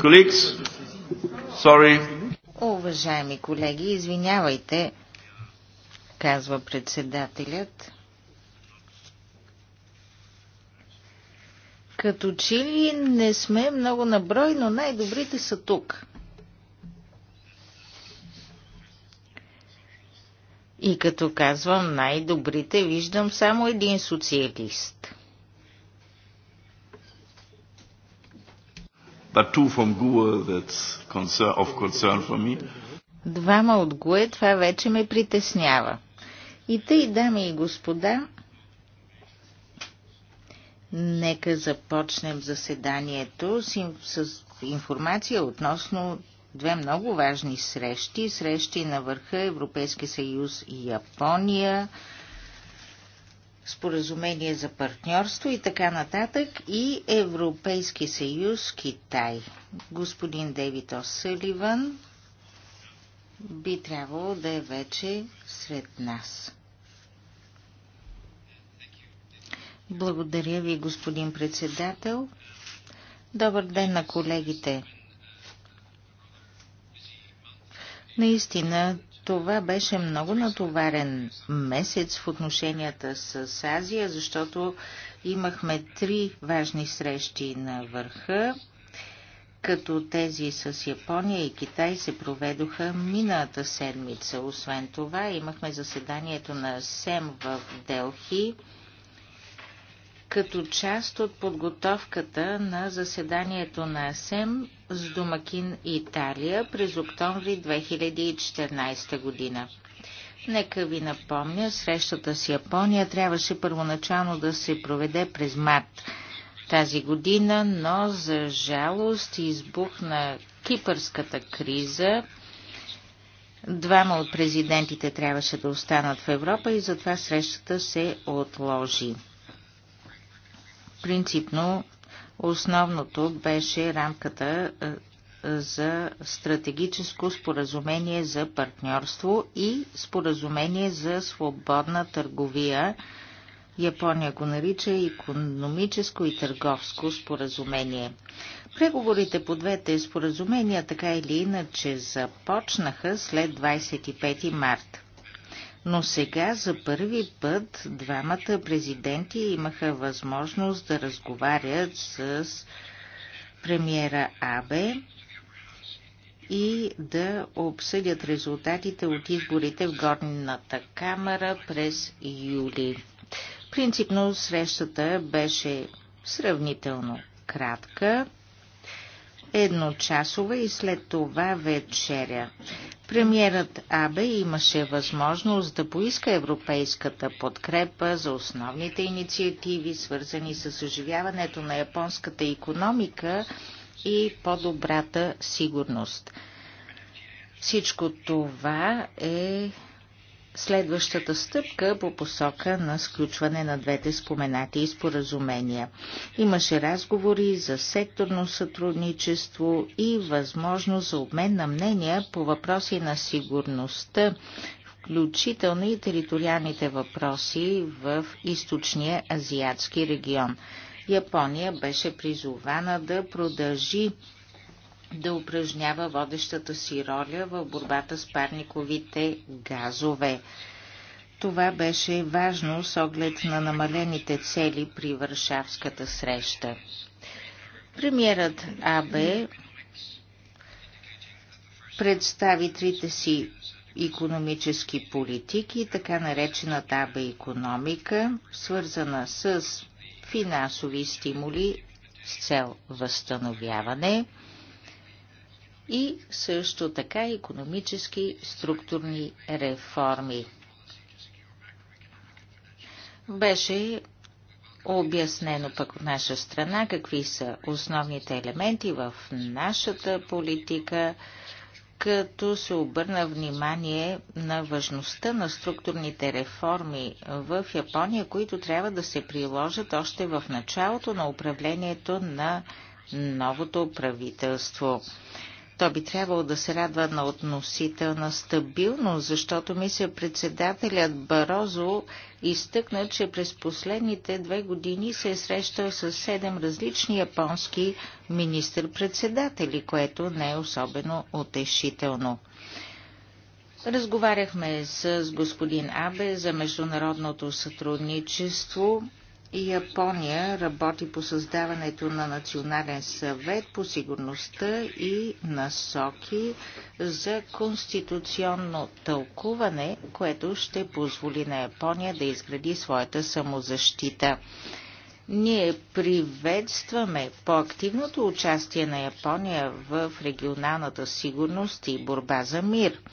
Colleagues, sorry. Уважаеми колеги, извинявайте, казва председателят. Като че ли не сме много наброй, но най-добрите са тук. И като казвам най-добрите, виждам само един социалист – but two from GUE that's concern, of concern for me. Двама от ГУЕ, това вече ме притеснява. И тъй, дами и господа, нека започнем заседанието с, с информация относно две много важни срещи. Срещи на върха Европейски съюз и Япония – споразумение за партньорство и така нататък и Европейски съюз Китай. Господин Дейвид Осъливан би трябвало да е вече сред нас. Благодаря ви, господин председател. Добър ден на колегите. Наистина това беше много натоварен месец в отношенията с Азия, защото имахме три важни срещи на върха, като тези с Япония и Китай се проведоха миналата седмица. Освен това, имахме заседанието на СЕМ в Делхи, като част от подготовката на заседанието на СЕМ с домакин Италия през октомври 2014 година. Нека ви напомня, срещата с Япония трябваше първоначално да се проведе през март тази година, но за жалост избухна кипърската криза. Двама от президентите трябваше да останат в Европа и затова срещата се отложи. Принципно Основното беше рамката е, за стратегическо споразумение за партньорство и споразумение за свободна търговия. Япония го нарича економическо и търговско споразумение. Преговорите по двете споразумения така или иначе започнаха след 25 март. Но сега за първи път двамата президенти имаха възможност да разговарят с премиера Абе и да обсъдят резултатите от изборите в горната камера през юли. Принципно срещата беше сравнително кратка едночасова и след това вечеря. Премьерът Абе имаше възможност да поиска европейската подкрепа за основните инициативи, свързани с оживяването на японската економика и по-добрата сигурност. Всичко това е следващата стъпка по посока на сключване на двете споменати и споразумения. Имаше разговори за секторно сътрудничество и възможност за обмен на мнения по въпроси на сигурността, включително и териториалните въпроси в източния азиатски регион. Япония беше призована да продължи да упражнява водещата си роля в борбата с парниковите газове. Това беше важно с оглед на намалените цели при Варшавската среща. Премьерът АБ представи трите си економически политики, така наречената АБ економика, свързана с финансови стимули с цел възстановяване – и също така економически структурни реформи. Беше обяснено пък от наша страна какви са основните елементи в нашата политика, като се обърна внимание на важността на структурните реформи в Япония, които трябва да се приложат още в началото на управлението на новото правителство то би трябвало да се радва на относителна стабилност, защото мисля председателят Барозо изтъкна, че през последните две години се е срещал с седем различни японски министр-председатели, което не е особено утешително. Разговаряхме с господин Абе за международното сътрудничество Япония работи по създаването на Национален съвет по сигурността и насоки за конституционно тълкуване, което ще позволи на Япония да изгради своята самозащита. Ние приветстваме по-активното участие на Япония в регионалната сигурност и борба за мир –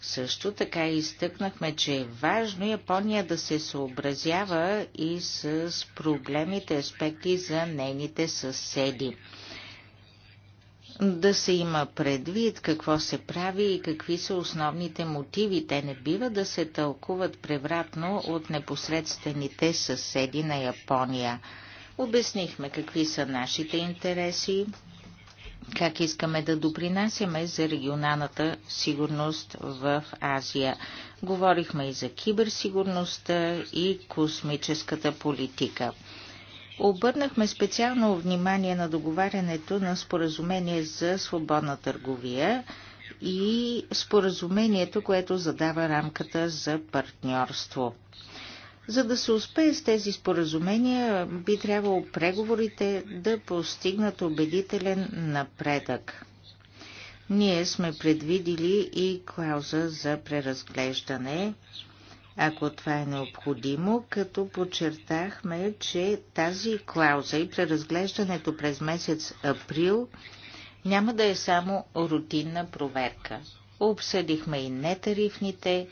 също така изтъкнахме, че е важно Япония да се съобразява и с проблемите аспекти за нейните съседи. Да се има предвид какво се прави и какви са основните мотиви. Те не бива да се тълкуват превратно от непосредствените съседи на Япония. Обяснихме какви са нашите интереси, как искаме да допринасяме за регионалната сигурност в Азия. Говорихме и за киберсигурността и космическата политика. Обърнахме специално внимание на договарянето на споразумение за свободна търговия и споразумението, което задава рамката за партньорство. За да се успее с тези споразумения, би трябвало преговорите да постигнат убедителен напредък. Ние сме предвидили и клауза за преразглеждане, ако това е необходимо, като подчертахме, че тази клауза и преразглеждането през месец април няма да е само рутинна проверка. Обсъдихме и нетарифните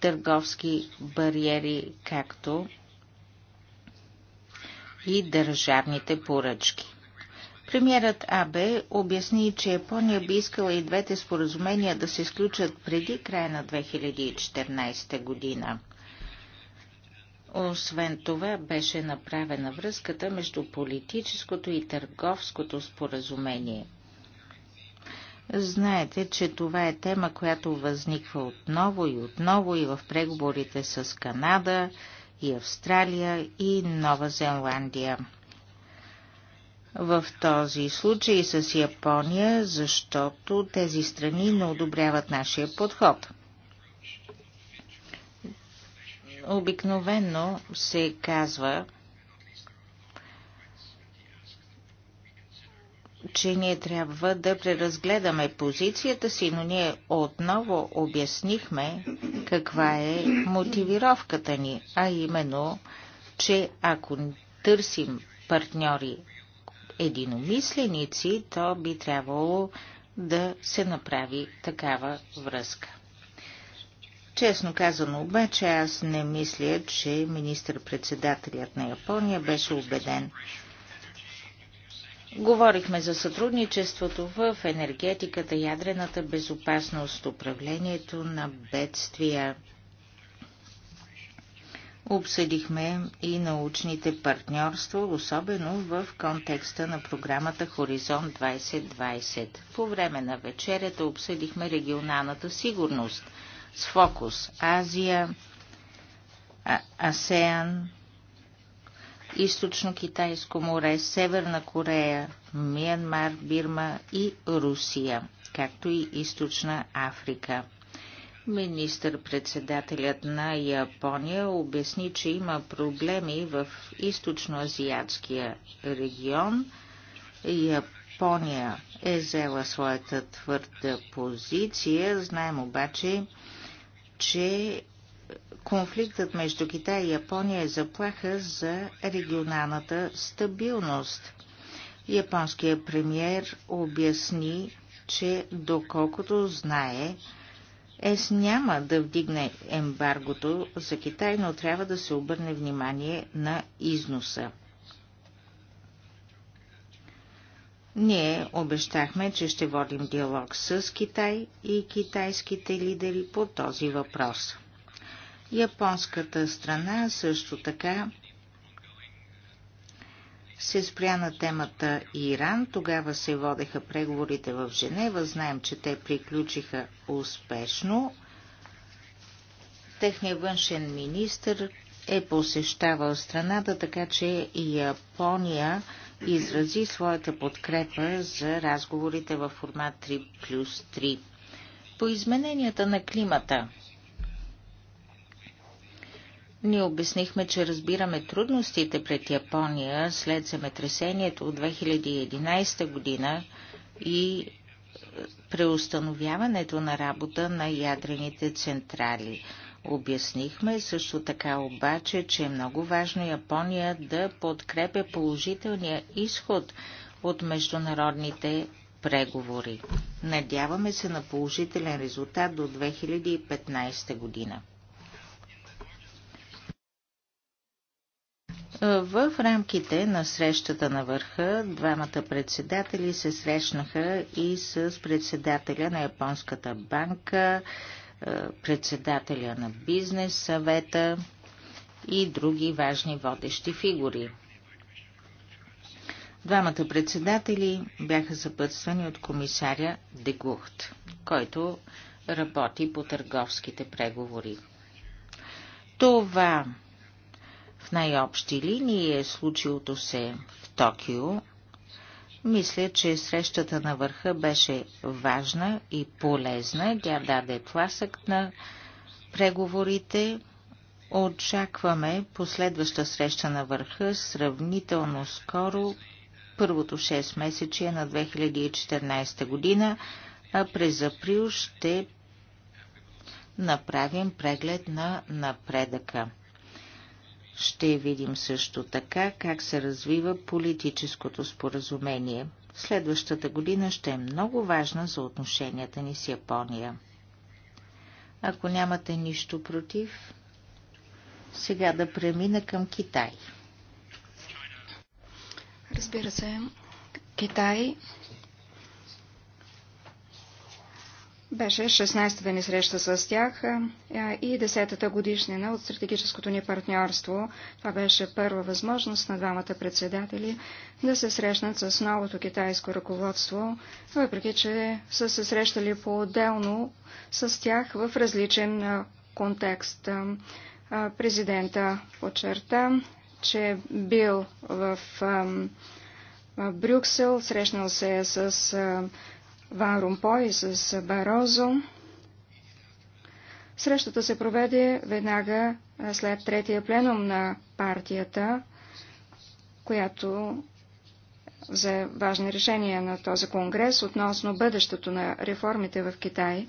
търговски бариери, както и държавните поръчки. Премьерът Абе обясни, че Япония би искала и двете споразумения да се изключат преди края на 2014 година. Освен това беше направена връзката между политическото и търговското споразумение – Знаете, че това е тема, която възниква отново и отново и в преговорите с Канада, и Австралия, и Нова Зеландия. В този случай с Япония, защото тези страни не одобряват нашия подход. Обикновено се казва, че ние трябва да преразгледаме позицията си, но ние отново обяснихме каква е мотивировката ни, а именно, че ако търсим партньори единомисленици, то би трябвало да се направи такава връзка. Честно казано обаче, аз не мисля, че министър-председателят на Япония беше убеден Говорихме за сътрудничеството в енергетиката, ядрената безопасност, управлението на бедствия. Обсъдихме и научните партньорства, особено в контекста на програмата Хоризонт 2020. По време на вечерята обсъдихме регионалната сигурност с фокус Азия, а АСЕАН, Източно-Китайско море, Северна Корея, Миянмар, Бирма и Русия, както и Източна Африка. Министър-председателят на Япония обясни, че има проблеми в източноазиатския регион. Япония е взела своята твърда позиция. Знаем обаче, че конфликтът между Китай и Япония е заплаха за регионалната стабилност. Японският премьер обясни, че доколкото знае, ЕС няма да вдигне ембаргото за Китай, но трябва да се обърне внимание на износа. Ние обещахме, че ще водим диалог с Китай и китайските лидери по този въпрос. Японската страна също така се спря на темата Иран. Тогава се водеха преговорите в Женева. Знаем, че те приключиха успешно. Техният външен министр е посещавал страната, така че Япония изрази своята подкрепа за разговорите в формат 3 плюс 3. По измененията на климата – ние обяснихме, че разбираме трудностите пред Япония след земетресението от 2011 година и е, преустановяването на работа на ядрените централи. Обяснихме също така обаче, че е много важно Япония да подкрепя положителния изход от международните преговори. Надяваме се на положителен резултат до 2015 година. В рамките на срещата на върха, двамата председатели се срещнаха и с председателя на Японската банка, е, председателя на бизнес съвета и други важни водещи фигури. Двамата председатели бяха съпътствани от комисаря Дегухт, който работи по търговските преговори. Това в най-общи линии е случилото се в Токио. Мисля, че срещата на върха беше важна и полезна. Тя даде тласък на преговорите. Очакваме последваща среща на върха сравнително скоро, първото 6 месече на 2014 година, а през април ще направим преглед на напредъка. Ще видим също така как се развива политическото споразумение. Следващата година ще е много важна за отношенията ни с Япония. Ако нямате нищо против, сега да премина към Китай. Разбира се, Китай Беше 16-та ни среща с тях и 10-та годишнина от стратегическото ни партньорство. Това беше първа възможност на двамата председатели да се срещнат с новото китайско ръководство, въпреки че са се срещали по-отделно с тях в различен контекст. Президента подчерта, че бил в Брюксел, срещнал се с Ван Румпой с Барозо. Срещата се проведе веднага след третия пленум на партията, която взе важни решения на този конгрес относно бъдещето на реформите в Китай.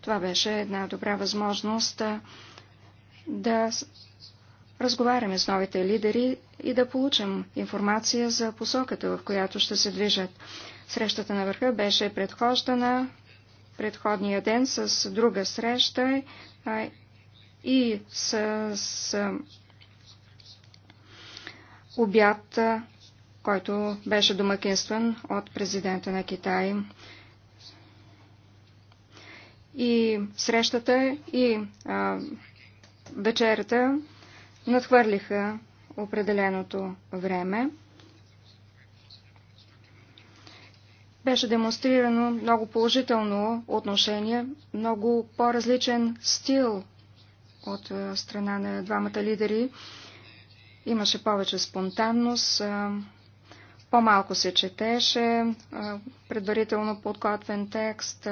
Това беше една добра възможност да разговаряме с новите лидери и да получим информация за посоката, в която ще се движат. Срещата на върха беше предхождана предходния ден с друга среща и с, с обяд, който беше домакинстван от президента на Китай. И срещата и а, вечерата надхвърлиха определеното време. Беше демонстрирано много положително отношение, много по-различен стил от страна на двамата лидери. Имаше повече спонтанност, по-малко се четеше, предварително подготвен текст.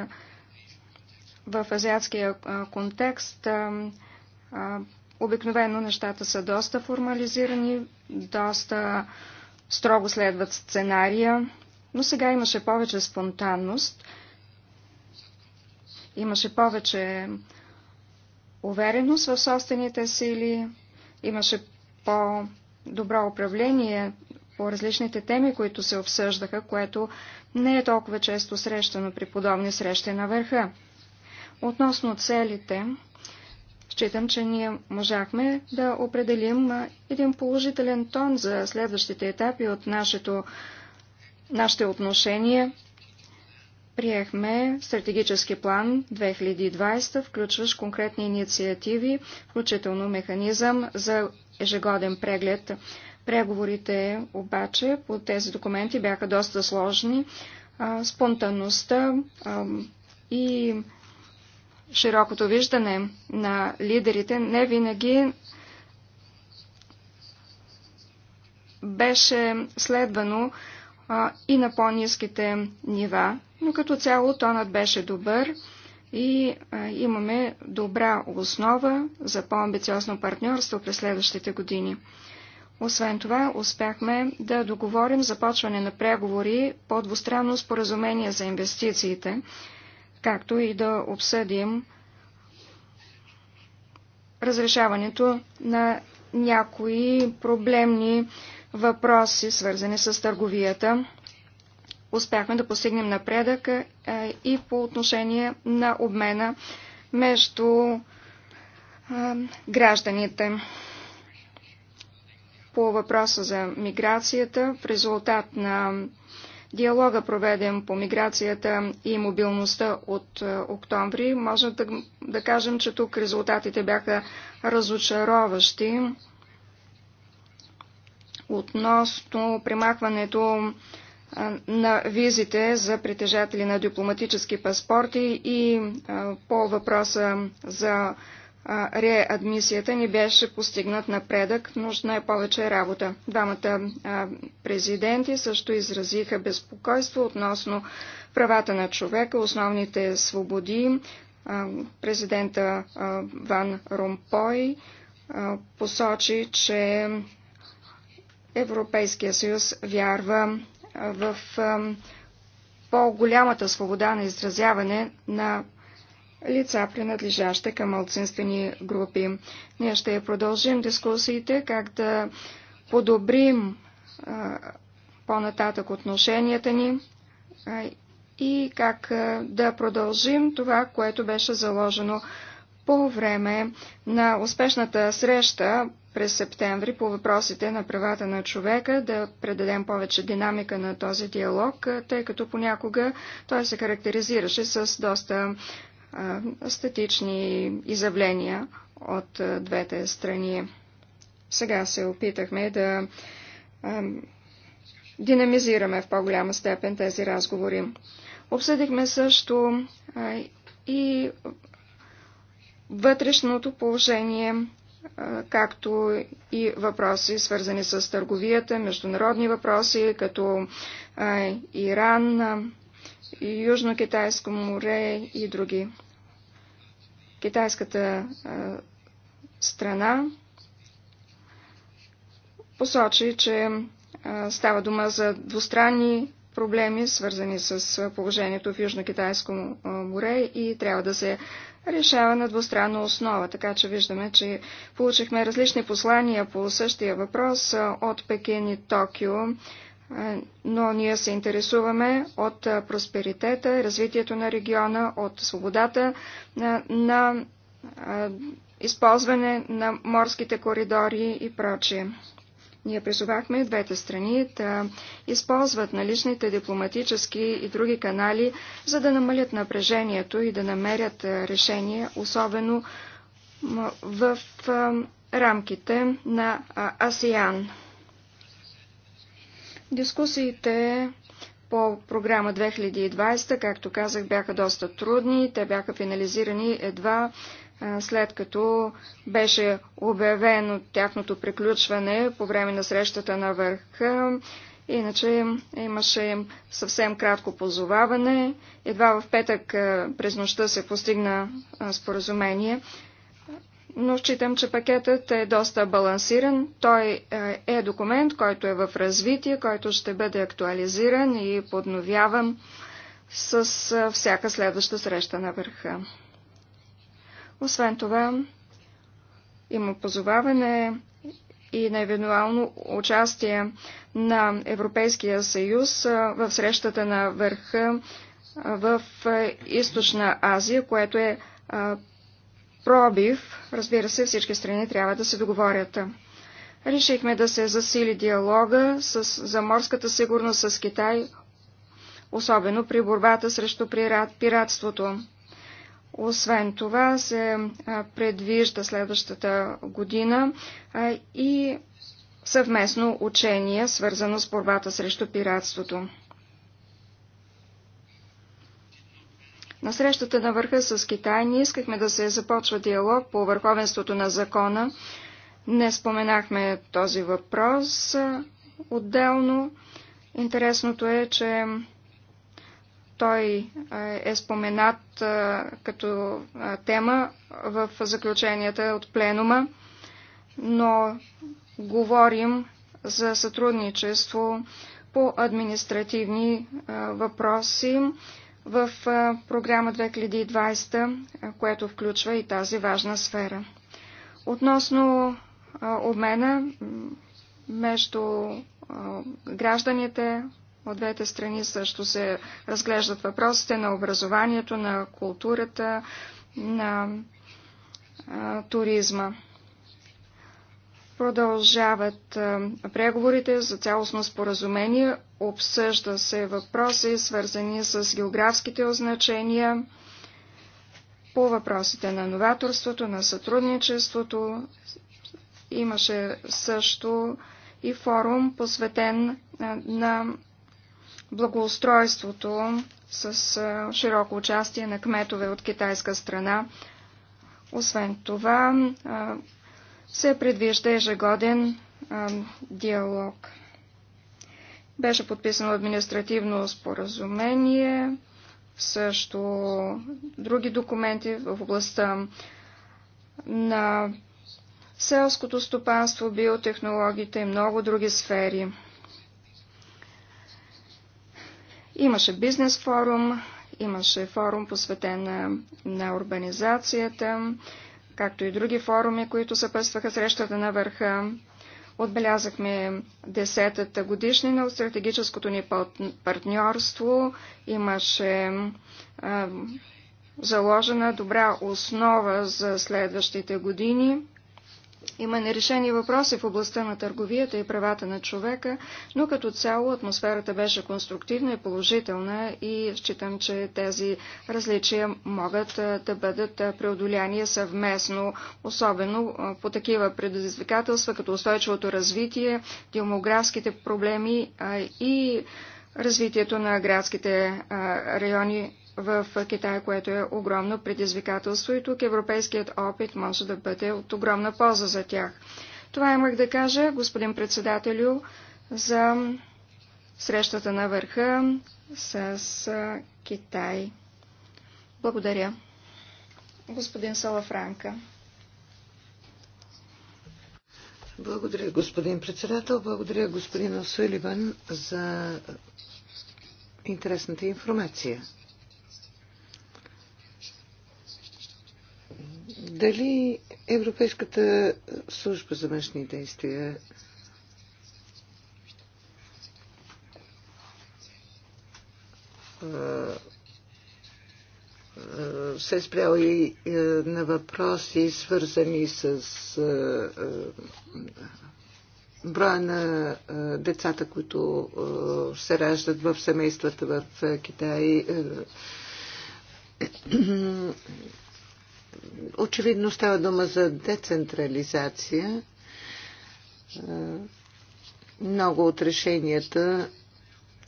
В азиатския контекст Обикновено нещата са доста формализирани, доста строго следват сценария, но сега имаше повече спонтанност, имаше повече увереност в собствените сили, имаше по-добро управление по различните теми, които се обсъждаха, което не е толкова често срещано при подобни срещи на върха. Относно целите, Считам, че ние можахме да определим един положителен тон за следващите етапи от нашето, нашите отношения. Приехме стратегически план 2020, включващ конкретни инициативи, включително механизъм за ежегоден преглед. Преговорите обаче по тези документи бяха доста сложни. Спонтанността и широкото виждане на лидерите не винаги беше следвано а, и на по-низките нива, но като цяло тонът беше добър и а, имаме добра основа за по-амбициозно партньорство през следващите години. Освен това, успяхме да договорим започване на преговори по двустранно споразумение за инвестициите, както и да обсъдим разрешаването на някои проблемни въпроси, свързани с търговията. Успяхме да постигнем напредък е, и по отношение на обмена между е, гражданите. По въпроса за миграцията, в резултат на Диалога, проведен по миграцията и мобилността от е, октомври, може да, да кажем, че тук резултатите бяха разочароващи относно примахването е, на визите за притежатели на дипломатически паспорти и е, по въпроса за реадмисията ни беше постигнат напредък, нужна е повече работа. Двамата президенти също изразиха безпокойство относно правата на човека, основните свободи. Президента Ван Ромпой посочи, че Европейския съюз вярва в по-голямата свобода на изразяване на лица, принадлежащи към малцинствени групи. Ние ще продължим дискусиите как да подобрим по-нататък отношенията ни а, и как а, да продължим това, което беше заложено по време на успешната среща през септември по въпросите на правата на човека, да предадем повече динамика на този диалог, тъй като понякога той се характеризираше с доста статични изявления от двете страни. Сега се опитахме да динамизираме в по-голяма степен тези разговори. Обсъдихме също и вътрешното положение, както и въпроси свързани с търговията, международни въпроси, като Иран, Южно-Китайско море и други. Китайската е, страна посочи, че е, става дума за двустранни проблеми, свързани с е, положението в Южно-Китайско море и трябва да се решава на двустранна основа. Така че виждаме, че получихме различни послания по същия въпрос от Пекин и Токио но ние се интересуваме от просперитета, развитието на региона, от свободата на, на използване на морските коридори и прочие. Ние призовахме двете страни да използват наличните дипломатически и други канали, за да намалят напрежението и да намерят решение, особено в рамките на АСИАН. Дискусиите по програма 2020, както казах, бяха доста трудни. Те бяха финализирани едва след като беше обявено тяхното приключване по време на срещата на върха. Иначе имаше съвсем кратко позоваване. Едва в петък през нощта се постигна споразумение но считам, че пакетът е доста балансиран. Той е, е документ, който е в развитие, който ще бъде актуализиран и подновяван с е, всяка следваща среща на върха. Освен това, има позоваване и на евентуално участие на Европейския съюз е, в срещата на върха в Източна Азия, което е пробив. Разбира се, всички страни трябва да се договорят. Решихме да се засили диалога с, за морската сигурност с Китай, особено при борбата срещу пиратството. Освен това се предвижда следващата година и съвместно учение, свързано с борбата срещу пиратството. На срещата на върха с Китай ние искахме да се започва диалог по върховенството на закона. Не споменахме този въпрос отделно. Интересното е, че той е споменат като тема в заключенията от пленума, но говорим за сътрудничество по административни въпроси в програма 2020, което включва и тази важна сфера. Относно обмена между гражданите от двете страни също се разглеждат въпросите на образованието, на културата, на туризма. Продължават преговорите за цялостно споразумение, обсъжда се въпроси, свързани с географските означения, по въпросите на новаторството, на сътрудничеството. Имаше също и форум, посветен на благоустройството с широко участие на кметове от китайска страна. Освен това, се предвижда ежегоден а, диалог. Беше подписано административно споразумение, също други документи в областта на селското стопанство, биотехнологите и много други сфери. Имаше бизнес форум, имаше форум посветен на, на урбанизацията, както и други форуми, които съпътстваха срещата на върха. Отбелязахме десетата годишнина от стратегическото ни партньорство. Имаше заложена добра основа за следващите години. Има нерешени въпроси в областта на търговията и правата на човека, но като цяло атмосферата беше конструктивна и положителна и считам, че тези различия могат да бъдат преодоляни съвместно, особено по такива предизвикателства, като устойчивото развитие, демографските проблеми и развитието на градските райони в Китай, което е огромно предизвикателство и тук европейският опит може да бъде от огромна полза за тях. Това имах да кажа, господин председателю, за срещата на върха с Китай. Благодаря. Господин Салафранка. Благодаря, господин председател. Благодаря, господин Осуеливан, за интересната информация. Дали Европейската служба за външни действия се е спряла и на въпроси, свързани с броя на децата, които се раждат в семействата в Китай очевидно става дума за децентрализация. Много от решенията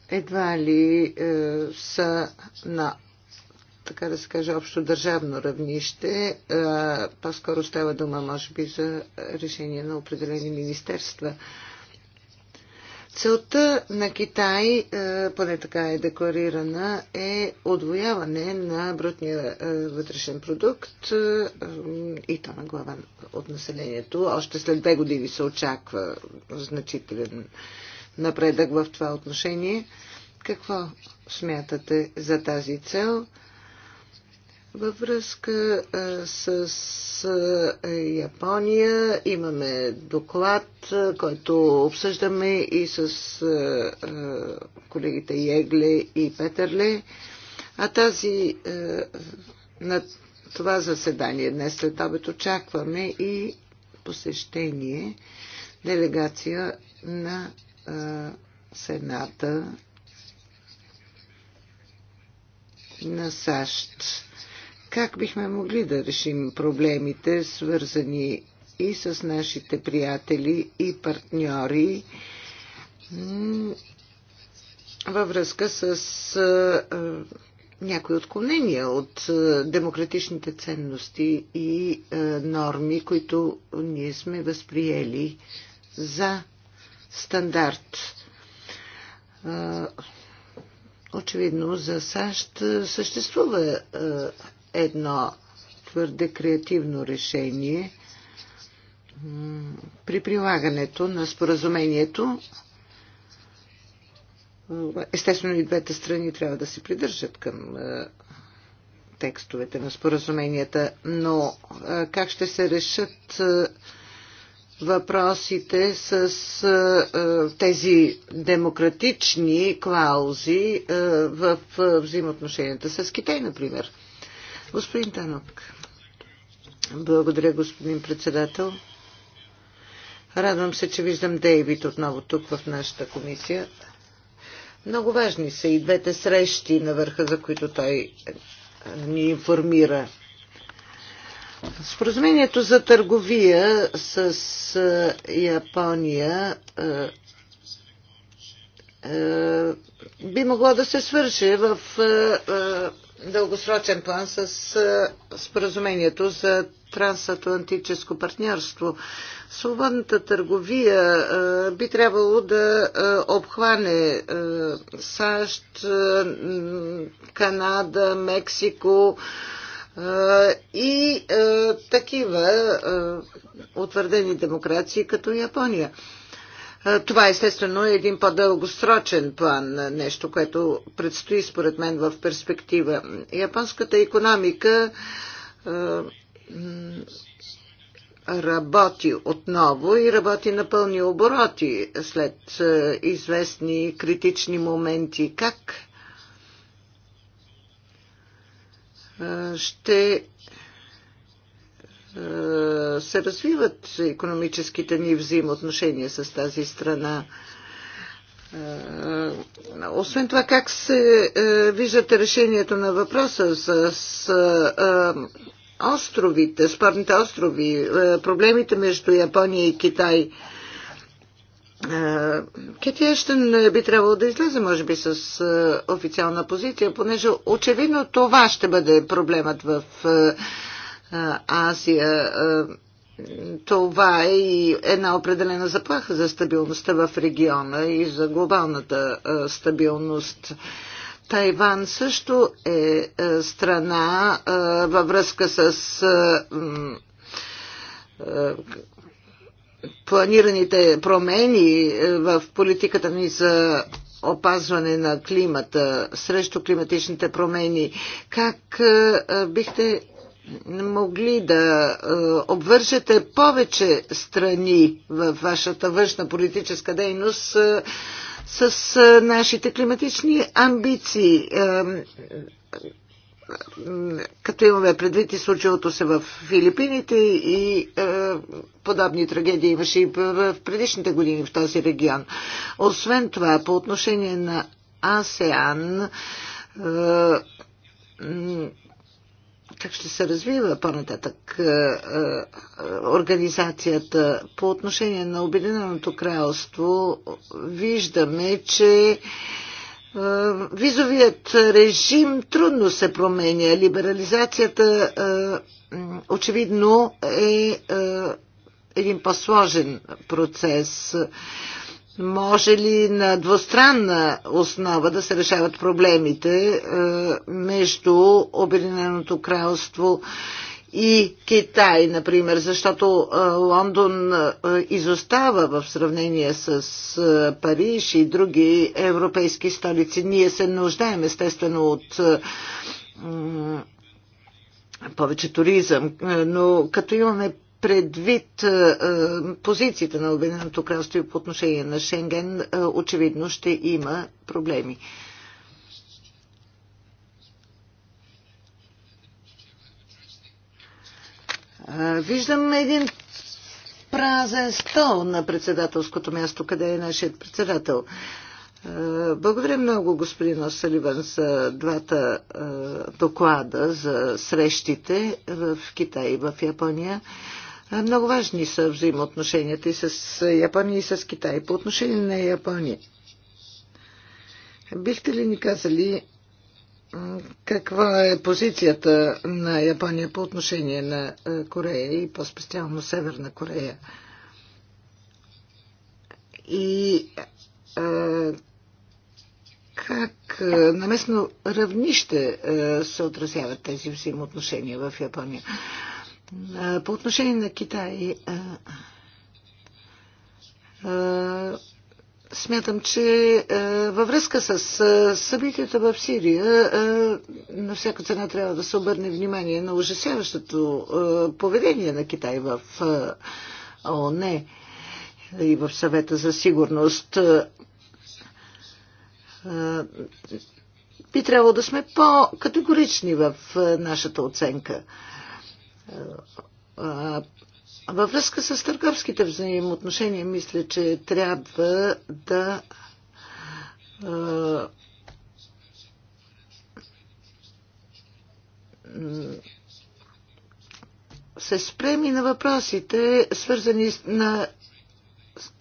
едва ли е, са на така да се каже, общо държавно равнище. Е, по-скоро става дума, може би, за решение на определени министерства. Целта на Китай, е, поне така е декларирана, е отвояване на брутния е, вътрешен продукт е, и то на глава от населението. Още след две години се очаква значителен напредък в това отношение. Какво смятате за тази цел? Във връзка с Япония имаме доклад, който обсъждаме и с колегите Егле и Петърле. А тази на това заседание днес след обед очакваме и посещение делегация на Сената на САЩ. Как бихме могли да решим проблемите, свързани и с нашите приятели и партньори във връзка с някои отклонения от демократичните ценности и норми, които ние сме възприели за стандарт. Очевидно за САЩ съществува едно твърде креативно решение при прилагането на споразумението. Естествено и двете страни трябва да се придържат към е, текстовете на споразуменията, но е, как ще се решат е, въпросите с тези демократични клаузи в взаимоотношенията с Китай, например? Господин Танок. Благодаря, господин председател. Радвам се, че виждам Дейвид отново тук в нашата комисия. Много важни са и двете срещи на върха, за които той ни информира. Споразумението за търговия с Япония би могло да се свърши в дългосрочен план с споразумението за трансатлантическо партньорство. Свободната търговия би трябвало да обхване САЩ, Канада, Мексико и такива утвърдени демокрации като Япония. Това естествено е един по-дългосрочен план, нещо, което предстои според мен в перспектива. Японската економика работи отново и работи на пълни обороти след известни критични моменти. Как ще е, се развиват економическите ни взаимоотношения с тази страна. Е, освен това, как се е, виждате решението на въпроса с, островите, спорните острови, проблемите между Япония и Китай? ще Ещен би трябвало да излезе, може би, с официална позиция, понеже очевидно това ще бъде проблемът в Азия. Това е и една определена заплаха за стабилността в региона и за глобалната стабилност. Тайван също е страна във връзка с планираните промени в политиката ни за опазване на климата, срещу климатичните промени. Как бихте могли да е, обвържете повече страни в вашата външна политическа дейност е, с е, нашите климатични амбиции, като имаме предвид и случилото се в Филипините и подобни трагедии имаше и в предишните години в този регион. Освен това, по отношение на АСЕАН, как ще се развива по-нататък е, е, организацията. По отношение на Обединеното кралство виждаме, че е, визовият режим трудно се променя. Либерализацията очевидно е един по-сложен процес. Може ли на двустранна основа да се решават проблемите е, между Обединеното кралство и Китай, например, защото е, Лондон е, изостава в сравнение с Париж и други европейски столици. Ние се нуждаем естествено от повече туризъм, но като имаме предвид е, е, позицията на Обединеното кралство и по отношение на Шенген, е, очевидно ще има проблеми. Виждам един празен стол на председателското място, къде е нашият председател. Благодаря много, господин Осаливан, за двата доклада за срещите в Китай и в Япония. Много важни са взаимоотношенията и с Япония, и с Китай. По отношение на Япония, бихте ли ни казали каква е позицията на Япония по отношение на Корея и по-специално Северна Корея? И как на местно равнище се отразяват тези взаимоотношения в Япония? По отношение на Китай, смятам, че във връзка с събитията в Сирия на всяка цена трябва да се обърне внимание на ужасяващото поведение на Китай в ООН и в съвета за сигурност. Би трябвало да сме по-категорични в нашата оценка. Във връзка с търговските взаимоотношения, мисля, че трябва да се спреми на въпросите, свързани на,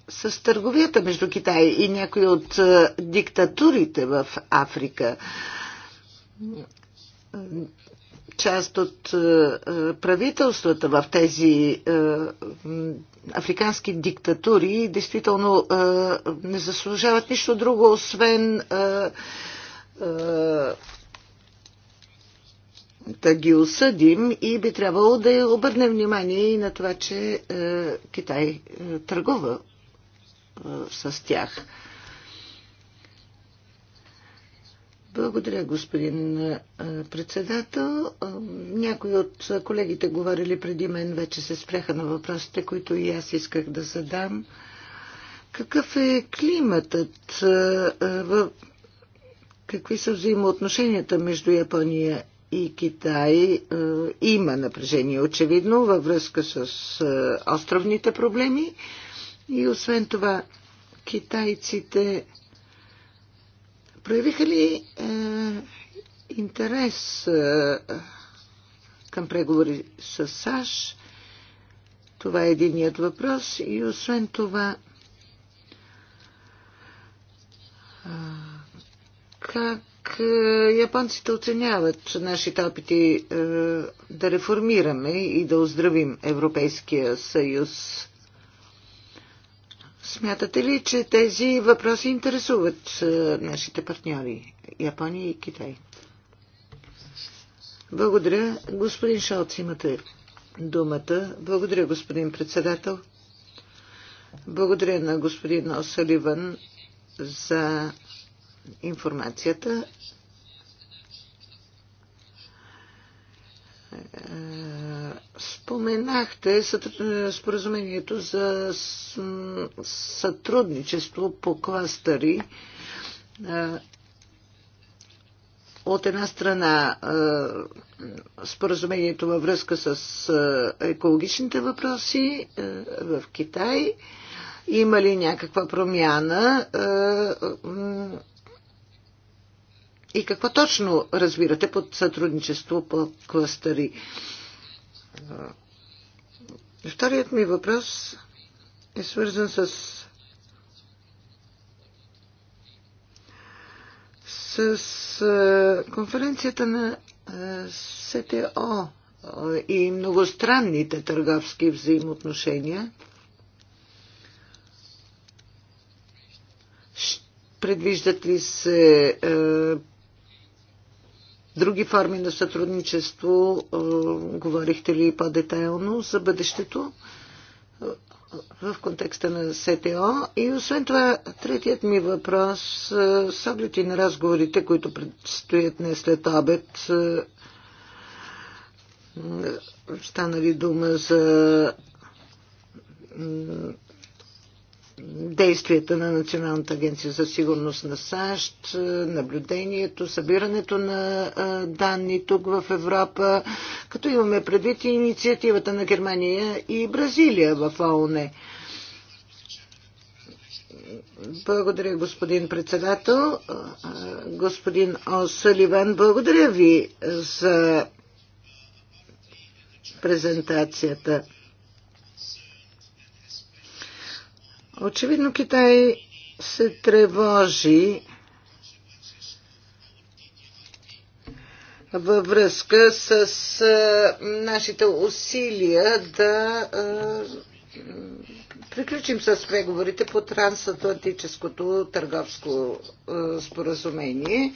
с, с търговията между Китай и някои от диктатурите в Африка част от е, е, правителствата в тези е, африкански диктатури действително не заслужават нищо друго, освен да ги осъдим и би трябвало да обърнем внимание и на това, че Китай търгува с тях. Благодаря, господин председател. Някои от колегите говорили преди мен вече се спряха на въпросите, които и аз исках да задам. Какъв е климатът? Какви са взаимоотношенията между Япония и Китай? Има напрежение, очевидно, във връзка с островните проблеми. И освен това, китайците Проявиха ли е, интерес е, към преговори с САЩ? Това е единият въпрос. И освен това, е, как е, японците оценяват нашите опити е, да реформираме и да оздравим Европейския съюз. Смятате ли, че тези въпроси интересуват нашите партньори Япония и Китай? Благодаря. Господин Шалц, имате думата. Благодаря, господин председател. Благодаря на господин Осаливан за информацията. Споменахте е, споразумението за сътрудничество по кластъри. Е, от една страна е, споразумението във връзка с екологичните въпроси в Китай. Има ли някаква промяна? И какво точно разбирате под сътрудничество по кластъри? Вторият ми въпрос е свързан с с конференцията на СТО и многостранните търговски взаимоотношения. Предвиждат ли се други форми на сътрудничество? Говорихте ли по-детайлно за бъдещето в контекста на СТО? И освен това, третият ми въпрос, с оглед и на разговорите, които предстоят днес след обед, стана ли дума за действията на Националната агенция за сигурност на САЩ, наблюдението, събирането на данни тук в Европа, като имаме предвид и инициативата на Германия и Бразилия в ООН. Благодаря, господин председател. Господин Осаливан, благодаря ви за презентацията. Очевидно Китай се тревожи във връзка с нашите усилия да приключим с преговорите по трансатлантическото търговско споразумение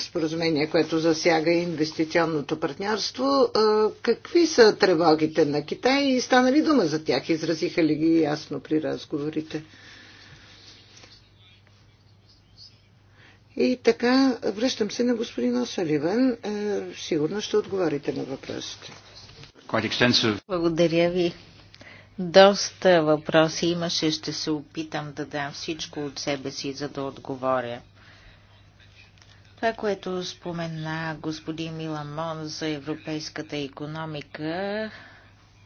споразумение, което засяга инвестиционното партньорство. Какви са тревогите на Китай и стана ли дума за тях? Изразиха ли ги ясно при разговорите? И така, връщам се на господин Осаливан. Е, сигурно ще отговорите на въпросите. Благодаря ви. Доста въпроси имаше. Ще се опитам да дам всичко от себе си, за да отговоря. Това, което спомена господин Миламон за европейската економика,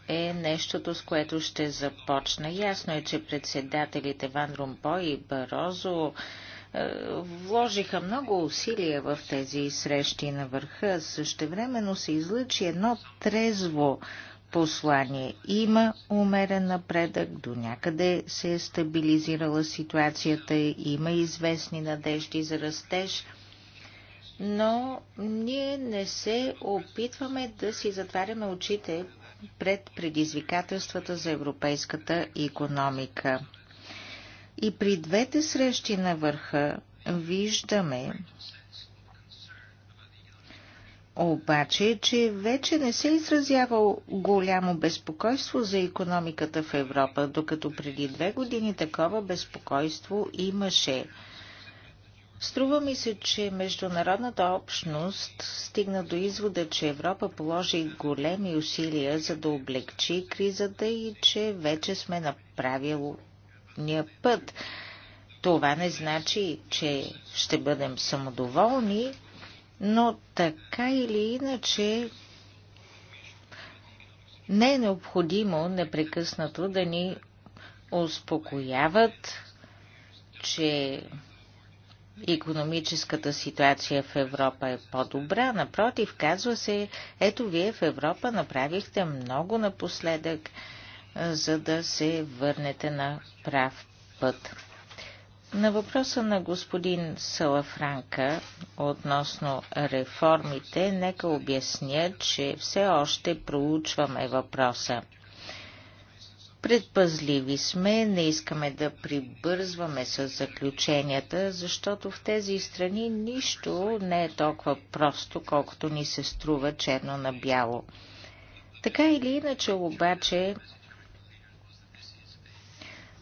е нещото, с което ще започна. Ясно е, че председателите Ван Румпо и Барозо е, вложиха много усилия в тези срещи на върха. Същевременно се излъчи едно трезво послание. Има умерен напредък, до някъде се е стабилизирала ситуацията, има известни надежди за растеж – но ние не се опитваме да си затваряме очите пред предизвикателствата за европейската економика. И при двете срещи на върха виждаме обаче, че вече не се изразява голямо безпокойство за економиката в Европа, докато преди две години такова безпокойство имаше. Струва ми се, че международната общност стигна до извода, че Европа положи големи усилия за да облегчи кризата и че вече сме на правилния път. Това не значи, че ще бъдем самодоволни, но така или иначе не е необходимо непрекъснато да ни успокояват, че економическата ситуация в Европа е по-добра. Напротив, казва се, ето вие в Европа направихте много напоследък, за да се върнете на прав път. На въпроса на господин Салафранка относно реформите, нека обясня, че все още проучваме въпроса. Предпазливи сме, не искаме да прибързваме с заключенията, защото в тези страни нищо не е толкова просто, колкото ни се струва черно на бяло. Така или иначе обаче,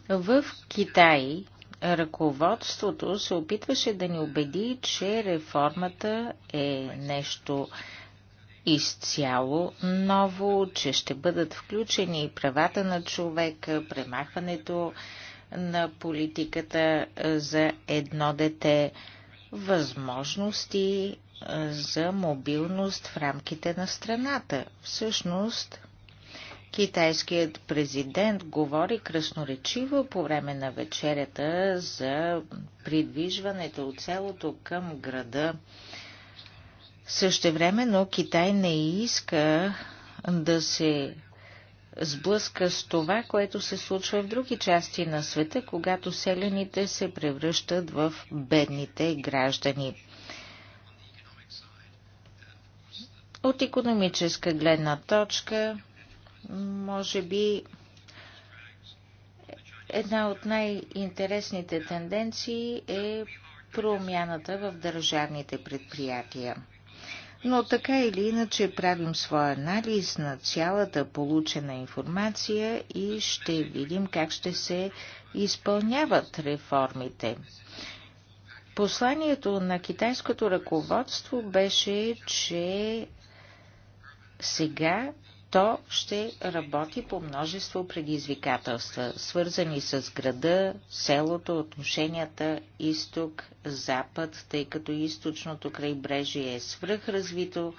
в Китай ръководството се опитваше да ни убеди, че реформата е нещо изцяло ново, че ще бъдат включени и правата на човека, премахването на политиката за едно дете, възможности за мобилност в рамките на страната. Всъщност, китайският президент говори красноречиво по време на вечерята за придвижването от селото към града. Също но Китай не иска да се сблъска с това, което се случва в други части на света, когато селените се превръщат в бедните граждани. От економическа гледна точка, може би една от най-интересните тенденции е промяната в държавните предприятия но така или иначе правим своя анализ на цялата получена информация и ще видим как ще се изпълняват реформите. Посланието на китайското ръководство беше, че сега то ще работи по множество предизвикателства, свързани с града, селото, отношенията изток-запад, тъй като източното крайбрежие е свръхразвито,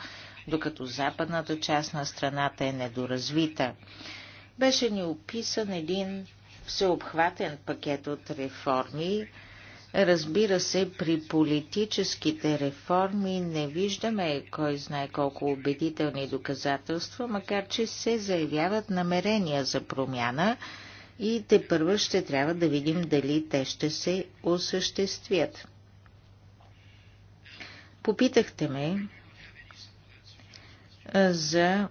докато западната част на страната е недоразвита. Беше ни описан един всеобхватен пакет от реформи, Разбира се, при политическите реформи не виждаме кой знае колко убедителни доказателства, макар че се заявяват намерения за промяна и те първо ще трябва да видим дали те ще се осъществят. Попитахте ме за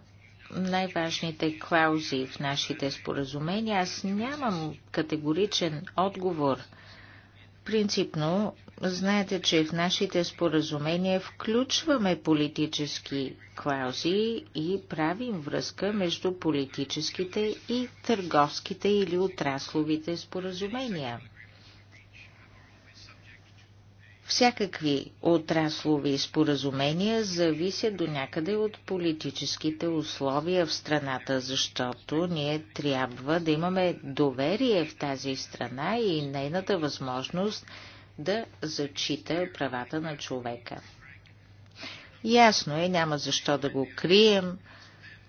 най-важните клаузи в нашите споразумения. Аз нямам категоричен отговор – Принципно, знаете, че в нашите споразумения включваме политически клаузи и правим връзка между политическите и търговските или отрасловите споразумения. Всякакви отраслови споразумения зависят до някъде от политическите условия в страната, защото ние трябва да имаме доверие в тази страна и нейната възможност да зачита правата на човека. Ясно е, няма защо да го крием,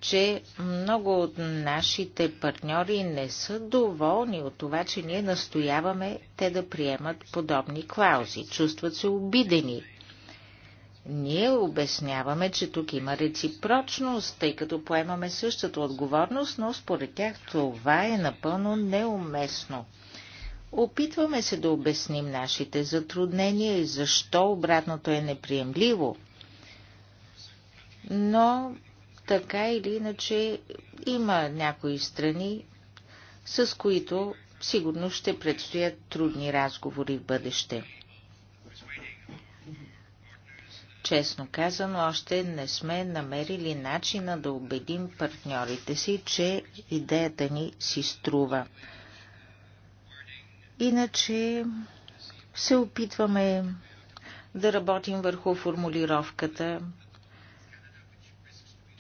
че много от нашите партньори не са доволни от това, че ние настояваме те да приемат подобни клаузи. Чувстват се обидени. Ние обясняваме, че тук има реципрочност, тъй като поемаме същата отговорност, но според тях това е напълно неуместно. Опитваме се да обясним нашите затруднения и защо обратното е неприемливо. Но така или иначе има някои страни, с които сигурно ще предстоят трудни разговори в бъдеще. Честно казано, още не сме намерили начина да убедим партньорите си, че идеята ни си струва. Иначе се опитваме да работим върху формулировката,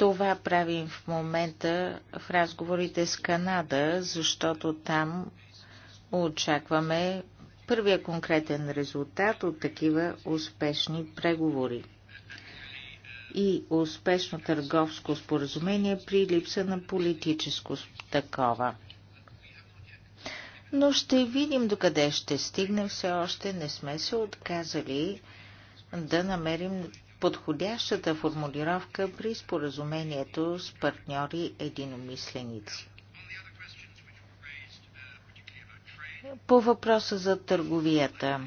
това правим в момента в разговорите с Канада, защото там очакваме първия конкретен резултат от такива успешни преговори и успешно търговско споразумение при липса на политическо такова. Но ще видим докъде ще стигнем. Все още не сме се отказали да намерим подходящата формулировка при споразумението с партньори единомисленици. По въпроса за търговията.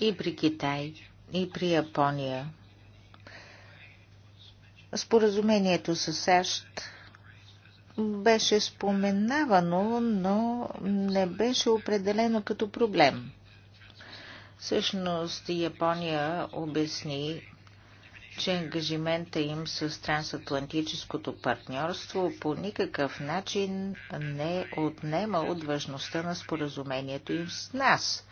И при Китай, и при Япония. Споразумението с САЩ беше споменавано, но не беше определено като проблем. Всъщност Япония обясни, че ангажимента им с трансатлантическото партньорство по никакъв начин не отнема от важността на споразумението им с нас.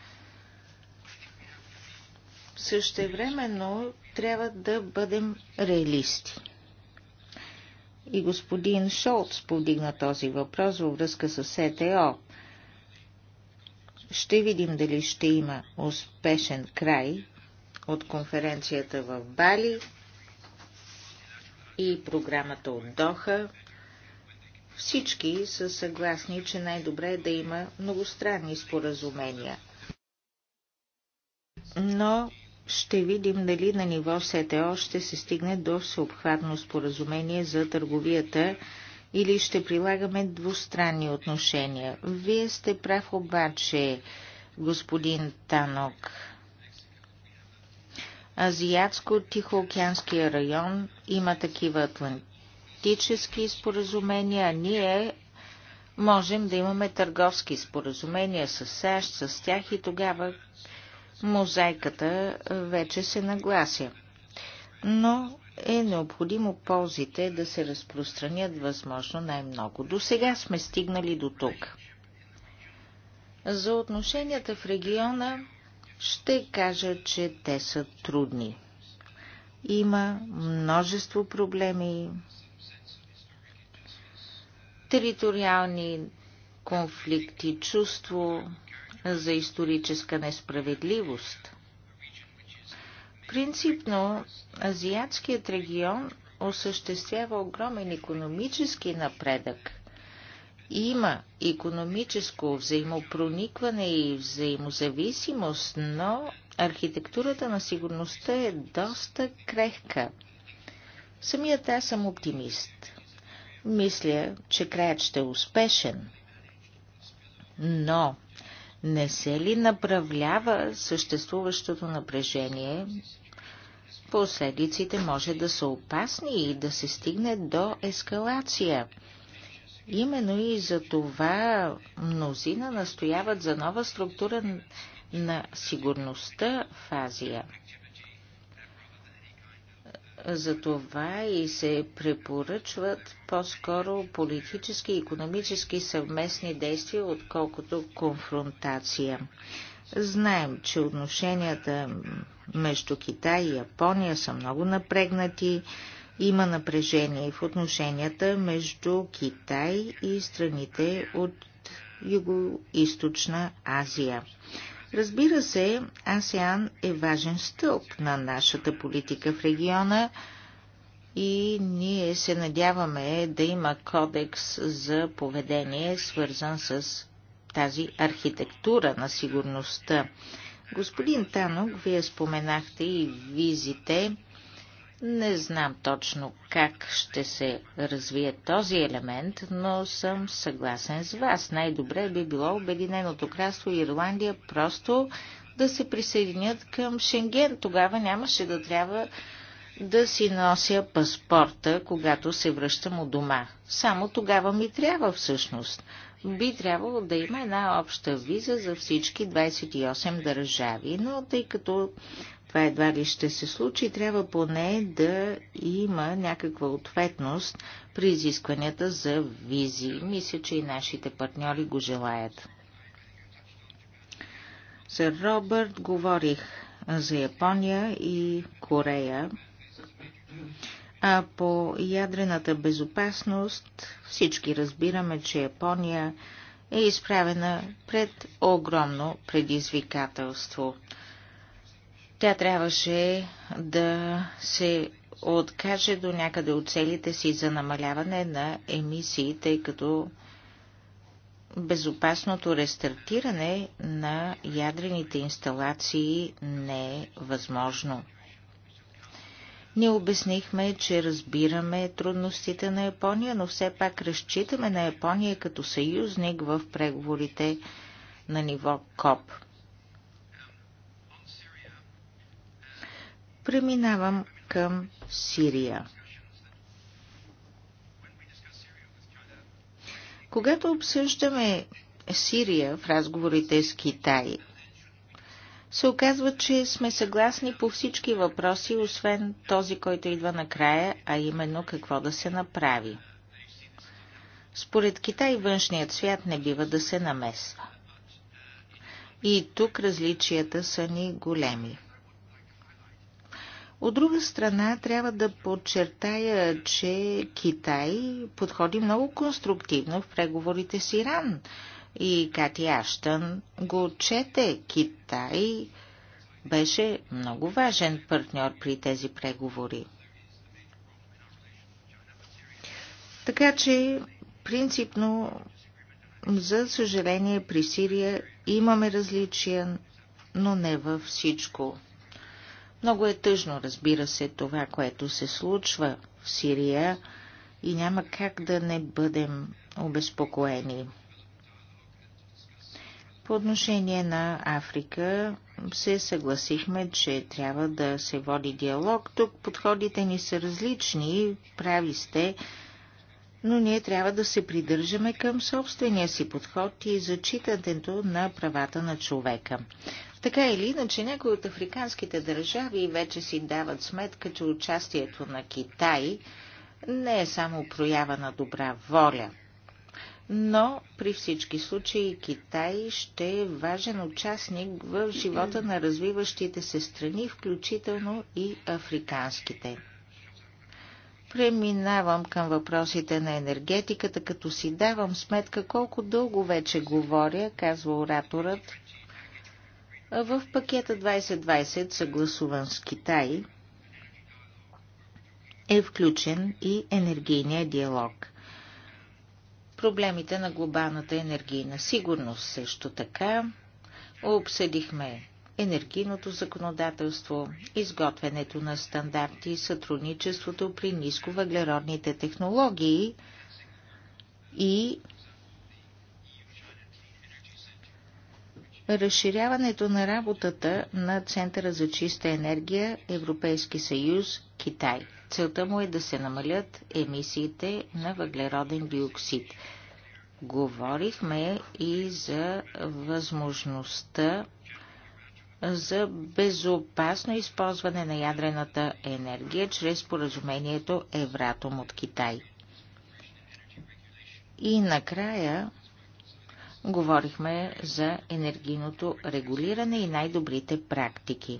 Същевременно трябва да бъдем реалисти и господин Шолц повдигна този въпрос във връзка с СТО. Ще видим дали ще има успешен край от конференцията в Бали и програмата от Доха. Всички са съгласни, че най-добре е да има многостранни споразумения. Но ще видим дали на ниво СТО ще се стигне до всеобхватно споразумение за търговията или ще прилагаме двустранни отношения. Вие сте прав обаче, господин Танок. Азиатско-Тихоокеанския район има такива атлантически споразумения, а ние можем да имаме търговски споразумения с САЩ, с тях и тогава мозайката вече се наглася. Но е необходимо ползите да се разпространят възможно най-много. До сега сме стигнали до тук. За отношенията в региона ще кажа, че те са трудни. Има множество проблеми, териториални конфликти, чувство за историческа несправедливост. Принципно, азиатският регион осъществява огромен економически напредък. Има економическо взаимопроникване и взаимозависимост, но архитектурата на сигурността е доста крехка. Самият аз съм оптимист. Мисля, че краят ще е успешен. Но не се ли направлява съществуващото напрежение? Последиците може да са опасни и да се стигне до ескалация. Именно и за това мнозина настояват за нова структура на сигурността в Азия. Затова и се препоръчват по-скоро политически и економически съвместни действия, отколкото конфронтация. Знаем, че отношенията между Китай и Япония са много напрегнати. Има напрежение в отношенията между Китай и страните от Юго-Источна Азия. Разбира се, АСЕАН е важен стълб на нашата политика в региона и ние се надяваме да има кодекс за поведение, свързан с тази архитектура на сигурността. Господин Танок, вие споменахте и визите не знам точно как ще се развие този елемент, но съм съгласен с вас. Най-добре би било Обединеното кралство и Ирландия просто да се присъединят към Шенген. Тогава нямаше да трябва да си нося паспорта, когато се връщам от дома. Само тогава ми трябва всъщност. Би трябвало да има една обща виза за всички 28 държави, но тъй като това едва ли ще се случи. Трябва поне да има някаква ответност при изискванията за визи. Мисля, че и нашите партньори го желаят. За Робърт говорих за Япония и Корея. А по ядрената безопасност всички разбираме, че Япония е изправена пред огромно предизвикателство – тя трябваше да се откаже до някъде от целите си за намаляване на емисии, тъй като безопасното рестартиране на ядрените инсталации не е възможно. Ние обяснихме, че разбираме трудностите на Япония, но все пак разчитаме на Япония като съюзник в преговорите на ниво КОП. Преминавам към Сирия. Когато обсъждаме Сирия в разговорите с Китай, се оказва, че сме съгласни по всички въпроси, освен този, който идва накрая, а именно какво да се направи. Според Китай външният свят не бива да се намесва. И тук различията са ни големи. От друга страна, трябва да подчертая, че Китай подходи много конструктивно в преговорите с Иран. И Кати Аштън го чете, Китай беше много важен партньор при тези преговори. Така че, принципно, за съжаление, при Сирия имаме различия, но не във всичко. Много е тъжно, разбира се, това, което се случва в Сирия и няма как да не бъдем обезпокоени. По отношение на Африка се съгласихме, че трябва да се води диалог. Тук подходите ни са различни, прави сте, но ние трябва да се придържаме към собствения си подход и зачитането на правата на човека. Така или иначе, някои от африканските държави вече си дават сметка, че участието на Китай не е само проява на добра воля. Но при всички случаи Китай ще е важен участник в живота на развиващите се страни, включително и африканските. Преминавам към въпросите на енергетиката, като си давам сметка колко дълго вече говоря, казва ораторът, в пакета 2020, съгласуван с Китай, е включен и енергийния диалог. Проблемите на глобалната енергийна сигурност също така. Обсъдихме енергийното законодателство, изготвянето на стандарти сътрудничеството при нисковъглеродните технологии и Разширяването на работата на Центъра за чиста енергия Европейски съюз Китай. Целта му е да се намалят емисиите на въглероден диоксид. Говорихме и за възможността за безопасно използване на ядрената енергия чрез споразумението Евратом от Китай. И накрая говорихме за енергийното регулиране и най-добрите практики.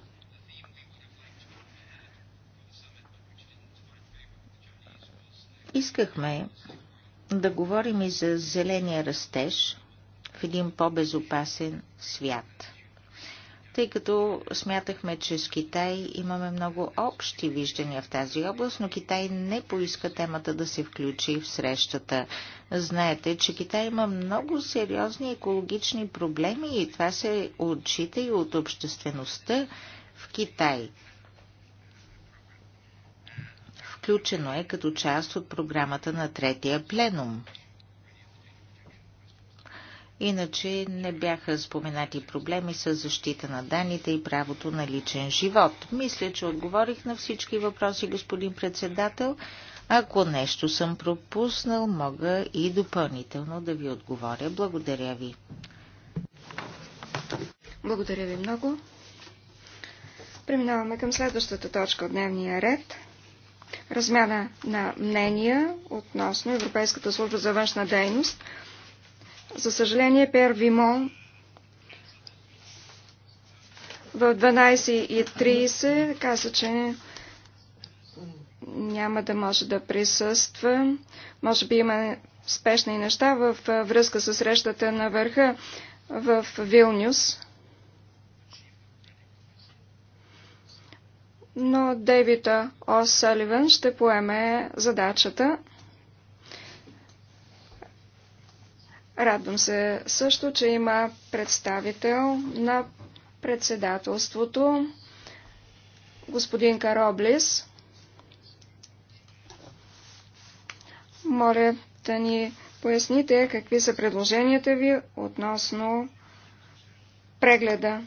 Искахме да говорим и за зеления растеж в един по-безопасен свят – тъй като смятахме, че с Китай имаме много общи виждания в тази област, но Китай не поиска темата да се включи в срещата. Знаете, че Китай има много сериозни екологични проблеми и това се отчита и от обществеността в Китай. Включено е като част от програмата на третия пленум. Иначе не бяха споменати проблеми с защита на данните и правото на личен живот. Мисля, че отговорих на всички въпроси, господин председател. Ако нещо съм пропуснал, мога и допълнително да ви отговоря. Благодаря ви. Благодаря ви много. Преминаваме към следващата точка от дневния ред. Размяна на мнения относно Европейската служба за външна дейност – за съжаление, Пер Вимон в 12.30 каза, че няма да може да присъства. Може би има спешни неща в връзка с срещата на върха в Вилнюс. Но Дейвид Саливан ще поеме задачата. Радвам се също, че има представител на председателството, господин Кароблис. Моля да ни поясните какви са предложенията ви относно прегледа.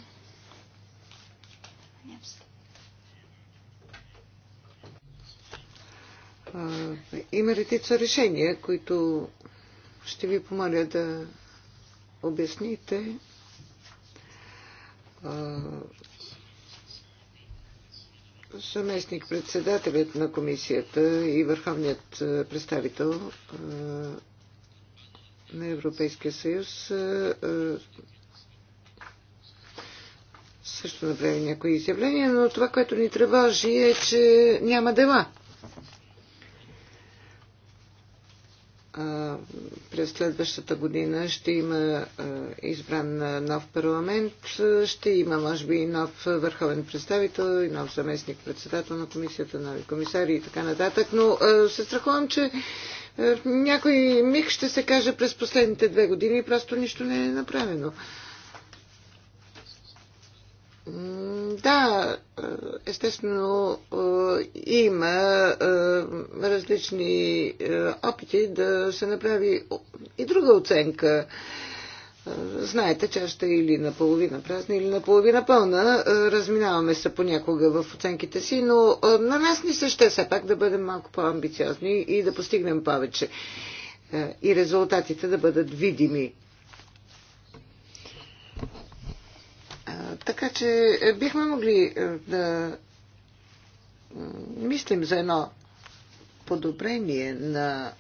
Има редица решения, които ще ви помоля да обясните съместник председателят на комисията и върховният представител на Европейския съюз също направи някои изявления, но това, което ни тревожи е, че няма дела през следващата година ще има избран нов парламент, ще има, може би, и нов върховен представител, и нов заместник председател на комисията, нови комисари и така нататък, но се страхувам, че някой миг ще се каже през последните две години просто нищо не е направено. Да, естествено е, има е, различни е, опити да се направи и друга оценка. Знаете, чаша или наполовина празна, или наполовина пълна. Разминаваме се понякога в оценките си, но на нас ни се ще все пак да бъдем малко по-амбициозни и да постигнем повече. И резултатите да бъдат видими. Така че е, бихме могли е, да е, мислим за едно подобрение на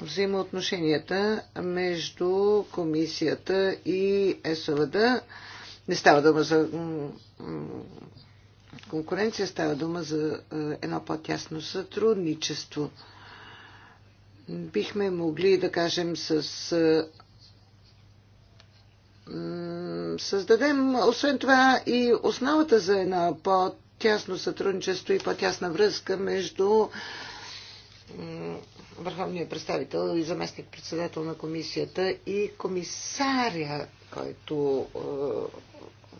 взаимоотношенията между комисията и СВД. Не става дума за конкуренция, става дума за едно по-тясно сътрудничество бихме могли да кажем с създадем, освен това, и основата за едно по-тясно сътрудничество и по-тясна връзка между върховния представител и заместник председател на комисията и комисаря, който е,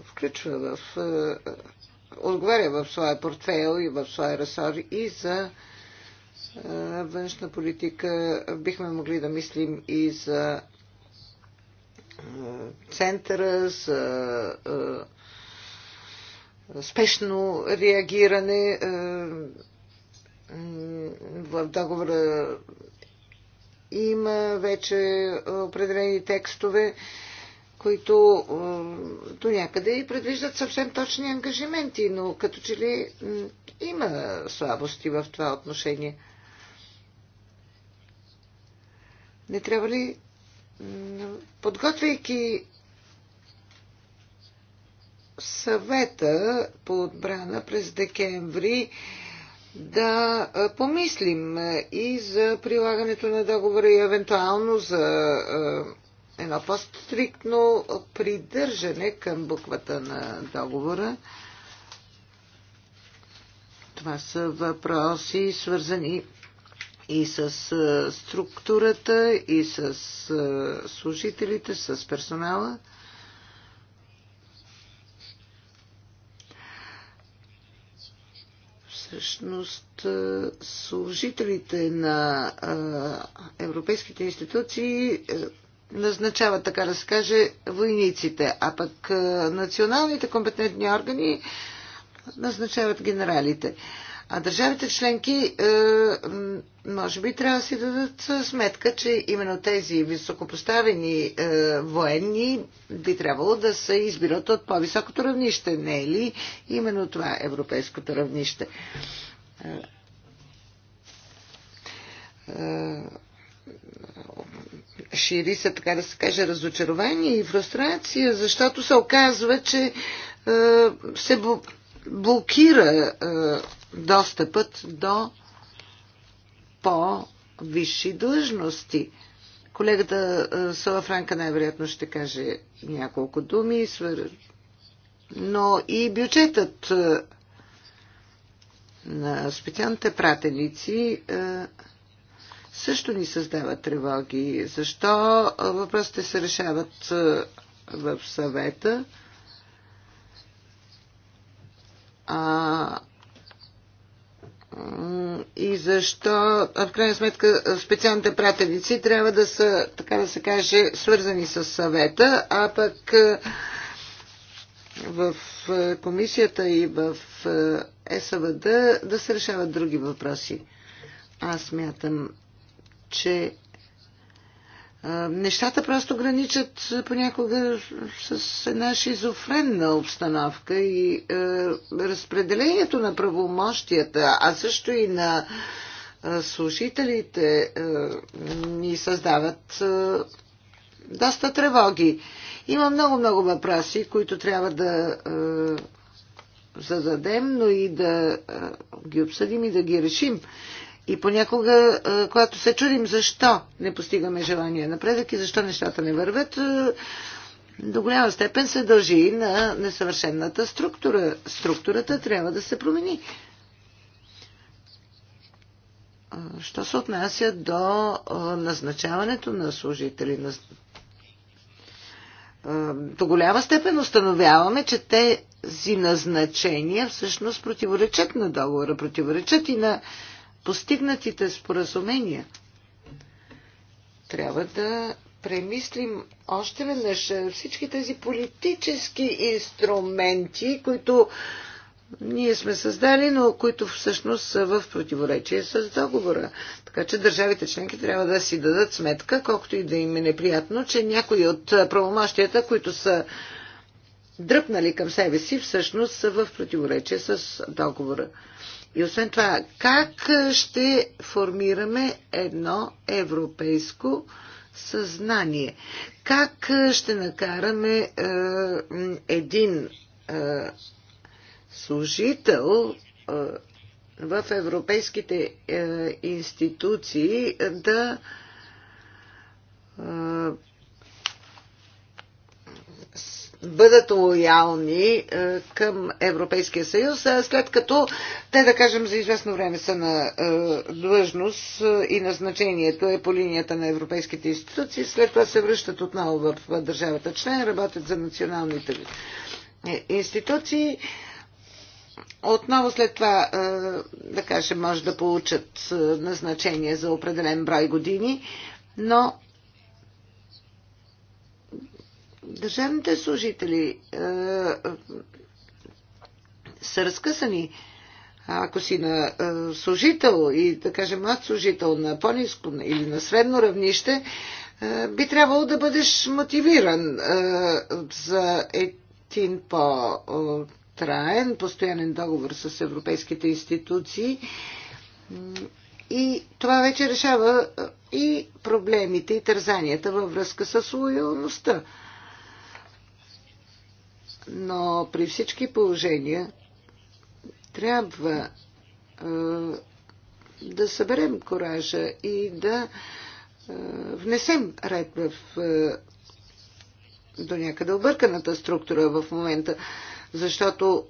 включва в е, отговаря в своя портфейл и в своя ресор и за е, е, външна политика бихме могли да мислим и за е, центъра, за е, спешно реагиране. В договора има вече определени текстове, които до някъде и предвиждат съвсем точни ангажименти, но като че ли има слабости в това отношение. Не трябва ли, подготвяйки съвета по отбрана през декември, да помислим и за прилагането на договора и евентуално за едно по-стриктно придържане към буквата на договора. Това са въпроси, свързани и с структурата, и с служителите, с персонала. всъщност служителите на европейските институции назначават, така да се каже, войниците, а пък националните компетентни органи назначават генералите. А държавите членки е, може би трябва да си дадат е, сметка, че именно тези високопоставени е, военни би трябвало да се избират от по-високото равнище. Не е ли именно това европейското равнище? шири се, така да се каже, разочарование и фрустрация, защото се оказва, че се блокира достъпът до по-висши длъжности. Колегата е, Сола Франка най-вероятно ще каже няколко думи, но и бюджетът е, на специалните пратеници е, също ни създават тревоги. Защо въпросите се решават в съвета? А и защо в крайна сметка специалните пратеници трябва да са, така да се каже, свързани с съвета, а пък в комисията и в СВД да се решават други въпроси. Аз мятам, че нещата просто граничат понякога с една шизофренна обстановка и е, разпределението на правомощията, а също и на е, служителите е, ни създават доста тревоги. Има много-много въпроси, които трябва да зададем, но и да ги обсъдим и да ги решим. И понякога, е, когато се чудим защо не постигаме желания напредък и защо нещата не вървят, е, до голяма степен се дължи и на несъвършенната структура. Структурата трябва да се промени. Е, що се отнася до назначаването на служители, на... до голяма степен установяваме, че тези назначения всъщност противоречат на договора, противоречат и на постигнатите споразумения. Трябва да премислим още веднъж всички тези политически инструменти, които ние сме създали, но които всъщност са в противоречие с договора. Така че държавите членки трябва да си дадат сметка, колкото и да им е неприятно, че някои от правомощията, които са дръпнали към себе си, всъщност са в противоречие с договора. И освен това, как ще формираме едно европейско съзнание? Как ще накараме е, един е, служител е, в европейските е, институции да е, бъдат лоялни е, към Европейския съюз, е, след като те, да кажем, за известно време са на е, длъжност и назначението е по линията на европейските институции, след това се връщат отново в държавата член, работят за националните институции. Отново след това, да кажем, може да получат назначение за определен брой години, но държавните служители е, е, са разкъсани. Ако си на е, служител и, да кажем, млад служител на по-низко или на средно равнище, е, би трябвало да бъдеш мотивиран е, за един по-траен, постоянен договор с европейските институции. И това вече решава е, и проблемите и тързанията във връзка с лоялността но при всички положения трябва е, да съберем коража и да е, внесем ред в е, до някъде обърканата структура в момента, защото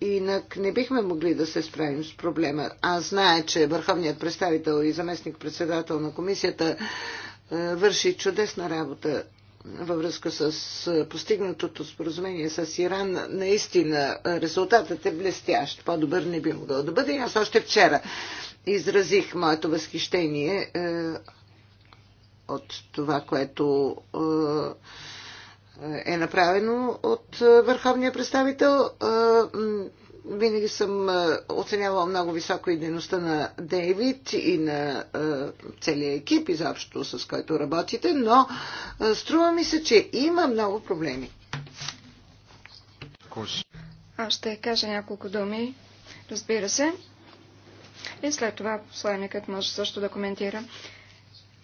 инак не бихме могли да се справим с проблема. Аз знае, че върховният представител и заместник-председател на комисията върши чудесна работа във връзка с постигнатото споразумение с Иран, наистина резултатът е блестящ. По-добър не би могъл да бъде. Аз още вчера изразих моето възхищение е, от това, което е, е направено от върховния представител. Е, винаги съм оценявала много високо и дейността на Дейвид и на целия екип изобщо, с който работите, но струва ми се, че има много проблеми. Аз ще кажа няколко думи, разбира се. И след това посланникът може също да коментира.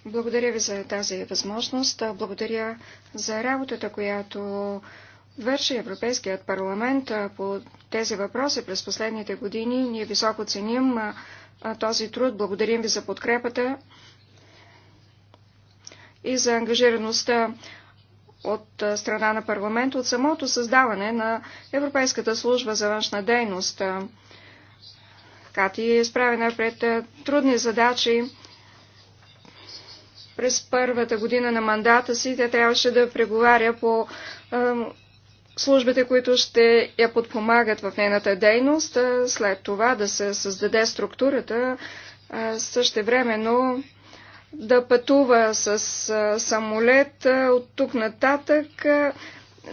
Благодаря ви за тази възможност. Благодаря за работата, която върши Европейският парламент по тези въпроси през последните години. Ние високо ценим този труд. Благодарим ви за подкрепата и за ангажираността от страна на парламент от самото създаване на Европейската служба за външна дейност. Кати е изправена пред трудни задачи. През първата година на мандата си тя трябваше да преговаря по службите, които ще я подпомагат в нейната дейност, след това да се създаде структурата, същевременно да пътува с самолет от тук нататък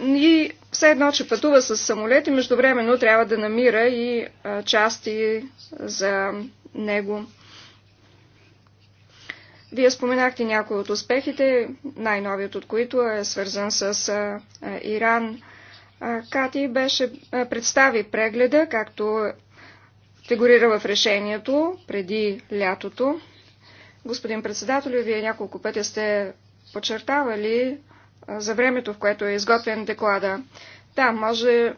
и все едно, че пътува с самолет и междувременно трябва да намира и части за него. Вие споменахте някои от успехите, най-новият от които е свързан с Иран. Кати беше представи прегледа, както фигурира в решението преди лятото. Господин председател, вие няколко пъти сте подчертавали за времето, в което е изготвен доклада. Да, може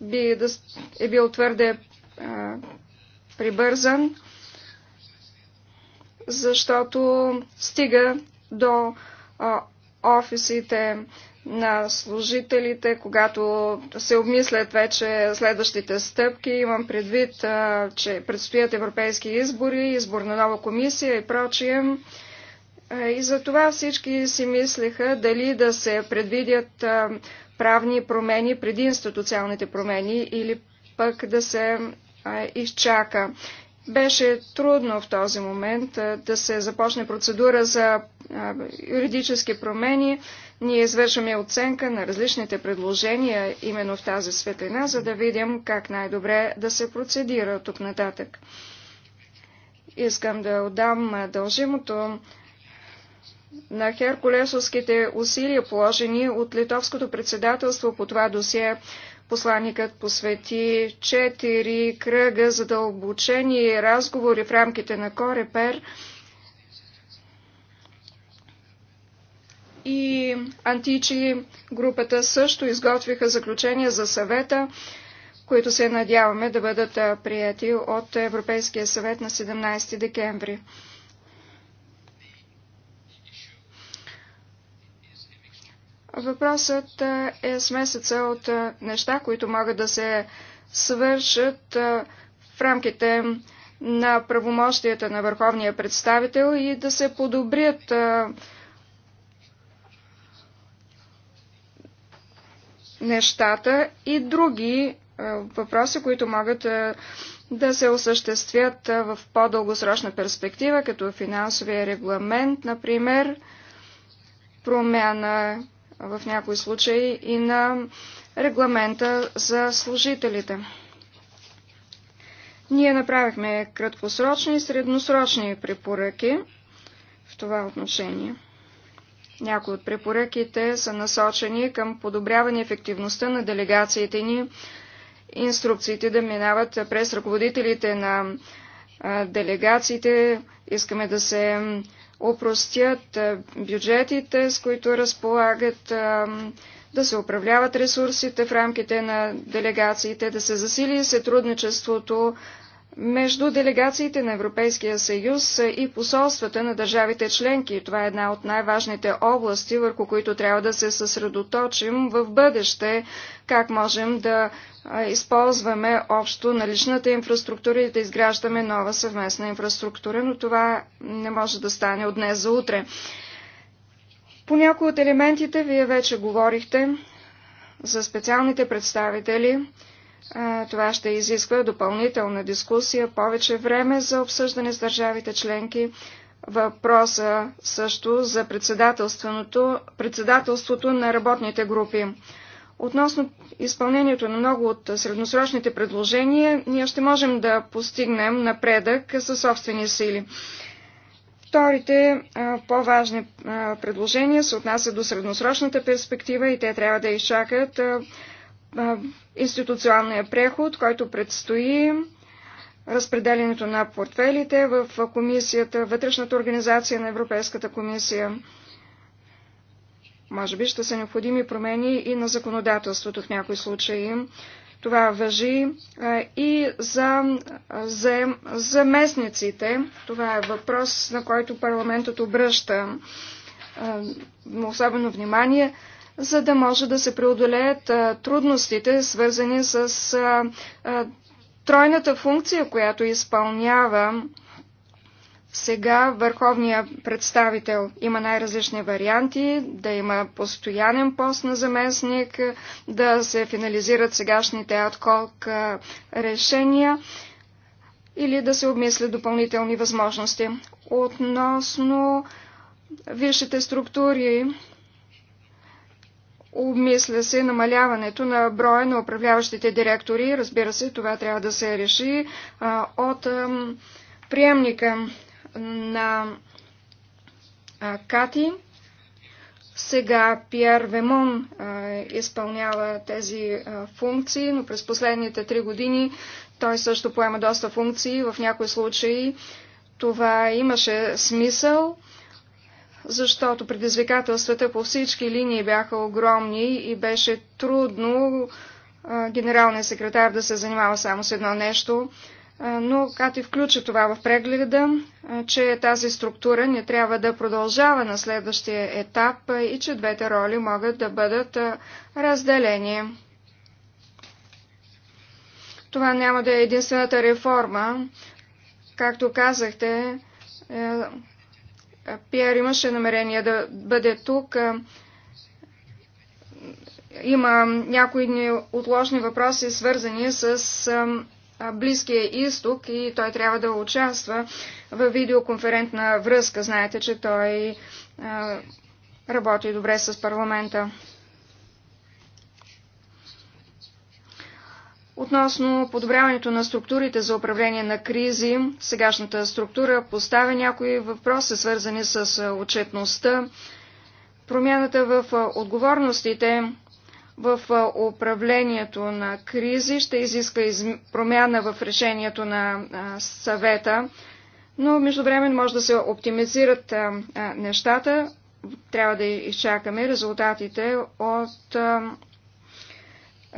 би да е бил твърде а, прибързан, защото стига до а, офисите на служителите, когато се обмислят вече следващите стъпки. Имам предвид, че предстоят европейски избори, избор на нова комисия и прочие. И за това всички си мислеха дали да се предвидят правни промени преди институционалните промени или пък да се изчака. Беше трудно в този момент да се започне процедура за юридически промени ние извършваме оценка на различните предложения именно в тази светлина, за да видим как най-добре да се процедира тук нататък. Искам да отдам дължимото на херкулесовските усилия, положени от литовското председателство по това досие. Посланникът посвети четири кръга дълбочени разговори в рамките на Корепер – и Античи групата също изготвиха заключения за съвета, които се надяваме да бъдат прияти от Европейския съвет на 17 декември. Въпросът е смесеца от неща, които могат да се свършат в рамките на правомощията на върховния представител и да се подобрят нещата и други е, въпроси, които могат е, да се осъществят е, в по-дългосрочна перспектива, като финансовия регламент, например, промяна в някои случаи и на регламента за служителите. Ние направихме краткосрочни и средносрочни препоръки в това отношение. Някои от препоръките са насочени към подобряване ефективността на делегациите ни, инструкциите да минават през ръководителите на делегациите, искаме да се опростят бюджетите, с които разполагат, да се управляват ресурсите в рамките на делегациите, да се засили сътрудничеството между делегациите на Европейския съюз и посолствата на държавите членки. Това е една от най-важните области, върху които трябва да се съсредоточим в бъдеще, как можем да използваме общо наличната инфраструктура и да изграждаме нова съвместна инфраструктура, но това не може да стане от днес за утре. По някои от елементите вие вече говорихте за специалните представители, това ще изисква допълнителна дискусия, повече време за обсъждане с държавите членки. Въпроса също за председателството, председателството на работните групи. Относно изпълнението на много от средносрочните предложения, ние ще можем да постигнем напредък със собствени сили. Вторите по-важни предложения се отнасят до средносрочната перспектива и те трябва да изчакат институционния преход, който предстои, разпределенето на портфелите в комисията, вътрешната организация на Европейската комисия. Може би ще са необходими промени и на законодателството в някои случаи. Това въжи и за, за, за местниците. Това е въпрос, на който парламентът обръща особено внимание за да може да се преодолеят трудностите, свързани с тройната функция, която изпълнява сега върховния представител има най-различни варианти, да има постоянен пост на заместник, да се финализират сегашните отколк решения или да се обмислят допълнителни възможности. Относно висшите структури Обмисля се намаляването на броя на управляващите директори. Разбира се, това трябва да се реши а, от а, приемника на а, Кати. Сега Пьер Вемон а, изпълнява тези а, функции, но през последните три години той също поема доста функции. В някои случаи това имаше смисъл защото предизвикателствата по всички линии бяха огромни и беше трудно генералният секретар да се занимава само с едно нещо. Но Кати включи това в прегледа, че тази структура не трябва да продължава на следващия етап и че двете роли могат да бъдат разделени. Това няма да е единствената реформа. Както казахте, е, Пиер имаше намерение да бъде тук. Има някои неотложни въпроси, свързани с Близкия изток и той трябва да участва в видеоконферентна връзка. Знаете, че той работи добре с парламента. Относно подобряването на структурите за управление на кризи, сегашната структура поставя някои въпроси, свързани с отчетността, промяната в отговорностите в управлението на кризи ще изисква промяна в решението на съвета, но междувременно може да се оптимизират нещата. Трябва да изчакаме резултатите от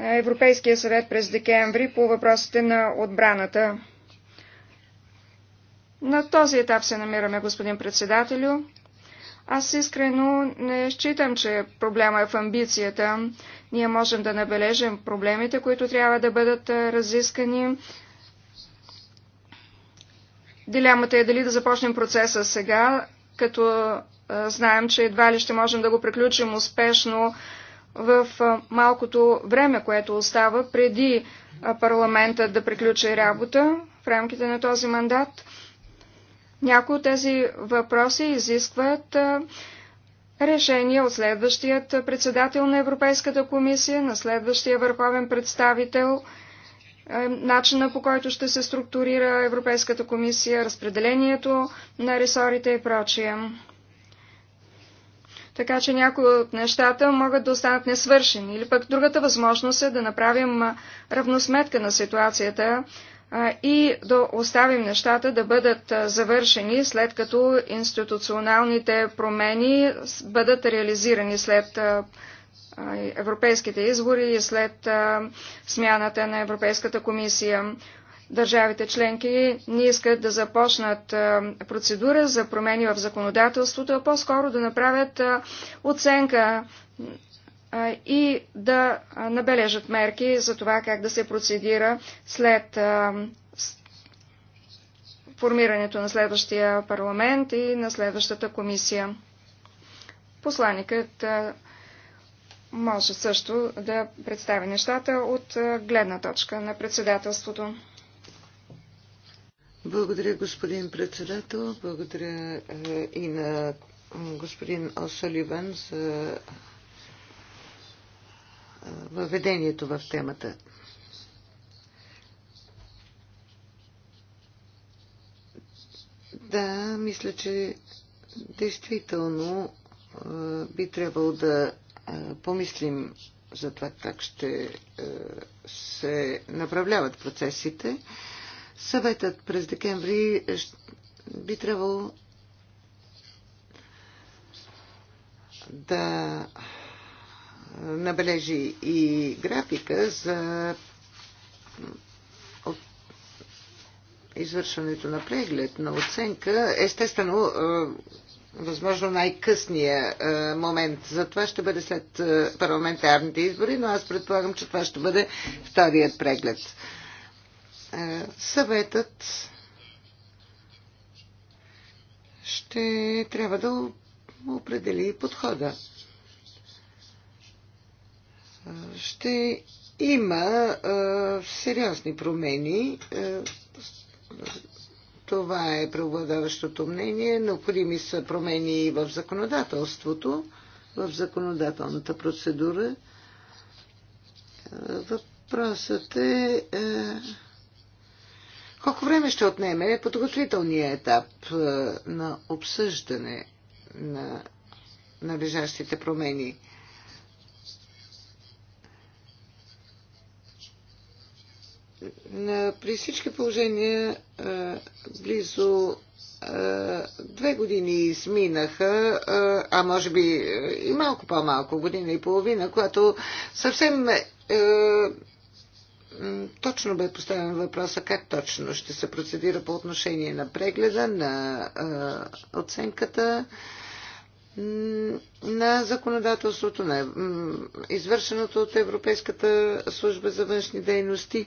Европейския съвет през декември по въпросите на отбраната. На този етап се намираме, господин председателю. Аз искрено не считам, че проблема е в амбицията. Ние можем да набележим проблемите, които трябва да бъдат разискани. Дилемата е дали да започнем процеса сега, като знаем, че едва ли ще можем да го приключим успешно в малкото време, което остава преди парламента да приключи работа в рамките на този мандат. Някои от тези въпроси изискват решение от следващият председател на Европейската комисия, на следващия върховен представител, начина по който ще се структурира Европейската комисия, разпределението на ресорите и прочие така че някои от нещата могат да останат несвършени. Или пък другата възможност е да направим равносметка на ситуацията и да оставим нещата да бъдат завършени след като институционалните промени бъдат реализирани след европейските избори и след смяната на Европейската комисия. Държавите членки не искат да започнат процедура за промени в законодателството, а по-скоро да направят оценка и да набележат мерки за това как да се процедира след формирането на следващия парламент и на следващата комисия. Посланникът може също да представи нещата от гледна точка на председателството. Благодаря, господин председател. Благодаря е, и на господин Осаливан за е, въведението в темата. Да, мисля, че действително е, би трябвало да помислим за това как ще се направляват процесите. Съветът през декември би трябвало да набележи и графика за извършването на преглед, на оценка. Естествено, е, възможно най-късния е, момент за това ще бъде след е, парламентарните избори, но аз предполагам, че това ще бъде вторият преглед. Е, съветът ще трябва да определи подхода. Е, ще има е, сериозни промени. Това е преобладаващото мнение. Необходими са промени и в законодателството, в законодателната процедура. Въпросът е, е колко време ще отнеме е подготвителния етап е, на обсъждане на належащите промени? При всички положения е, близо две години изминаха, а може би и малко по-малко, година и половина, когато съвсем точно бе поставен въпроса как точно ще се процедира по отношение на прегледа, на оценката на законодателството, на извършеното от Европейската служба за външни дейности,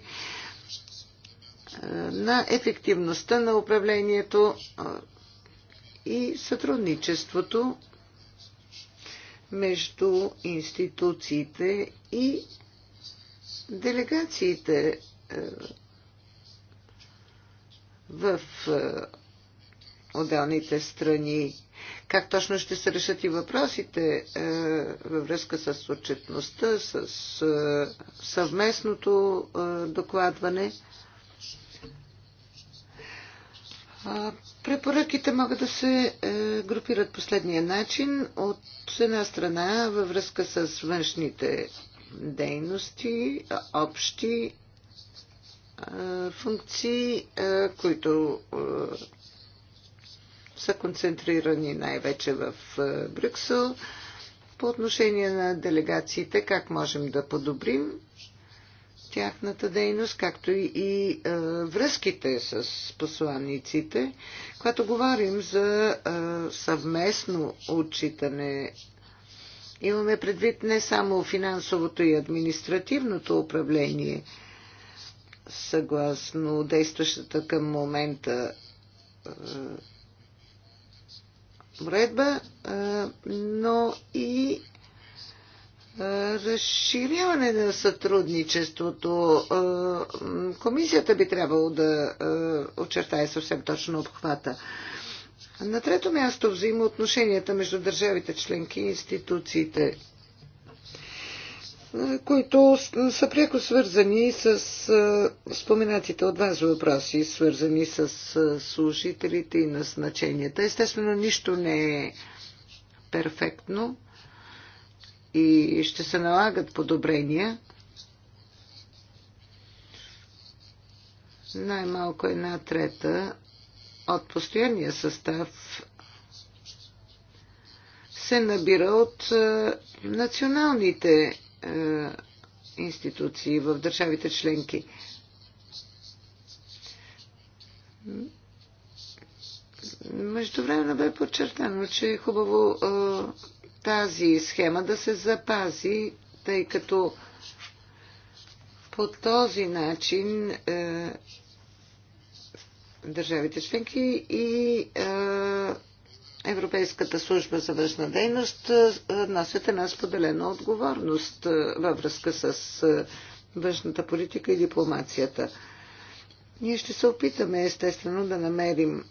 на ефективността на управлението и сътрудничеството между институциите и Делегациите е, в е, отделните страни, как точно ще се решат и въпросите е, във връзка с отчетността, с съвместното докладване. Препоръките могат да се групират последния начин. От една страна, във връзка с външните дейности, общи функции, които са концентрирани най-вече в Брюксел. По отношение на делегациите, как можем да подобрим тяхната дейност, както и е, връзките с посланниците. Когато говорим за е, съвместно отчитане Имаме предвид не само финансовото и административното управление, съгласно действащата към момента е, уредба, е, но и е, разширяване на сътрудничеството. Комисията би трябвало да очертае съвсем точно обхвата на трето място взаимоотношенията между държавите членки и институциите, които са пряко свързани с споменатите от вас въпроси, свързани с служителите и назначенията. Естествено, нищо не е перфектно и ще се налагат подобрения. Най-малко една трета от постоянния състав се набира от е, националните е, институции в държавите членки. Между време бе подчертано, че е хубаво е, тази схема да се запази, тъй като по този начин държавите членки и е, Европейската служба за външна дейност е, носят една споделена отговорност е, във връзка с външната политика и дипломацията. Ние ще се опитаме, естествено, да намерим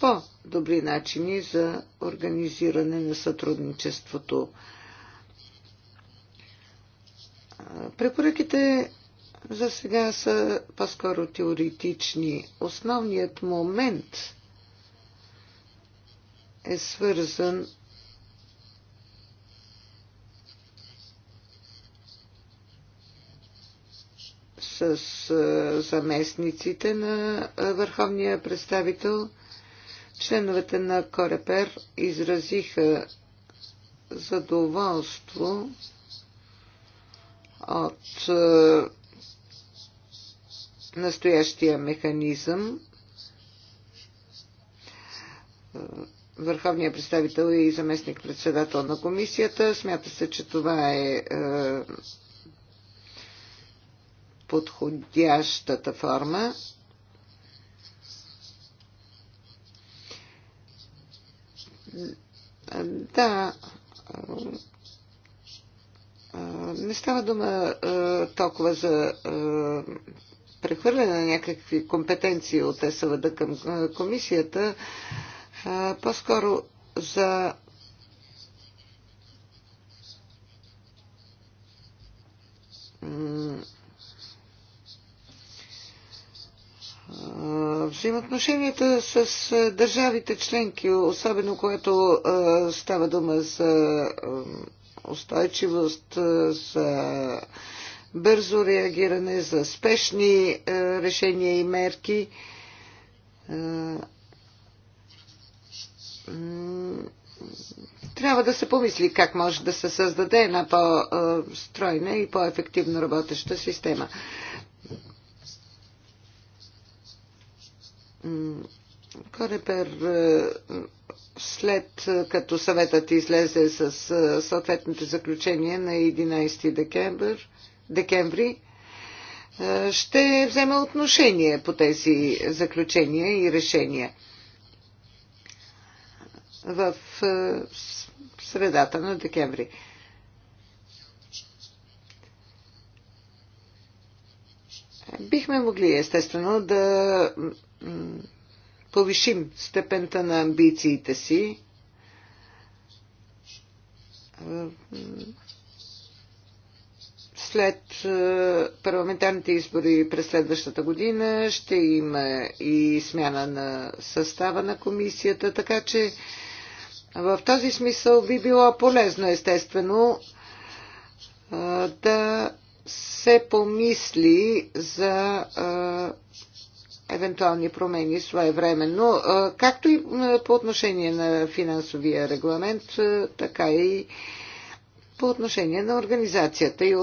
по-добри начини за организиране на сътрудничеството. Препоръките за сега са по-скоро теоретични. Основният момент е свързан с заместниците на върховния представител. Членовете на Корепер изразиха задоволство от е, настоящия механизъм. Е, върховният представител и заместник председател на комисията. Смята се, че това е, е подходящата форма. Да, не става дума толкова за прехвърляне на някакви компетенции от СВД към комисията, по-скоро за взаимоотношенията с държавите членки, особено което става дума за устойчивост, е, за бързо реагиране, за спешни е, решения и мерки. Е, трябва да се помисли как може да се създаде една по-стройна и по-ефективно работеща система Корепер е, след е, като съветът излезе с е, съответните заключения на 11 декември, декември ще взема отношение по тези заключения и решения. В средата на декември. Бихме могли, естествено, да повишим степента на амбициите си. След е, парламентарните избори през следващата година ще има и смяна на състава на комисията, така че в този смисъл би било полезно, естествено, е, да се помисли за е, евентуални промени своевременно, както и по отношение на финансовия регламент, така и по отношение на организацията и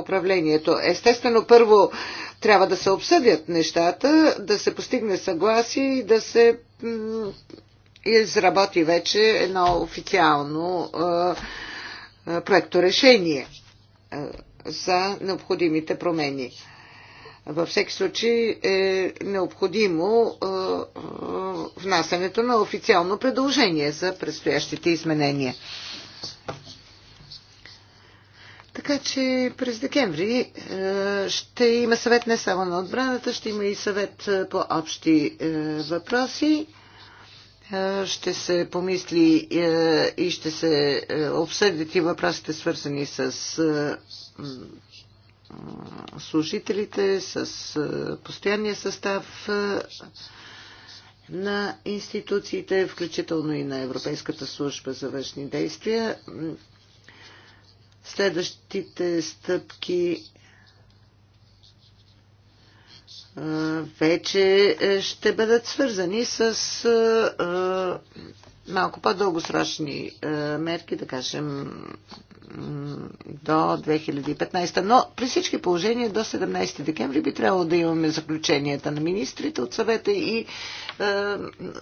управлението. Естествено, първо трябва да се обсъдят нещата, да се постигне съгласие и да се изработи вече едно официално проекторешение за необходимите промени. Във всеки случай е необходимо е, е, внасянето на официално предложение за предстоящите изменения. Така че през декември е, ще има съвет не само на отбраната, ще има и съвет по общи въпроси. Ще се помисли и ще се обсъдят и въпросите свързани с служителите, с постоянния състав на институциите, включително и на Европейската служба за външни действия. Следващите стъпки вече е, ще бъдат свързани с малко по-дългосрочни мерки, да кажем до 2015. Но при всички положения до 17 декември би трябвало да имаме заключенията на министрите от съвета и е,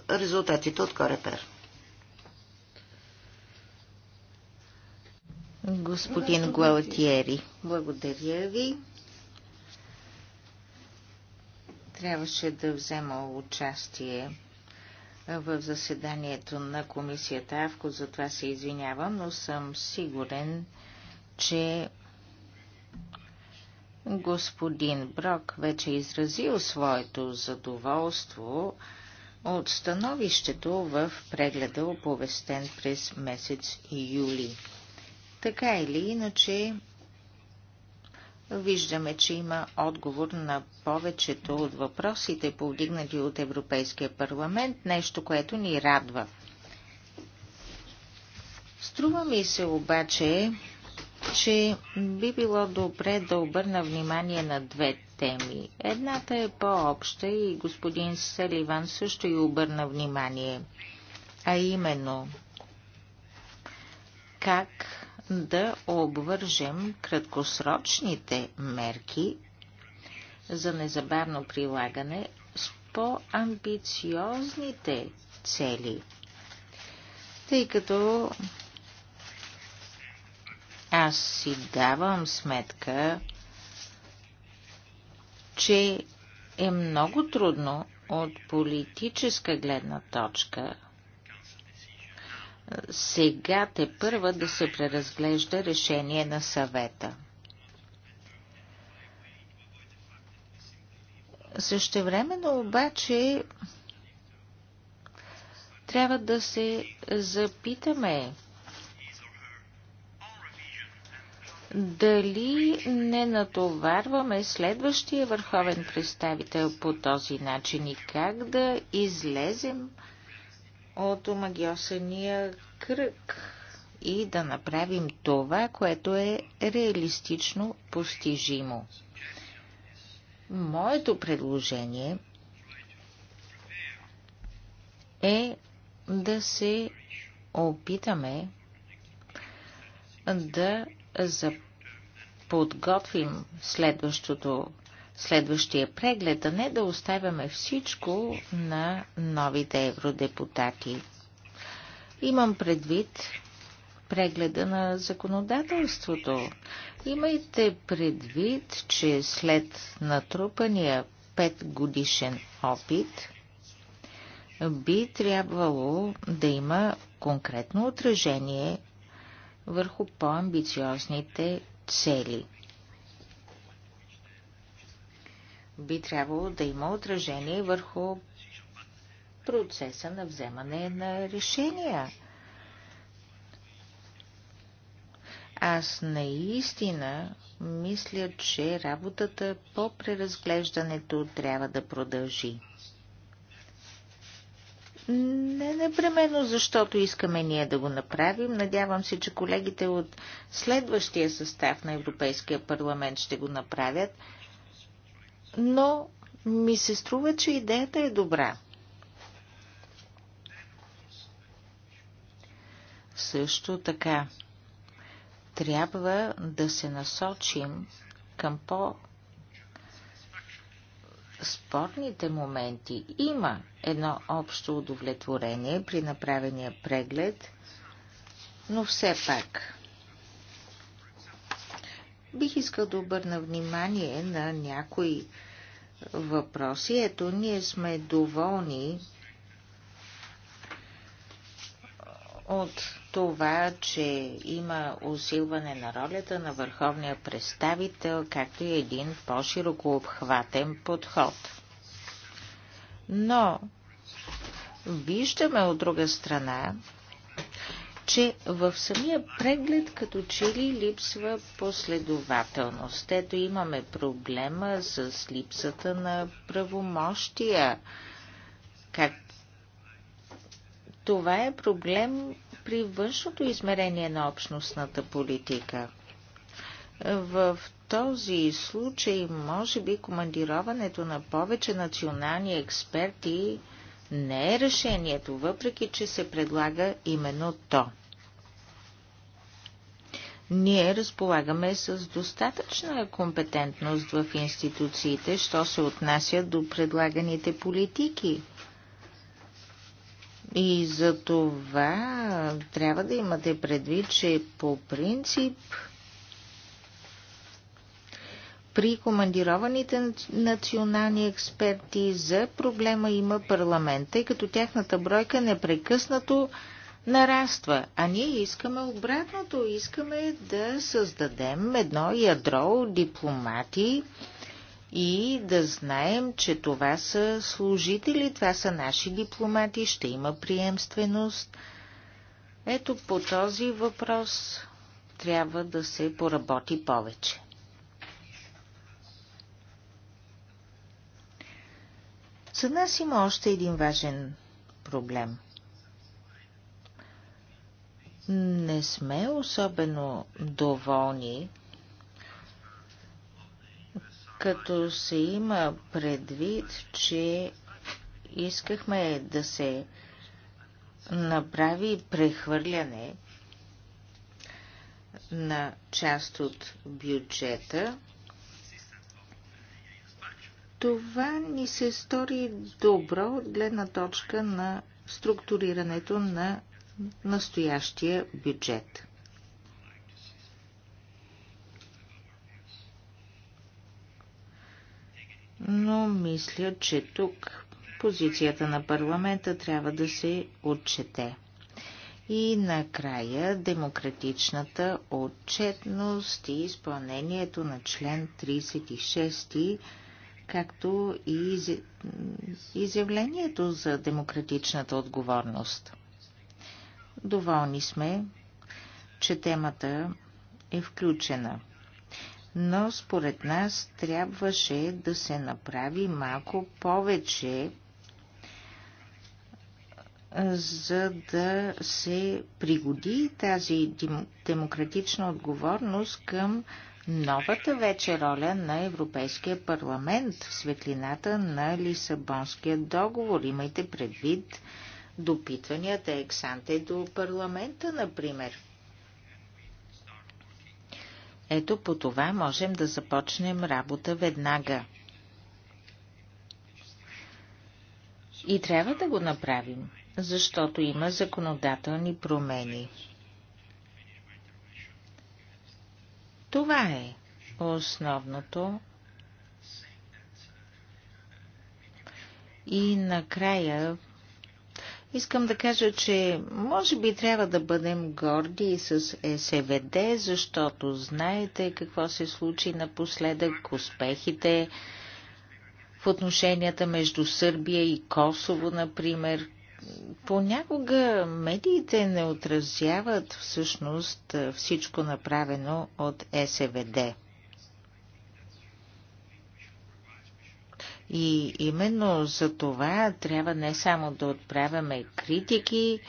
резултатите от Корепер. Господин Гуалтиери, благодаря ви. Трябваше да взема участие в заседанието на комисията Авко, затова се извинявам, но съм сигурен, че господин Брок вече е изразил своето задоволство от становището в прегледа, оповестен през месец юли. Така или иначе, Виждаме, че има отговор на повечето от въпросите, повдигнати от Европейския парламент, нещо, което ни радва. Струва ми се обаче, че би било добре да обърна внимание на две теми. Едната е по-обща и господин Саливан също и обърна внимание, а именно как да обвържем краткосрочните мерки за незабавно прилагане с по-амбициозните цели, тъй като аз си давам сметка, че е много трудно от политическа гледна точка сега те първа да се преразглежда решение на съвета. Същевременно обаче трябва да се запитаме дали не натоварваме следващия върховен представител по този начин и как да излезем от омагиосания кръг и да направим това, което е реалистично постижимо. Моето предложение е да се опитаме да подготвим следващото следващия преглед, а не да оставяме всичко на новите евродепутати. Имам предвид прегледа на законодателството. Имайте предвид, че след натрупания петгодишен опит, би трябвало да има конкретно отражение върху по-амбициозните цели. би трябвало да има отражение върху процеса на вземане на решения. Аз наистина мисля, че работата по преразглеждането трябва да продължи. Не непременно, защото искаме ние да го направим. Надявам се, че колегите от следващия състав на Европейския парламент ще го направят, но ми се струва, че идеята е добра. Също така, трябва да се насочим към по- спорните моменти. Има едно общо удовлетворение при направения преглед, но все пак бих искал да обърна внимание на някои въпроси. Ето, ние сме доволни от това, че има усилване на ролята на върховния представител, както и един по-широко обхватен подход. Но виждаме от друга страна, че в самия преглед като че ли липсва последователност. Ето имаме проблема с липсата на правомощия. Как... Това е проблем при външното измерение на общностната политика. В този случай, може би, командироването на повече национални експерти не е решението, въпреки че се предлага именно то. Ние разполагаме с достатъчна компетентност в институциите, що се отнася до предлаганите политики. И за това трябва да имате предвид, че по принцип при командированите национални експерти за проблема има парламент, тъй като тяхната бройка непрекъснато нараства. А ние искаме обратното. Искаме да създадем едно ядро от дипломати и да знаем, че това са служители, това са наши дипломати, ще има приемственост. Ето по този въпрос трябва да се поработи повече. За нас има още един важен проблем. Не сме особено доволни, като се има предвид, че искахме да се направи прехвърляне на част от бюджета това ни се стори добро от гледна точка на структурирането на настоящия бюджет. Но мисля, че тук позицията на парламента трябва да се отчете. И накрая демократичната отчетност и изпълнението на член 36 както и изявлението за демократичната отговорност. Доволни сме, че темата е включена. Но според нас трябваше да се направи малко повече, за да се пригоди тази демократична отговорност към новата вече роля на Европейския парламент в светлината на Лисабонския договор. Имайте предвид допитванията ексанте до парламента, например. Ето по това можем да започнем работа веднага. И трябва да го направим, защото има законодателни промени. Това е основното. И накрая искам да кажа, че може би трябва да бъдем горди с СВД, защото знаете какво се случи напоследък, успехите в отношенията между Сърбия и Косово, например. Понякога медиите не отразяват всъщност всичко направено от СВД. И именно за това трябва не само да отправяме критики,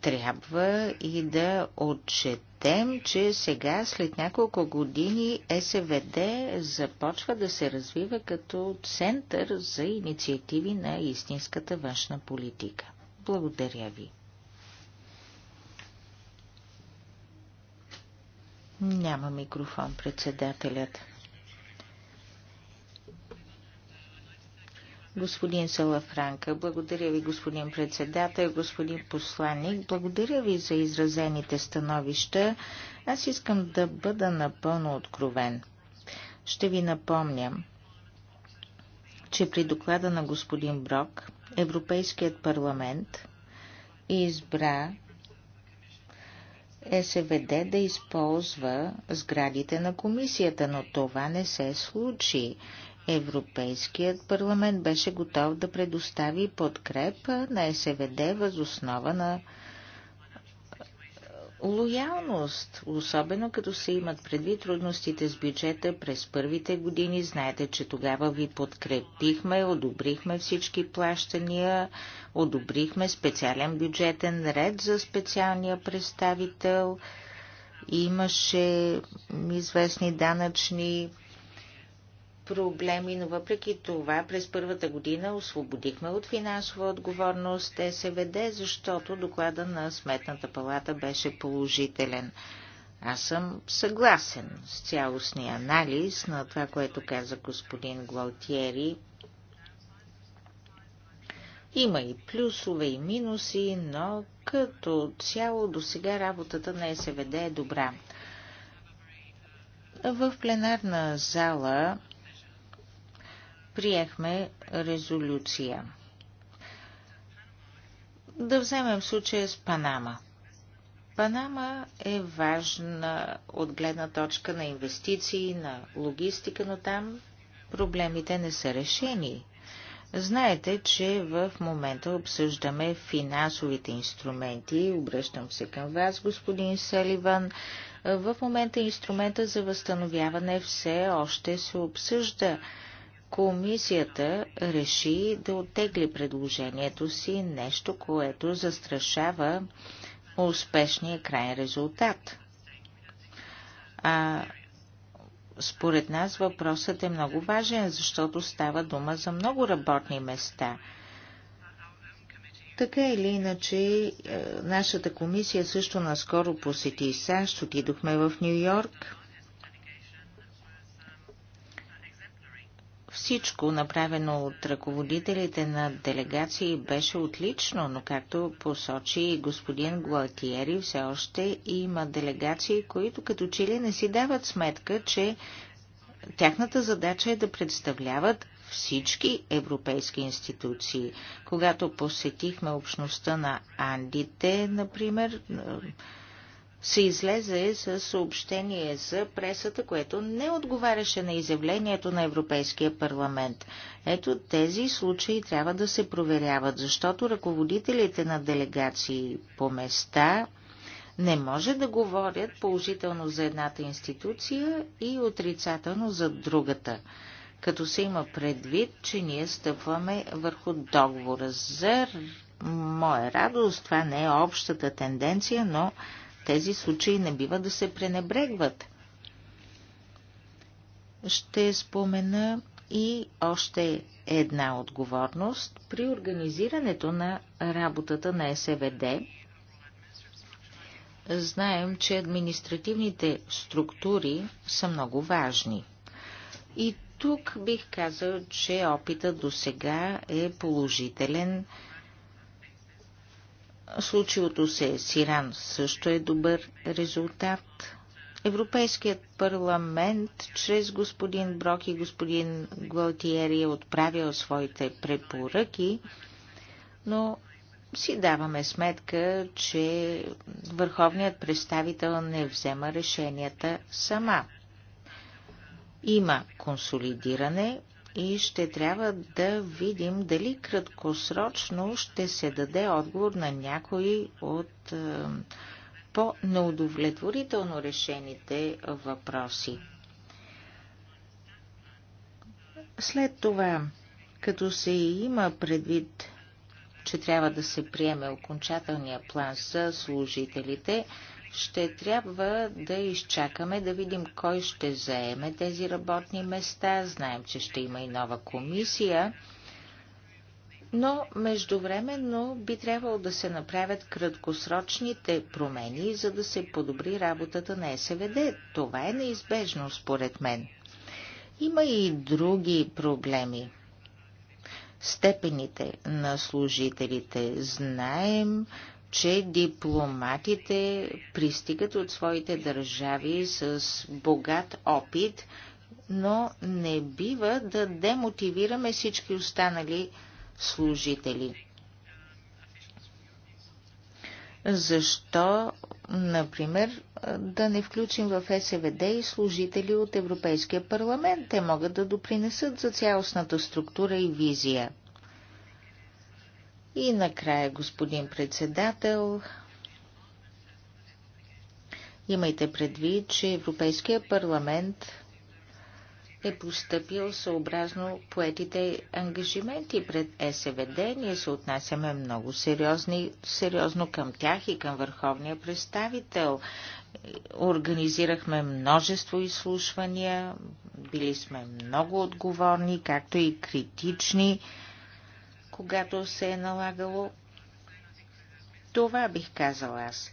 трябва и да отчетем четем, че сега, след няколко години, СВД започва да се развива като център за инициативи на истинската външна политика. Благодаря ви. Няма микрофон председателят. Господин Салафранка, благодаря ви, господин председател, господин посланник, благодаря ви за изразените становища. Аз искам да бъда напълно откровен. Ще ви напомням, че при доклада на господин Брок, Европейският парламент избра СВД да използва сградите на комисията, но това не се случи. Европейският парламент беше готов да предостави подкрепа на СВД възоснова на лоялност, особено като се имат предвид трудностите с бюджета през първите години. Знаете, че тогава ви подкрепихме, одобрихме всички плащания, одобрихме специален бюджетен ред за специалния представител. Имаше известни данъчни проблеми, но въпреки това през първата година освободихме от финансова отговорност СВД, защото доклада на Сметната палата беше положителен. Аз съм съгласен с цялостния анализ на това, което каза господин Гвалтиери. Има и плюсове и минуси, но като цяло до сега работата на СВД е добра. В пленарна зала приехме резолюция. Да вземем случая с Панама. Панама е важна от гледна точка на инвестиции, на логистика, но там проблемите не са решени. Знаете, че в момента обсъждаме финансовите инструменти. Обръщам се към вас, господин Селиван. В момента инструмента за възстановяване все още се обсъжда. Комисията реши да оттегли предложението си нещо, което застрашава успешния крайен резултат. А според нас въпросът е много важен, защото става дума за много работни места. Така или иначе, е, нашата комисия също наскоро посети САЩ, отидохме в Нью Йорк Всичко направено от ръководителите на делегации беше отлично, но както посочи господин Гуатиери, все още има делегации, които като че ли не си дават сметка, че тяхната задача е да представляват всички европейски институции. Когато посетихме общността на Андите, например, се излезе с съобщение за пресата, което не отговаряше на изявлението на Европейския парламент. Ето тези случаи трябва да се проверяват, защото ръководителите на делегации по места не може да говорят положително за едната институция и отрицателно за другата, като се има предвид, че ние стъпваме върху договора. За моя радост това не е общата тенденция, но тези случаи не бива да се пренебрегват. Ще спомена и още една отговорност при организирането на работата на СВД. Знаем, че административните структури са много важни. И тук бих казал, че опитът до сега е положителен. Случилото се с Иран също е добър резултат. Европейският парламент чрез господин Брок и господин Гвалтиери е отправил своите препоръки, но си даваме сметка, че върховният представител не взема решенията сама. Има консолидиране и ще трябва да видим дали краткосрочно ще се даде отговор на някои от е, по-неудовлетворително решените въпроси. След това, като се има предвид, че трябва да се приеме окончателния план за служителите, ще трябва да изчакаме да видим кой ще заеме тези работни места. Знаем, че ще има и нова комисия. Но междувременно би трябвало да се направят краткосрочните промени, за да се подобри работата на СВД. Това е неизбежно, според мен. Има и други проблеми. Степените на служителите знаем, че дипломатите пристигат от своите държави с богат опит, но не бива да демотивираме всички останали служители. Защо, например, да не включим в СВД и служители от Европейския парламент? Те могат да допринесат за цялостната структура и визия – и накрая, господин председател, имайте предвид, че Европейския парламент е поступил съобразно поетите ангажименти пред СВД. Ние се отнасяме много сериозни, сериозно към тях и към върховния представител. Организирахме множество изслушвания, били сме много отговорни, както и критични когато се е налагало. Това бих казал аз.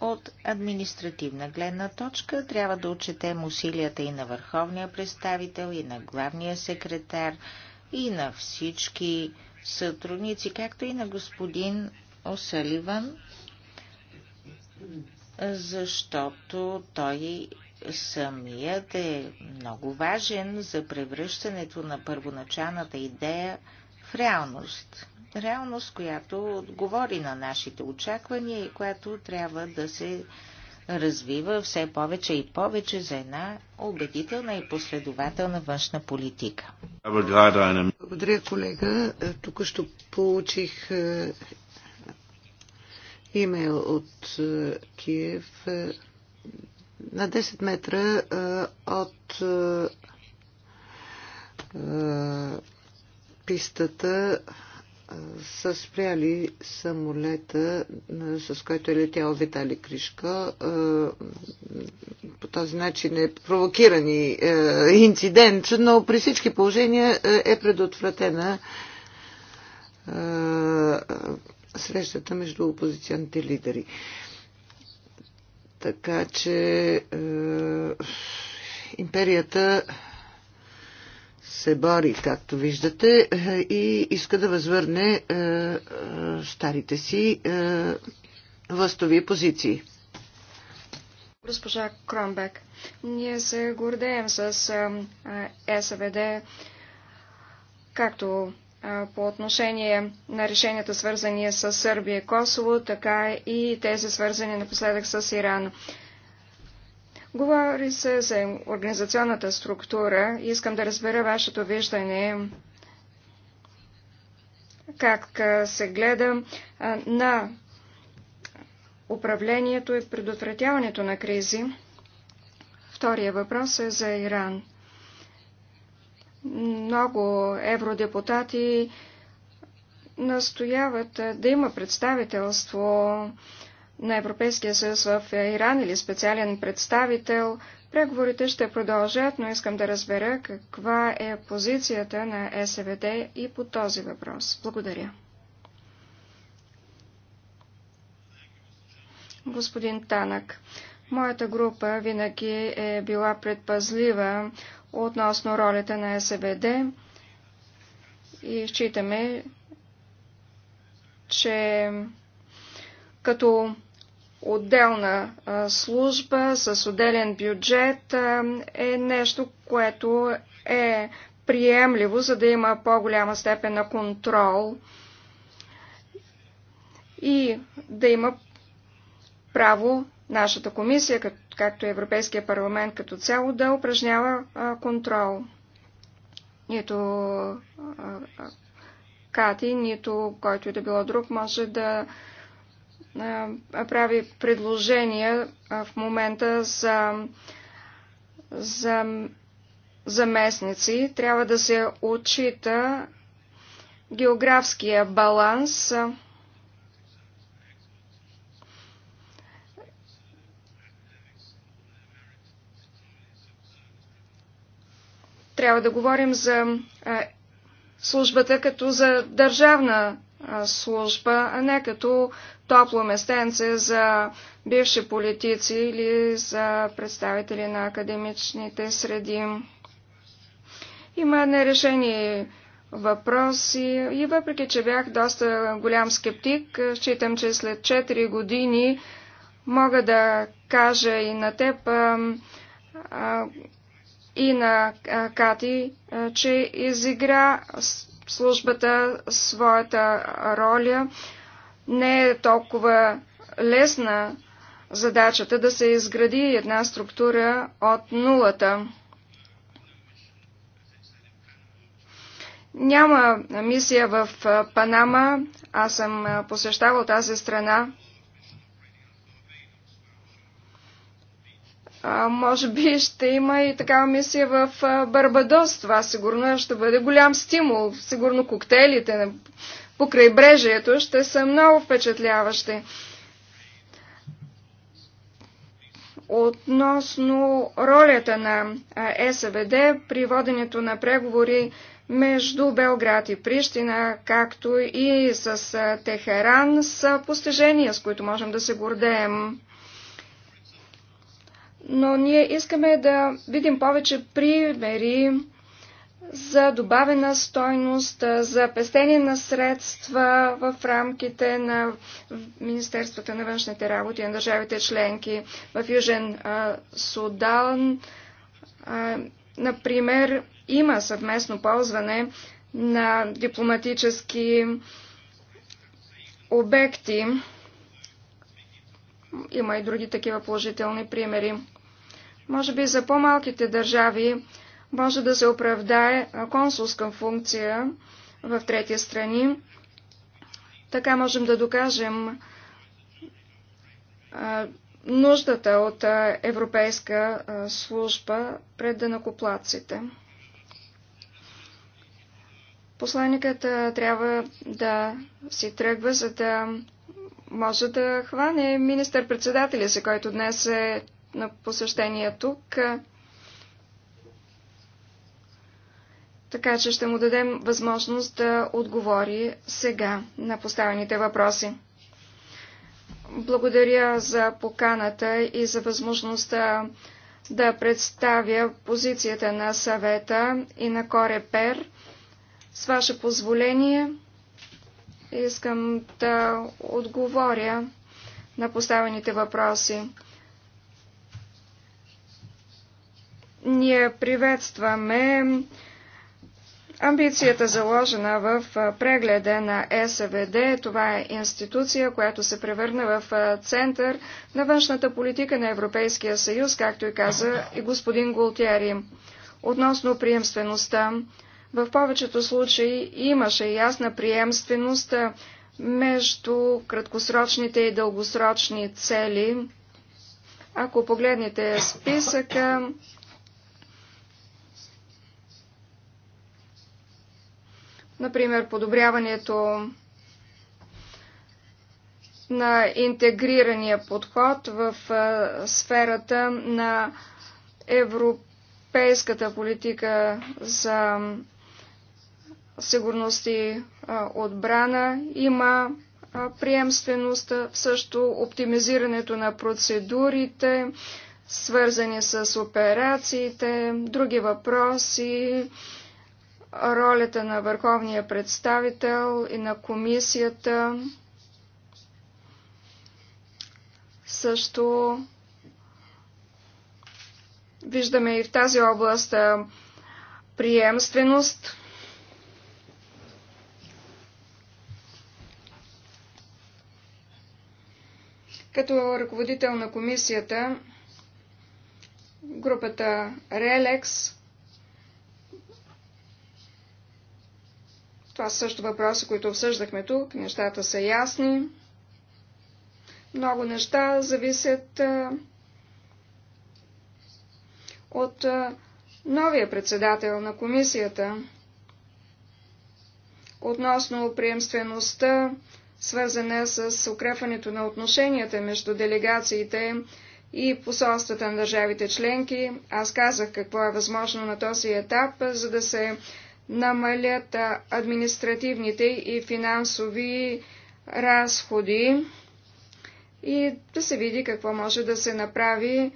От административна гледна точка трябва да отчетем усилията и на върховния представител, и на главния секретар, и на всички сътрудници, както и на господин Осаливан, защото той самият е много важен за превръщането на първоначалната идея в реалност. Реалност, която отговори на нашите очаквания и която трябва да се развива все повече и повече за една убедителна и последователна външна политика. Благодаря, колега. Тук ще получих е, имейл от е, Киев е, на 10 метра от пистата са спряли самолета, с който е летял Витали Кришка. По този начин е провокиран и инцидент, но при всички положения е предотвратена срещата между опозиционните лидери. Така че империята се бори, както виждате, е, и иска да възвърне старите е, е, си властови позиции. Госпожа Кромбек, ние се гордеем с СВД, както по отношение на решенията свързани с Сърбия и Косово, така и тези свързани напоследък с Иран. Говори се за организационната структура. Искам да разбера вашето виждане как се гледа на управлението и предотвратяването на кризи. Втория въпрос е за Иран. Много евродепутати настояват да има представителство на Европейския съюз в Иран или специален представител. Преговорите ще продължат, но искам да разбера каква е позицията на СВД и по този въпрос. Благодаря. Господин Танък, моята група винаги е била предпазлива относно ролята на СВД и считаме, че като отделна служба с отделен бюджет е нещо, което е приемливо, за да има по-голяма степен на контрол и да има право нашата комисия, както и Европейския парламент като цяло, да упражнява контрол. Нито Кати, нито който и да било друг може да прави предложения в момента за, за заместници. Трябва да се отчита географския баланс. Трябва да говорим за службата като за държавна служба, а не като топло местенце за бивши политици или за представители на академичните среди. Има нерешени въпроси и въпреки, че бях доста голям скептик, считам, че след 4 години мога да кажа и на теб, а, а, и на а, Кати, а, че изигра службата своята роля. Не е толкова лесна задачата да се изгради една структура от нулата. Няма мисия в Панама. Аз съм посещавал тази страна А, може би ще има и такава мисия в Барбадос. Това сигурно ще бъде голям стимул. Сигурно коктейлите на покрай брежието ще са много впечатляващи. Относно ролята на СВД при воденето на преговори между Белград и Прищина, както и с Техеран, са постижения, с които можем да се гордеем но ние искаме да видим повече примери за добавена стойност, за пестение на средства в рамките на Министерствата на външните работи на държавите членки. В Южен Судан, например, има съвместно ползване на дипломатически обекти. Има и други такива положителни примери. Може би за по-малките държави може да се оправдае консулска функция в трети страни. Така можем да докажем нуждата от европейска служба пред данакоплаците. Посланникът трябва да си тръгва, за да може да хване министър-председателя си, който днес е на посещение тук. Така че ще му дадем възможност да отговори сега на поставените въпроси. Благодаря за поканата и за възможността да представя позицията на съвета и на Корепер. С ваше позволение искам да отговоря на поставените въпроси. Ние приветстваме амбицията заложена в прегледа на СВД. Това е институция, която се превърна в център на външната политика на Европейския съюз, както и каза и господин Голтяри. Относно приемствеността, в повечето случаи имаше ясна приемственост между краткосрочните и дългосрочни цели. Ако погледнете списъка, Например, подобряването на интегрирания подход в сферата на европейската политика за сигурност и отбрана. Има приемствеността, също оптимизирането на процедурите, свързани с операциите, други въпроси, ролята на върховния представител и на комисията. Също виждаме и в тази област приемственост. Като ръководител на комисията, групата Релекс Това са също въпроси, които обсъждахме тук. Нещата са ясни. Много неща зависят от новия председател на комисията относно приемствеността, свързана с укрепването на отношенията между делегациите и посолствата на държавите членки. Аз казах какво е възможно на този етап, за да се намалят административните и финансови разходи и да се види какво може да се направи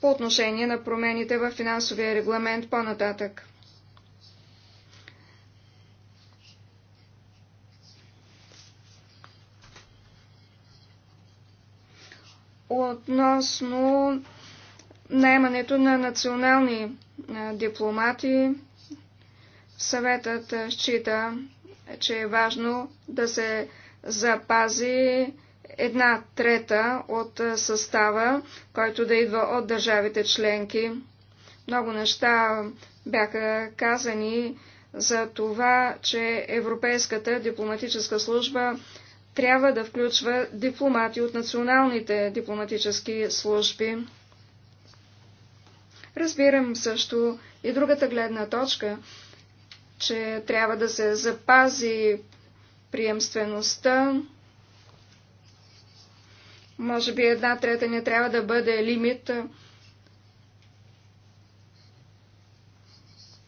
по отношение на промените в финансовия регламент по-нататък. Относно наемането на национални дипломати, Съветът счита, че е важно да се запази една трета от състава, който да идва от държавите членки. Много неща бяха казани за това, че Европейската дипломатическа служба трябва да включва дипломати от националните дипломатически служби. Разбирам също и другата гледна точка, че трябва да се запази приемствеността. Може би една трета не трябва да бъде лимит,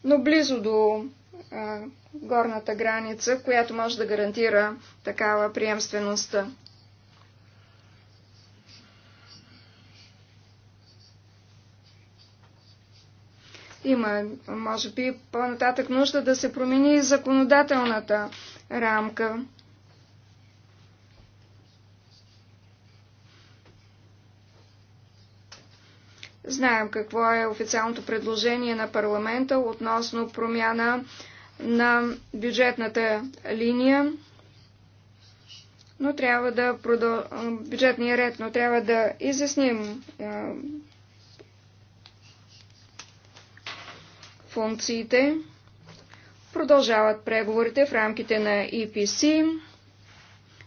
но близо до а, горната граница, която може да гарантира такава приемствеността. Има, може би, по-нататък нужда да се промени законодателната рамка. Знаем какво е официалното предложение на парламента относно промяна на бюджетната линия, но трябва да продъл... бюджетния ред, но трябва да изясним функциите. Продължават преговорите в рамките на EPC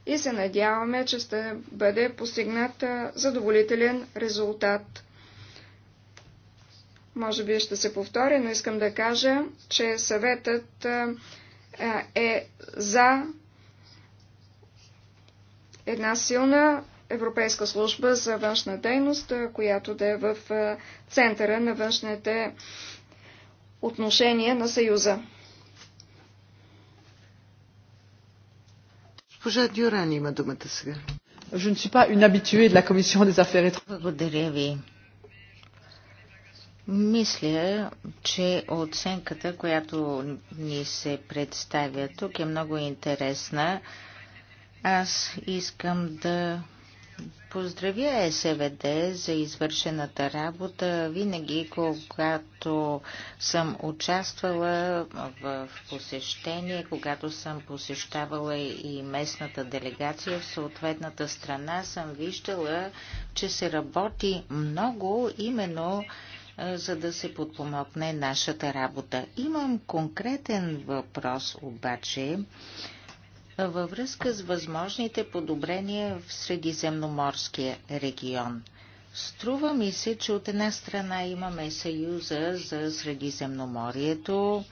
и се надяваме, че ще бъде постигнат задоволителен резултат. Може би ще се повторя, но искам да кажа, че съветът е за една силна Европейска служба за външна дейност, която да е в центъра на външните отношение на Съюза. Госпожа Дюран има думата сега. Je ne suis pas une habituée de la Commission des affaires étrangères. Благодаря ви. Мисля, че оценката, която ни се представя тук е много интересна. Аз искам да поздравя СВД за извършената работа. Винаги, когато съм участвала в посещение, когато съм посещавала и местната делегация в съответната страна, съм виждала, че се работи много именно за да се подпомогне нашата работа. Имам конкретен въпрос обаче във връзка с възможните подобрения в Средиземноморския регион. Струва ми се, че от една страна имаме Съюза за Средиземноморието,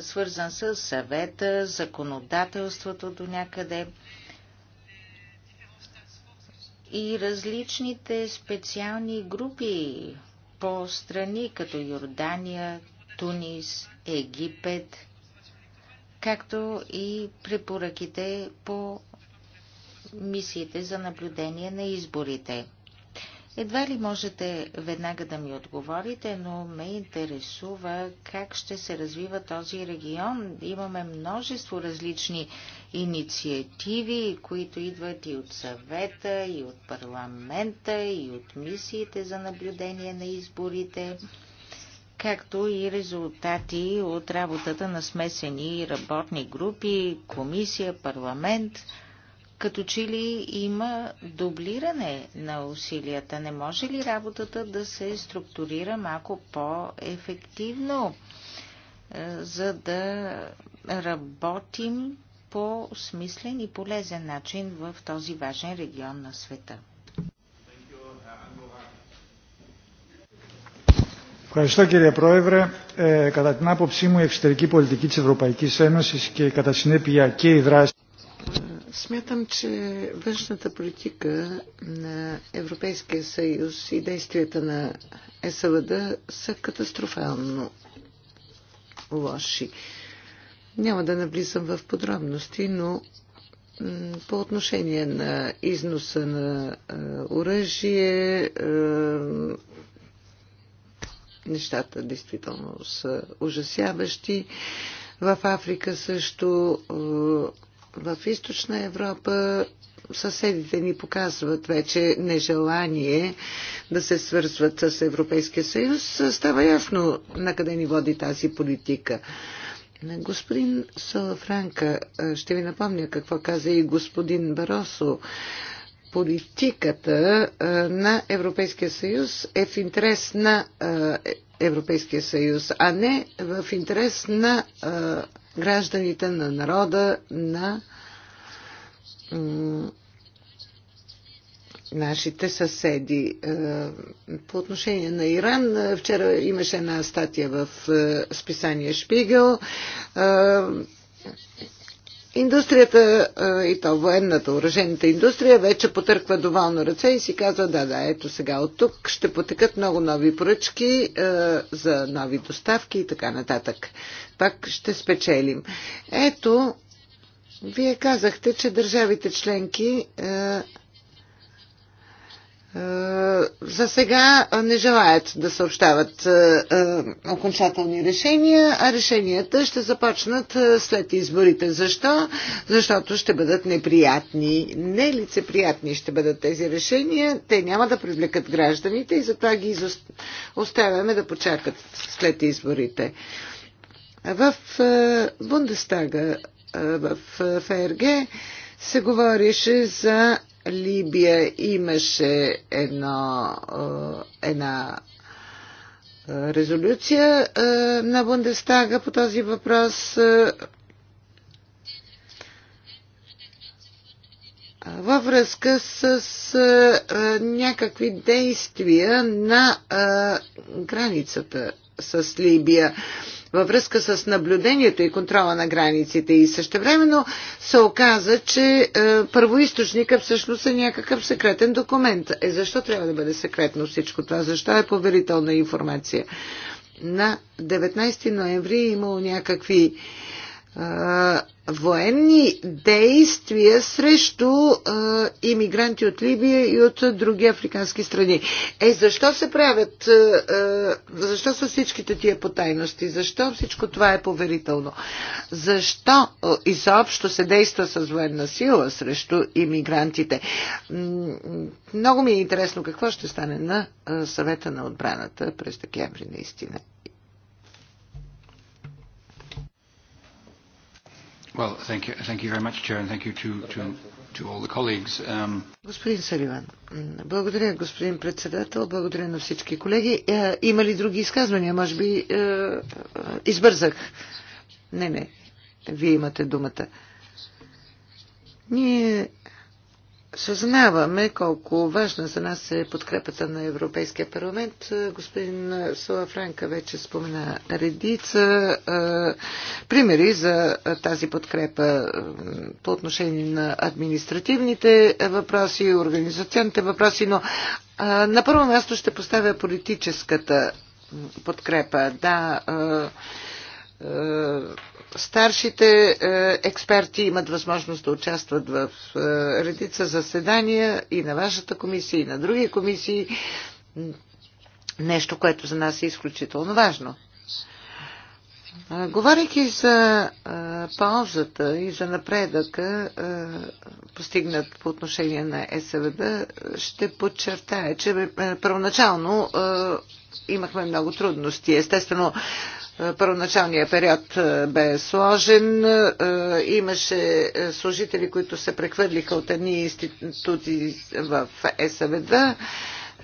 свързан с съвета, законодателството до някъде и различните специални групи по страни, като Йордания, Тунис, Египет – както и препоръките по мисиите за наблюдение на изборите. Едва ли можете веднага да ми отговорите, но ме интересува как ще се развива този регион. Имаме множество различни инициативи, които идват и от съвета, и от парламента, и от мисиите за наблюдение на изборите както и резултати от работата на смесени работни групи, комисия, парламент. Като че ли има дублиране на усилията? Не може ли работата да се структурира малко по-ефективно, е, за да работим по смислен и полезен начин в този важен регион на света? Ευχαριστώ κύριε Πρόεδρε. Ε, κατά την άποψή μου η εξωτερική πολιτική της Ευρωπαϊκής Ένωσης και κατά συνέπεια και η δράση Смятам, че външната политика на Европейския съюз и действията на СВД са катастрофално лоши. Няма да навлизам в подробности, но по отношение на износа на оръжие, Нещата действително са ужасяващи. В Африка също, е, в източна Европа съседите ни показват вече нежелание да се свързват с Европейския съюз. Става ясно на къде ни води тази политика. Господин Солафранка, е, ще ви напомня какво каза и господин Баросо политиката на Европейския съюз е в интерес на Европейския съюз, а не в интерес на гражданите, на народа, на нашите съседи. По отношение на Иран, вчера имаше една статия в списание Шпигел Индустрията и то военната, уръжената индустрия вече потърква доволно ръце и си казва, да, да, ето сега от тук ще потекат много нови поръчки за нови доставки и така нататък. Пак ще спечелим. Ето, вие казахте, че държавите членки А, е, за сега не желаят да съобщават е, е, окончателни решения, а решенията ще започнат след изборите. Защо? Защото ще бъдат неприятни, нелицеприятни ще бъдат тези решения. Те няма да привлекат гражданите и затова ги оставяме да почакат след изборите. В Бундестага, в ФРГ, се говореше за Либия имаше едно, е, една е, резолюция е, на Бундестага по този въпрос. във връзка с а, някакви действия на а, границата с Либия във връзка с наблюдението и контрола на границите и същевременно се оказа, че е, първоисточника всъщност е някакъв секретен документ. Е, защо трябва да бъде секретно всичко това? Защо е поверителна информация? На 19 ноември е имало някакви военни действия срещу а, иммигранти от Либия и от други африкански страни. Е, защо се правят, а, защо са всичките тия потайности, защо всичко това е поверително, защо изобщо се действа с военна сила срещу иммигрантите. Много ми е интересно какво ще стане на съвета на отбраната през декември наистина Well, thank you, thank you very much, Chair, and thank you to, to, to all the colleagues. Um... Господин Саливан, благодаря, господин председател, благодаря на всички колеги. Е, има ли други изказвания? Може би е, е, избързах. Не, не. Вие имате думата. Ние Съзнаваме колко важна за нас е подкрепата на Европейския парламент. Господин Сола Франка вече спомена редица примери за тази подкрепа по отношение на административните въпроси, организационните въпроси, но на първо място ще поставя политическата подкрепа. Да, Старшите е, експерти имат възможност да участват в е, редица заседания и на вашата комисия, и на други комисии. Нещо, което за нас е изключително важно. Говорейки за а, ползата и за напредъка, а, постигнат по отношение на СВД, ще подчертая, че а, е, първоначално а, имахме много трудности. Естествено, а, първоначалният период а, бе сложен. А, имаше служители, които се прехвърлиха от едни институти в СВД. А,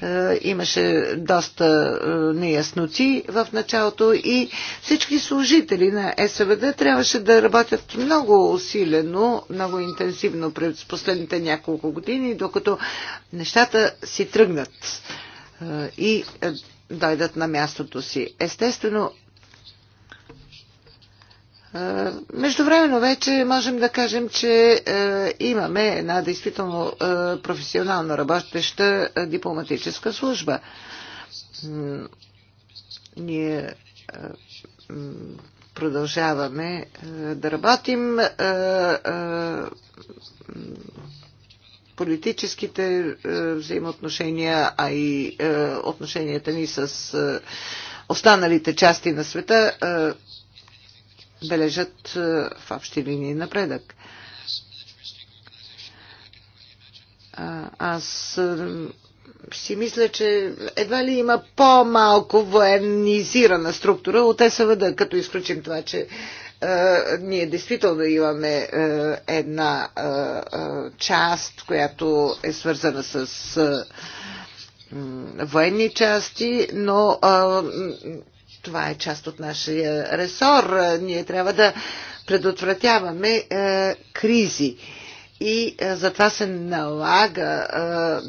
е, имаше доста е, неясноци в началото и всички служители на СВД трябваше да работят много усилено, много интенсивно през последните няколко години, докато нещата си тръгнат е, и дойдат на мястото си. Естествено, е, междувременно вече можем да кажем, че е, имаме една действително е, професионално работеща дипломатическа служба. Ние продължаваме да работим. Политическите взаимоотношения, а и отношенията ни с останалите части на света бележат е, в общи линии напредък. Аз е, си мисля, че едва ли има по-малко военизирана структура от СВД, като изключим това, че е, ние действително имаме една част, която е свързана с военни части, но това е част от нашия ресор. Ние трябва да предотвратяваме е, кризи. И е, затова се налага е,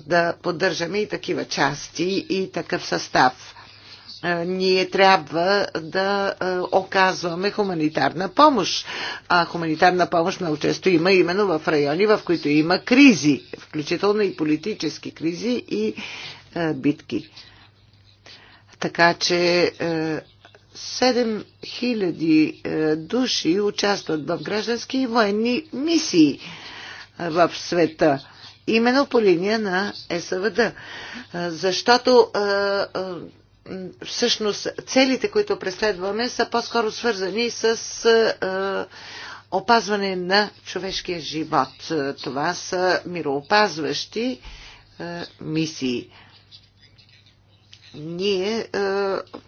да поддържаме и такива части и такъв състав ние трябва да оказваме хуманитарна помощ. А хуманитарна помощ много често има именно в райони, в които има кризи, включително и политически кризи и битки. Така че 7000 е, е, души участват в граждански и военни мисии е, в света. Именно по линия на СВД. Защото всъщност целите, които преследваме, са по-скоро свързани с опазване на човешкия живот. Това са мироопазващи мисии ние е,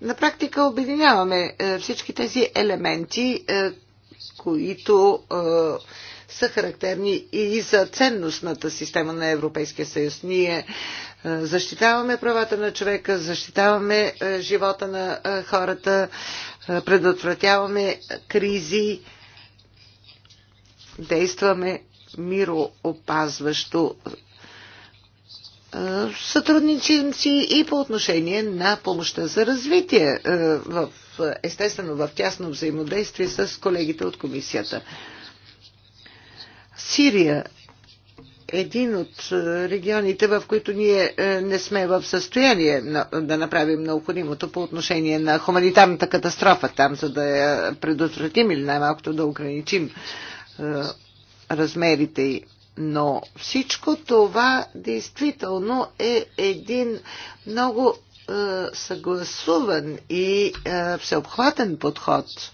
на практика обединяваме е, всички тези елементи, е, които са характерни и за ценностната система на Европейския съюз. Ние защитаваме правата на човека, защитаваме живота на хората, предотвратяваме кризи, действаме мироопазващо Сътрудничим си и по отношение на помощта за развитие, в, естествено в тясно взаимодействие с колегите от комисията. Сирия един от регионите, в които ние не сме в състояние да направим необходимото по отношение на хуманитарната катастрофа там, за да я предотвратим или най-малкото да ограничим размерите и. Но всичко това действително е един много е, съгласуван и е, всеобхватен подход, е,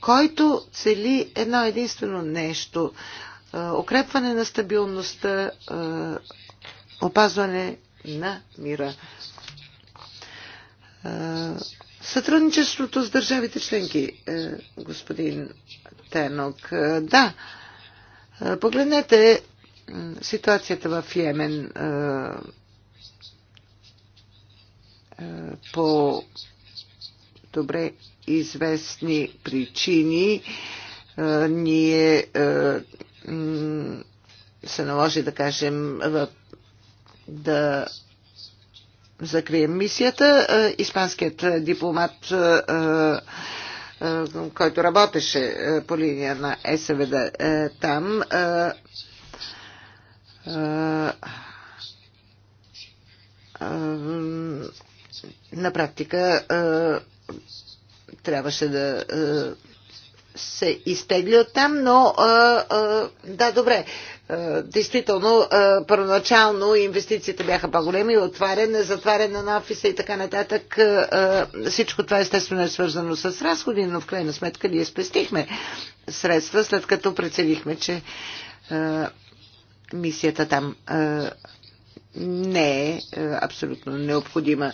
който цели едно единствено нещо е, укрепване на стабилността, е, опазване на мира. Е, сътрудничеството с държавите членки, е, господин Тенок, е, да. Е, Погледнете ситуацията в Йемен по добре известни причини ние се наложи да кажем да закрием мисията. Испанският дипломат е, който работеше е, по линия на СВД е, там, на практика трябваше да се изтегли от там, но да, добре. Е, действително, е, първоначално инвестициите бяха по-големи, отваряне, затваряне на офиса и така нататък. Е, всичко това естествено е свързано с разходи, но в крайна сметка ние спестихме средства, след като преценихме, че мисията там не е абсолютно необходима.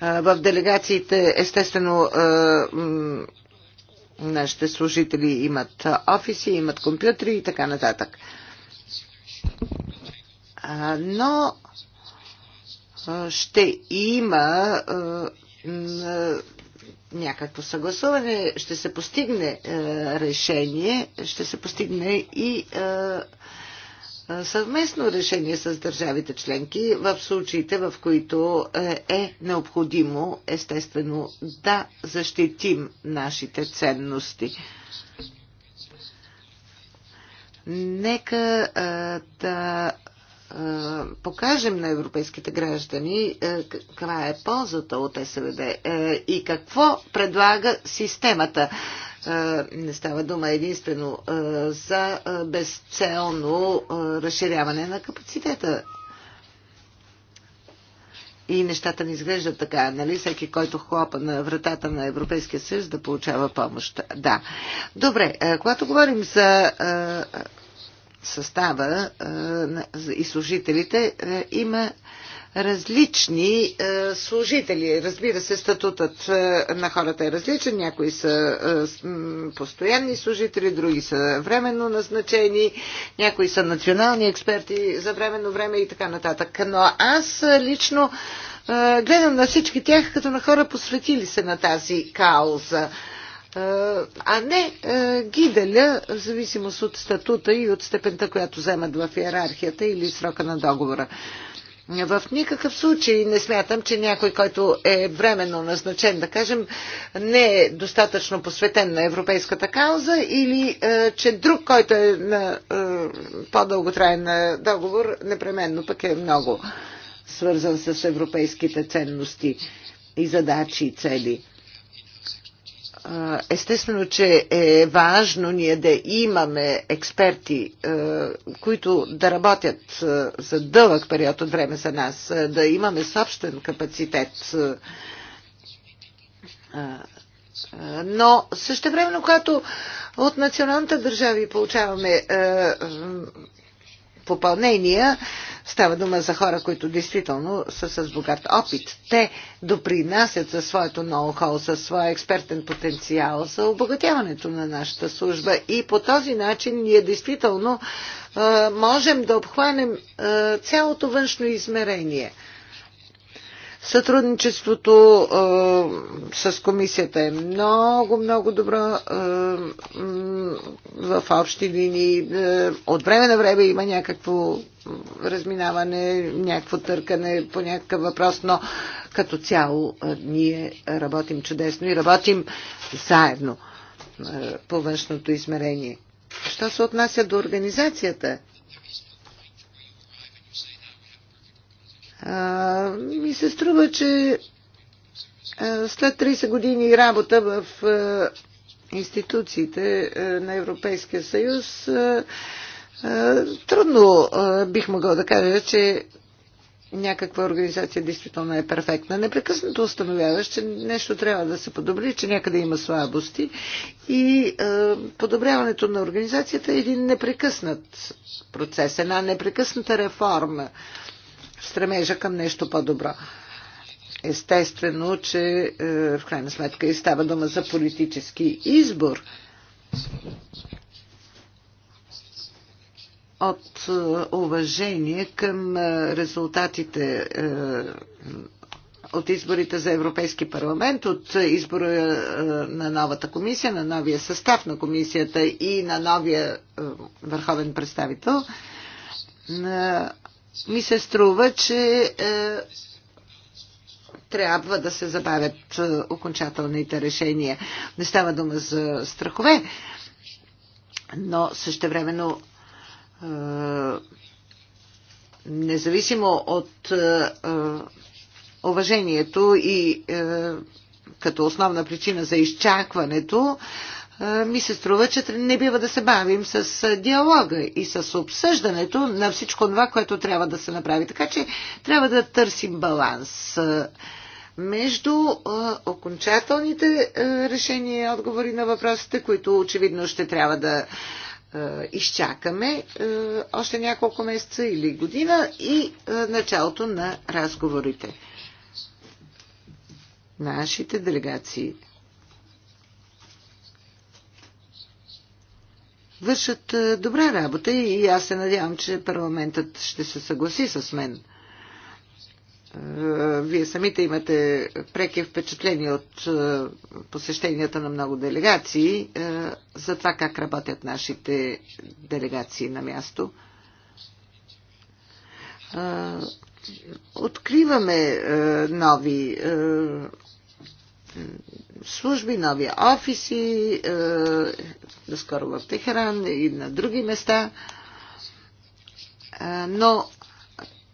В делегациите, естествено, нашите служители имат офиси, имат компютри и така нататък но ще има някакво съгласуване, ще се постигне решение, ще се постигне и съвместно решение с държавите членки в случаите, в които е необходимо, естествено, да защитим нашите ценности. Нека да покажем на европейските граждани каква е ползата от СВД и какво предлага системата. Не става дума единствено за безцелно разширяване на капацитета и нещата не изглеждат така, нали? Всеки, който хлопа на вратата на Европейския съюз да получава помощ. Да. Добре, е, когато говорим за е, състава е, и служителите, има различни е, служители. Разбира се, статутът е, на хората е различен. Някои са е, постоянни служители, други са временно назначени, някои са национални експерти за временно време и така нататък. Но аз е, лично е, гледам на всички тях като на хора посветили се на тази кауза е, а не е, ги деля в зависимост от статута и от степента, която вземат в иерархията или срока на договора. В никакъв случай не смятам, че някой, който е временно назначен, да кажем, не е достатъчно посветен на европейската кауза или е, че друг, който е на е, по-дълготраен е, договор, непременно пък е много свързан с европейските ценности и задачи и цели. Естествено, че е важно ние да имаме експерти, които да работят за дълъг период от време за нас, да имаме собствен капацитет. Но също времено, когато от националните държави получаваме попълнения, Става дума за хора, които действително са с богат опит. Те допринасят за своето ноу-хау, със своя експертен потенциал за обогатяването на нашата служба и по този начин ние действително можем да обхванем цялото външно измерение – Сътрудничеството а, с комисията е много, много добро а, в общи линии. От време на време има някакво разминаване, някакво търкане по някакъв въпрос, но като цяло а, ние работим чудесно и работим заедно а, по външното измерение. Що се отнася до организацията? ми се струва, че след 30 години работа в институциите на Европейския съюз, трудно бих могъл да кажа, че някаква организация действително е перфектна. Непрекъснато установяваш, че нещо трябва да се подобри, че някъде има слабости и е, подобряването на организацията е един непрекъснат процес, една непрекъсната реформа стремежа към нещо по-добро. Естествено, че е, в крайна сметка и става дума за политически избор. От е, уважение към е, резултатите от изборите за Европейски парламент, от избора на новата комисия, на новия състав на комисията и на новия върховен представител, ми се струва, че е, трябва да се забавят е, окончателните решения. Не става дума за страхове, но същевременно е, независимо от е, е уважението и е, като основна причина за изчакването, е, ми се струва, че не бива да се бавим с диалога и с обсъждането на всичко това, което трябва да се направи. Така че трябва да търсим баланс между окончателните решения и отговори на въпросите, които очевидно ще трябва да изчакаме още няколко месеца или година и началото на разговорите. Нашите делегации вършат е, добра работа и аз се надявам, че парламентът ще се съгласи с мен. Е, вие самите имате преки впечатления от е, посещенията на много делегации за това как работят нашите делегации на място. Откриваме нови служби, нови офиси, е, в Техеран и на други места. Е, но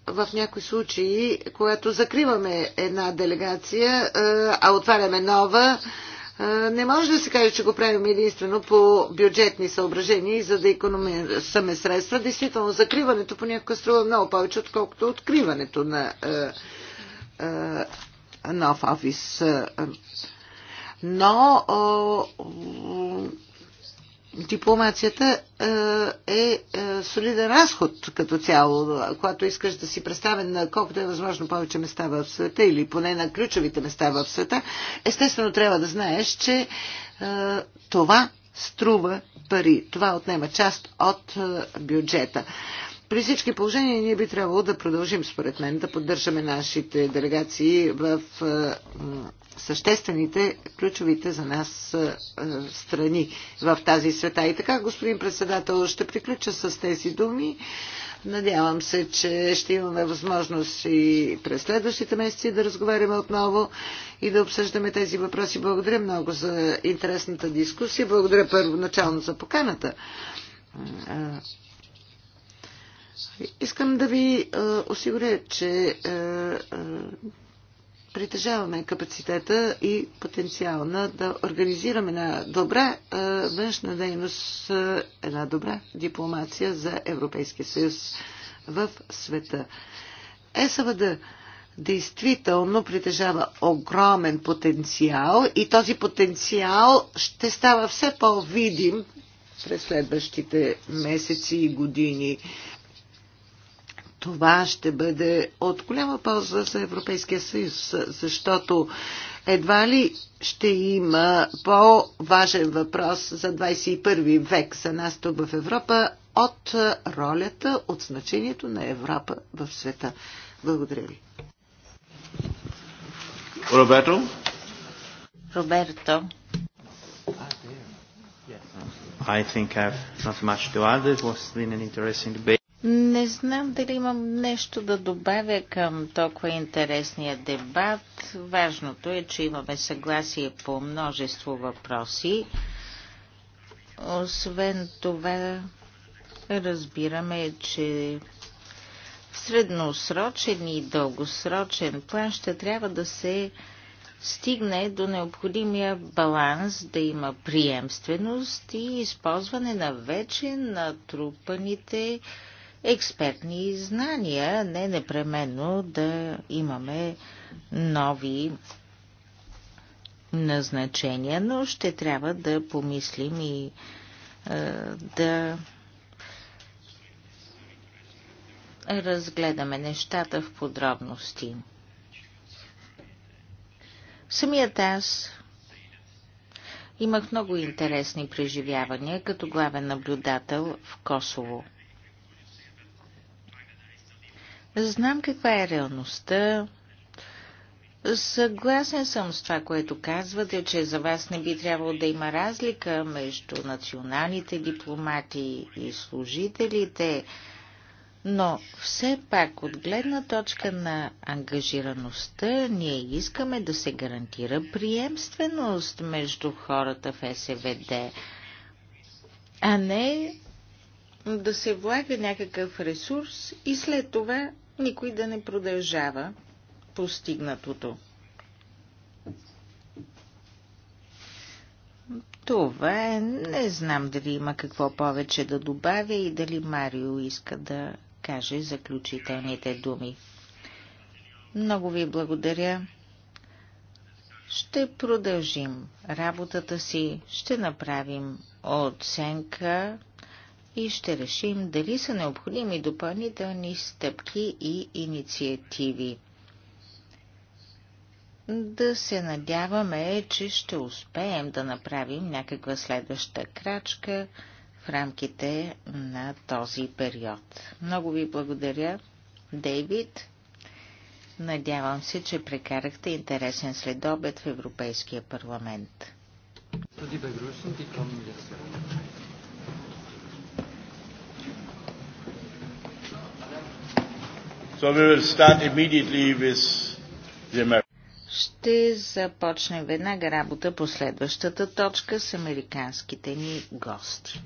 в някои случаи, когато закриваме една делегация, е, а отваряме нова, е, не може да се каже, че го правим единствено по бюджетни съображения и за да економисаме средства. Действително, закриването понякога струва много повече, отколкото откриването на нов офис. Но дипломацията е солиден разход като цяло, когато искаш да си представен на колкото е възможно повече места в света или поне на ключовите места в света, естествено трябва да знаеш, че това струва пари. Това отнема част от бюджета. При всички положения ние би трябвало да продължим, според мен, да поддържаме нашите делегации в е, съществените, ключовите за нас е, е, страни в тази света. И така, господин председател, ще приключа с тези думи. Надявам се, че ще имаме възможност и през следващите месеци да разговаряме отново и да обсъждаме тези въпроси. Благодаря много за интересната дискусия. Благодаря първоначално за поканата Искам да ви осигуря, че притежаваме капацитета и потенциална да организираме една добра външна дейност, е, една добра дипломация за Европейския съюз в света. ЕСВД действително притежава огромен потенциал и този потенциал ще става все по-видим през следващите месеци и години. Това ще бъде от голяма полза за Европейския съюз, защото едва ли ще има по-важен въпрос за 21 век за нас тук в Европа от ролята, от значението на Европа в света. Благодаря ви. Роберто? Роберто. I think I have not much to add. It was been an interesting debate. Не знам дали имам нещо да добавя към толкова интересния дебат. Важното е, че имаме съгласие по множество въпроси. Освен това, разбираме, че в средносрочен и дългосрочен план ще трябва да се стигне до необходимия баланс, да има приемственост и използване на вече натрупаните трупаните експертни знания, не непременно да имаме нови назначения, но ще трябва да помислим и е, да разгледаме нещата в подробности. Самият аз имах много интересни преживявания като главен наблюдател в Косово. Знам каква е реалността. Съгласен съм с това, което казвате, че за вас не би трябвало да има разлика между националните дипломати и служителите, но все пак от гледна точка на ангажираността ние искаме да се гарантира приемственост между хората в СВД, а не да се влага някакъв ресурс и след това никой да не продължава постигнатото. Това е, не знам дали има какво повече да добавя и дали Марио иска да каже заключителните думи. Много ви благодаря. Ще продължим работата си, ще направим оценка и ще решим дали са необходими допълнителни стъпки и инициативи. Да се надяваме, че ще успеем да направим някаква следваща крачка в рамките на този период. Много ви благодаря, Дейвид. Надявам се, че прекарахте интересен следобед в Европейския парламент. Ще започнем веднага работа по следващата точка с американските ни гости.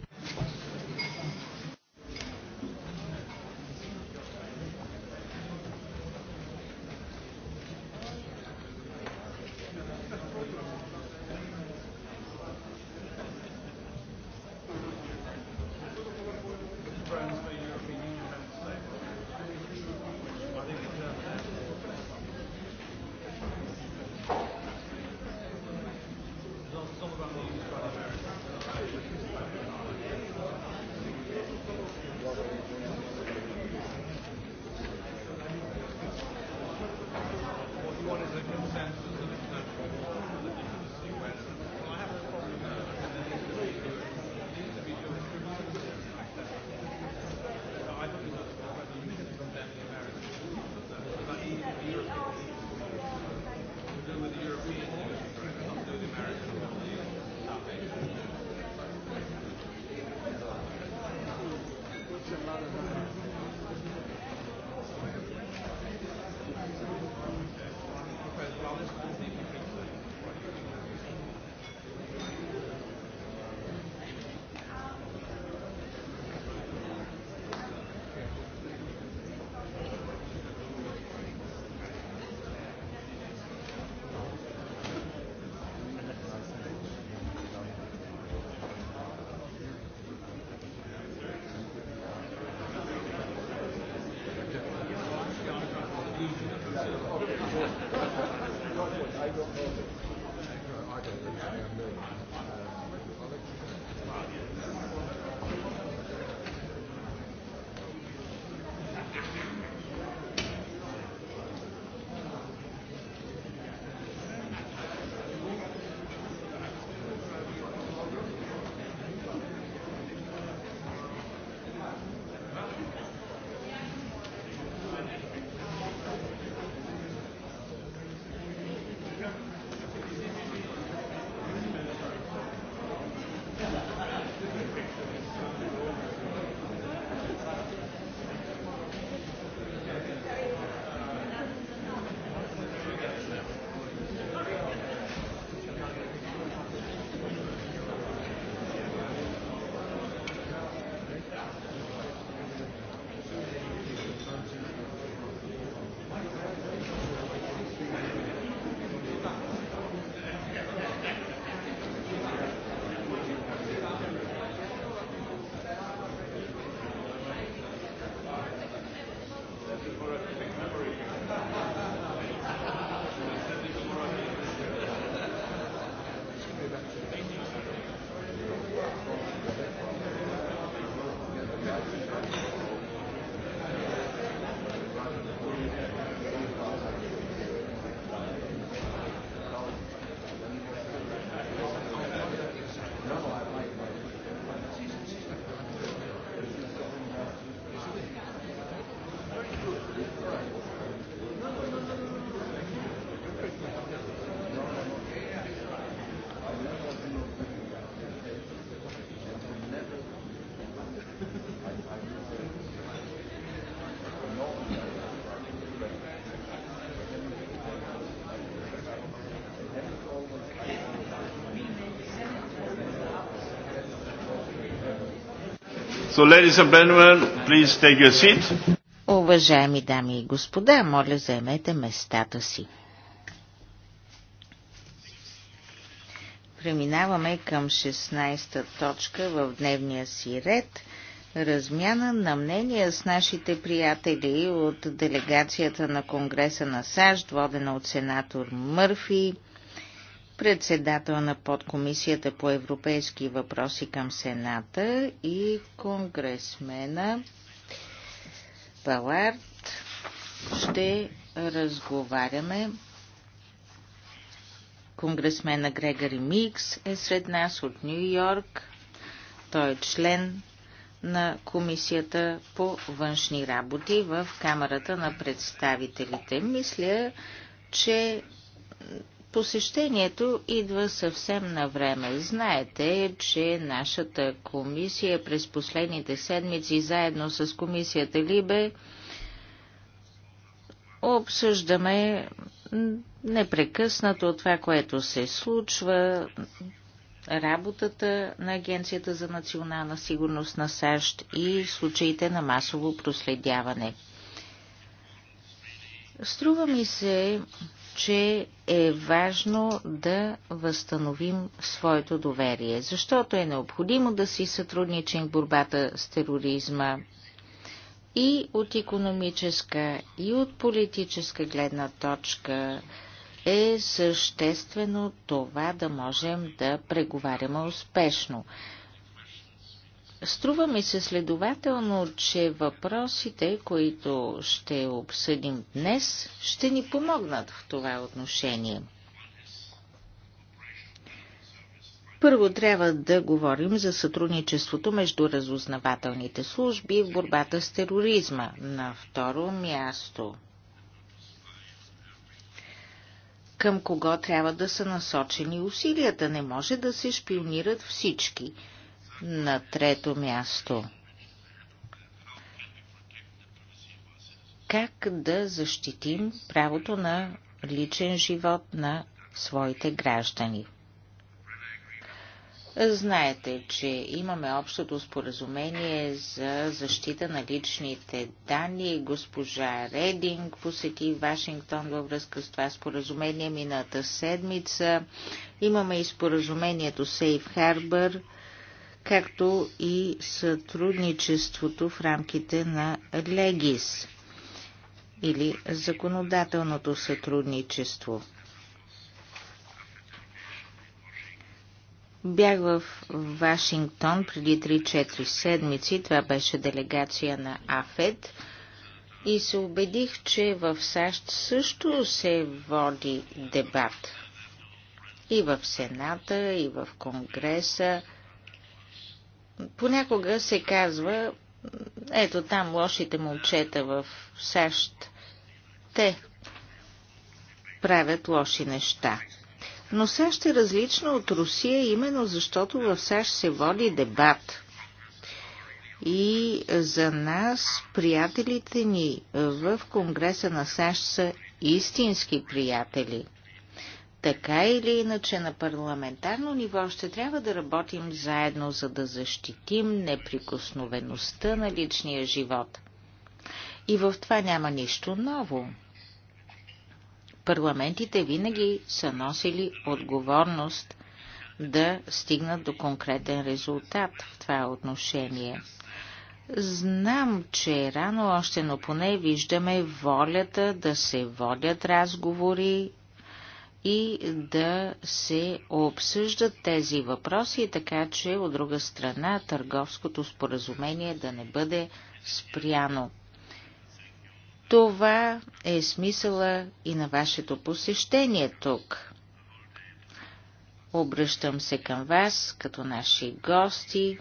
So, ladies and gentlemen, please take your seat. Уважаеми дами и господа, моля заемете местата си. Преминаваме към 16-та точка в дневния си ред. Размяна на мнения с нашите приятели от делегацията на Конгреса на САЩ, водена от сенатор Мърфи председател на подкомисията по европейски въпроси към Сената и конгресмена Палард. Ще разговаряме. Конгресмена Грегори Микс е сред нас от Нью Йорк. Той е член на Комисията по външни работи в Камерата на представителите. Мисля, че Посещението идва съвсем на време. Знаете, че нашата комисия през последните седмици, заедно с комисията Либе, обсъждаме непрекъснато това, което се случва, работата на Агенцията за национална сигурност на САЩ и случаите на масово проследяване. Струва ми се, че е важно да възстановим своето доверие, защото е необходимо да си сътрудничим в борбата с тероризма и от економическа, и от политическа гледна точка е съществено това да можем да преговаряме успешно. Струва ми се следователно, че въпросите, които ще обсъдим днес, ще ни помогнат в това отношение. Първо трябва да говорим за сътрудничеството между разузнавателните служби в борбата с тероризма. На второ място. Към кого трябва да са насочени усилията? Не може да се шпионират всички. На трето място. Как да защитим правото на личен живот на своите граждани? Знаете, че имаме общото споразумение за защита на личните данни. Госпожа Рединг посети Вашингтон във връзка с това споразумение мината седмица. Имаме и споразумението Сейф Harbor – както и сътрудничеството в рамките на Легис или законодателното сътрудничество. Бях в Вашингтон преди 3-4 седмици, това беше делегация на АФЕД и се убедих, че в САЩ също се води дебат. И в Сената, и в Конгреса Понякога се казва, ето там лошите момчета в САЩ, те правят лоши неща. Но САЩ е различно от Русия, именно защото в САЩ се води дебат. И за нас приятелите ни в Конгреса на САЩ са истински приятели – така или иначе на парламентарно ниво ще трябва да работим заедно, за да защитим неприкосновеността на личния живот. И в това няма нищо ново. Парламентите винаги са носили отговорност да стигнат до конкретен резултат в това отношение. Знам, че е рано още, но поне виждаме волята да се водят разговори и да се обсъждат тези въпроси, така че от друга страна търговското споразумение да не бъде спряно. Това е смисъла и на вашето посещение тук. Обръщам се към вас като наши гости.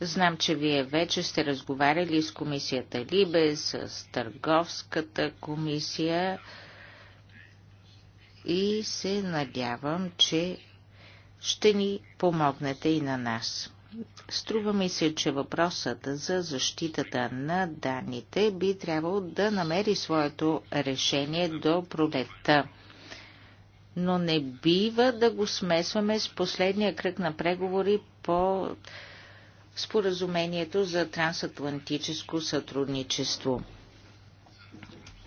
Знам, че вие вече сте разговаряли с комисията Либе, с търговската комисия и се надявам, че ще ни помогнете и на нас. Струва ми се, че въпросът за защитата на данните би трябвало да намери своето решение до пролетта. Но не бива да го смесваме с последния кръг на преговори по споразумението за трансатлантическо сътрудничество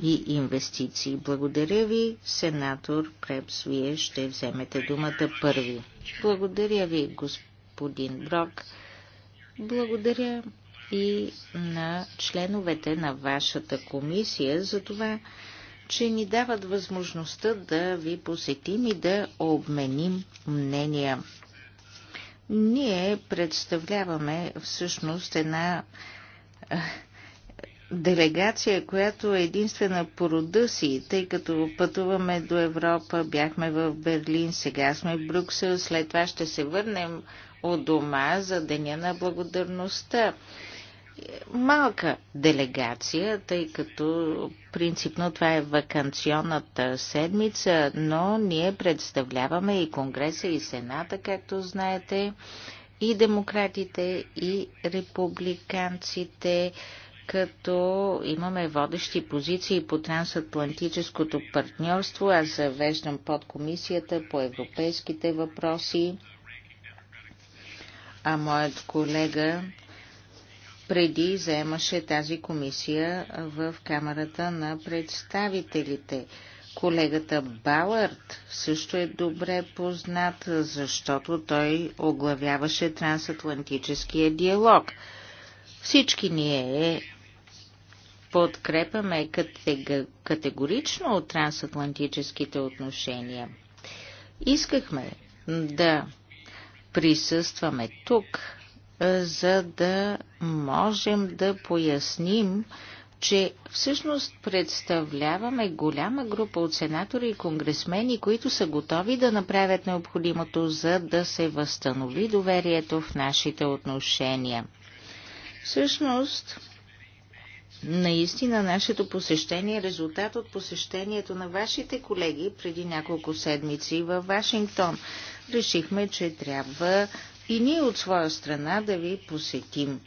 и инвестиции. Благодаря ви, сенатор Препс, вие ще вземете думата първи. Благодаря ви, господин Брок. Благодаря и на членовете на вашата комисия за това, че ни дават възможността да ви посетим и да обменим мнения. Ние представляваме всъщност една делегация, която е единствена по рода си, тъй като пътуваме до Европа, бяхме в Берлин, сега сме в Брюксел, след това ще се върнем от дома за Деня на благодарността. Малка делегация, тъй като принципно това е вакансионната седмица, но ние представляваме и Конгреса, и Сената, както знаете, и демократите, и републиканците като имаме водещи позиции по трансатлантическото партньорство. Аз завеждам под комисията по европейските въпроси, а моят колега преди заемаше тази комисия в Камерата на представителите. Колегата Балърт също е добре познат, защото той оглавяваше трансатлантическия диалог. Всички ние подкрепяме категорично от трансатлантическите отношения. Искахме да присъстваме тук, за да можем да поясним, че всъщност представляваме голяма група от сенатори и конгресмени, които са готови да направят необходимото, за да се възстанови доверието в нашите отношения. Всъщност, Наистина нашето посещение е резултат от посещението на вашите колеги преди няколко седмици в Вашингтон. Решихме, че трябва и ние от своя страна да ви посетим,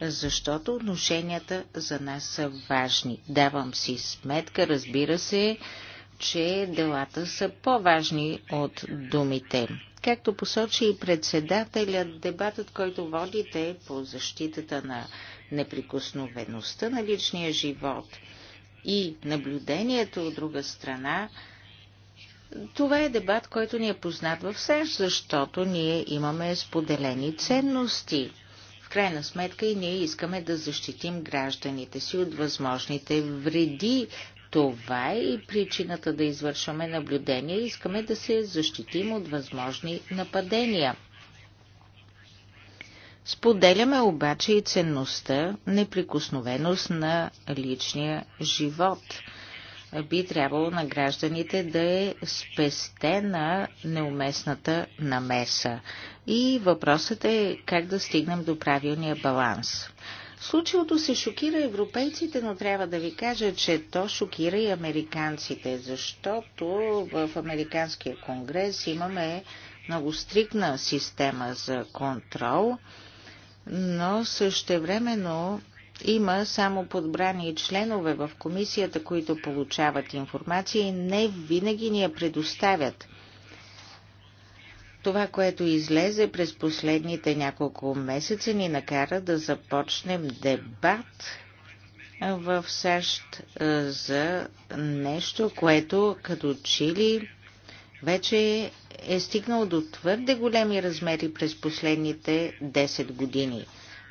защото отношенията за нас са важни. Давам си сметка, разбира се, че делата са по-важни от думите. Както посочи и председателят, дебатът, който водите по защитата на неприкосновеността на личния живот и наблюдението от друга страна, това е дебат, който ни е познат в СЕНС, защото ние имаме споделени ценности. В крайна сметка и ние искаме да защитим гражданите си от възможните вреди. Това е и причината да извършваме наблюдение. Искаме да се защитим от възможни нападения. Споделяме обаче и ценността неприкосновеност на личния живот. Би трябвало на гражданите да е спестена неуместната намеса. И въпросът е как да стигнем до правилния баланс. Случилото се шокира европейците, но трябва да ви кажа, че то шокира и американците, защото в Американския конгрес имаме много стрикна система за контрол – но същевременно има само подбрани членове в комисията, които получават информация и не винаги ни я предоставят. Това, което излезе през последните няколко месеца, ни накара да започнем дебат в САЩ за нещо, което като чили вече е стигнал до твърде големи размери през последните 10 години.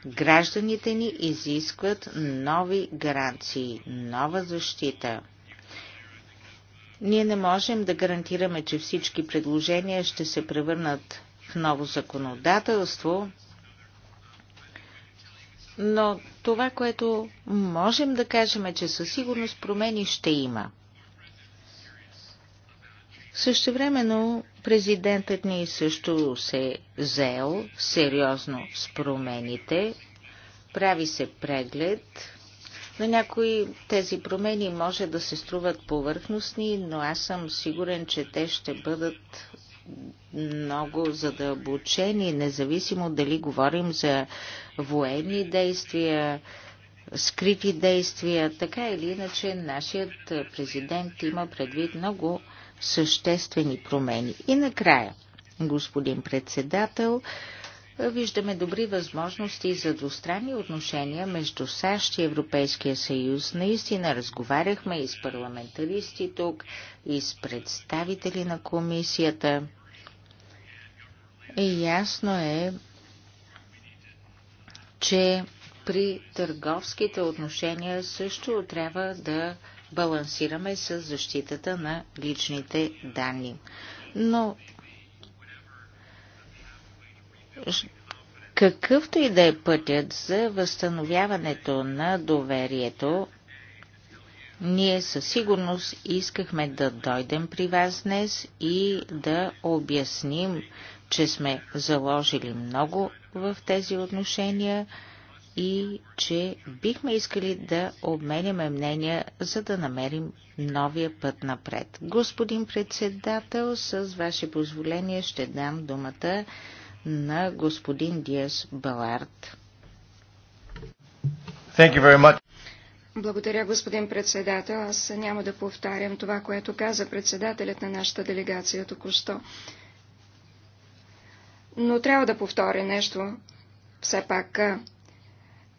Гражданите ни изискват нови гаранции, нова защита. Ние не можем да гарантираме, че всички предложения ще се превърнат в ново законодателство, но това, което можем да кажем е, че със сигурност промени ще има. Същевременно президентът ни също се заел сериозно с промените, прави се преглед. На някои тези промени може да се струват повърхностни, но аз съм сигурен, че те ще бъдат много задълбочени, независимо дали говорим за военни действия, скрити действия, така или иначе нашият президент има предвид много съществени промени. И накрая, господин председател, виждаме добри възможности за двустранни отношения между САЩ и Европейския съюз. Наистина разговаряхме и с парламентаристи тук, и с представители на комисията. И ясно е, че при търговските отношения също трябва да балансираме с защитата на личните данни. Но какъвто и да е пътят за възстановяването на доверието, ние със сигурност искахме да дойдем при вас днес и да обясним, че сме заложили много в тези отношения – и че бихме искали да обменяме мнения, за да намерим новия път напред. Господин председател, с ваше позволение ще дам думата на господин Диас Балард. Thank you very much. Благодаря, господин председател. Аз няма да повтарям това, което каза председателят на нашата делегация току-що. Но трябва да повторя нещо. Все пак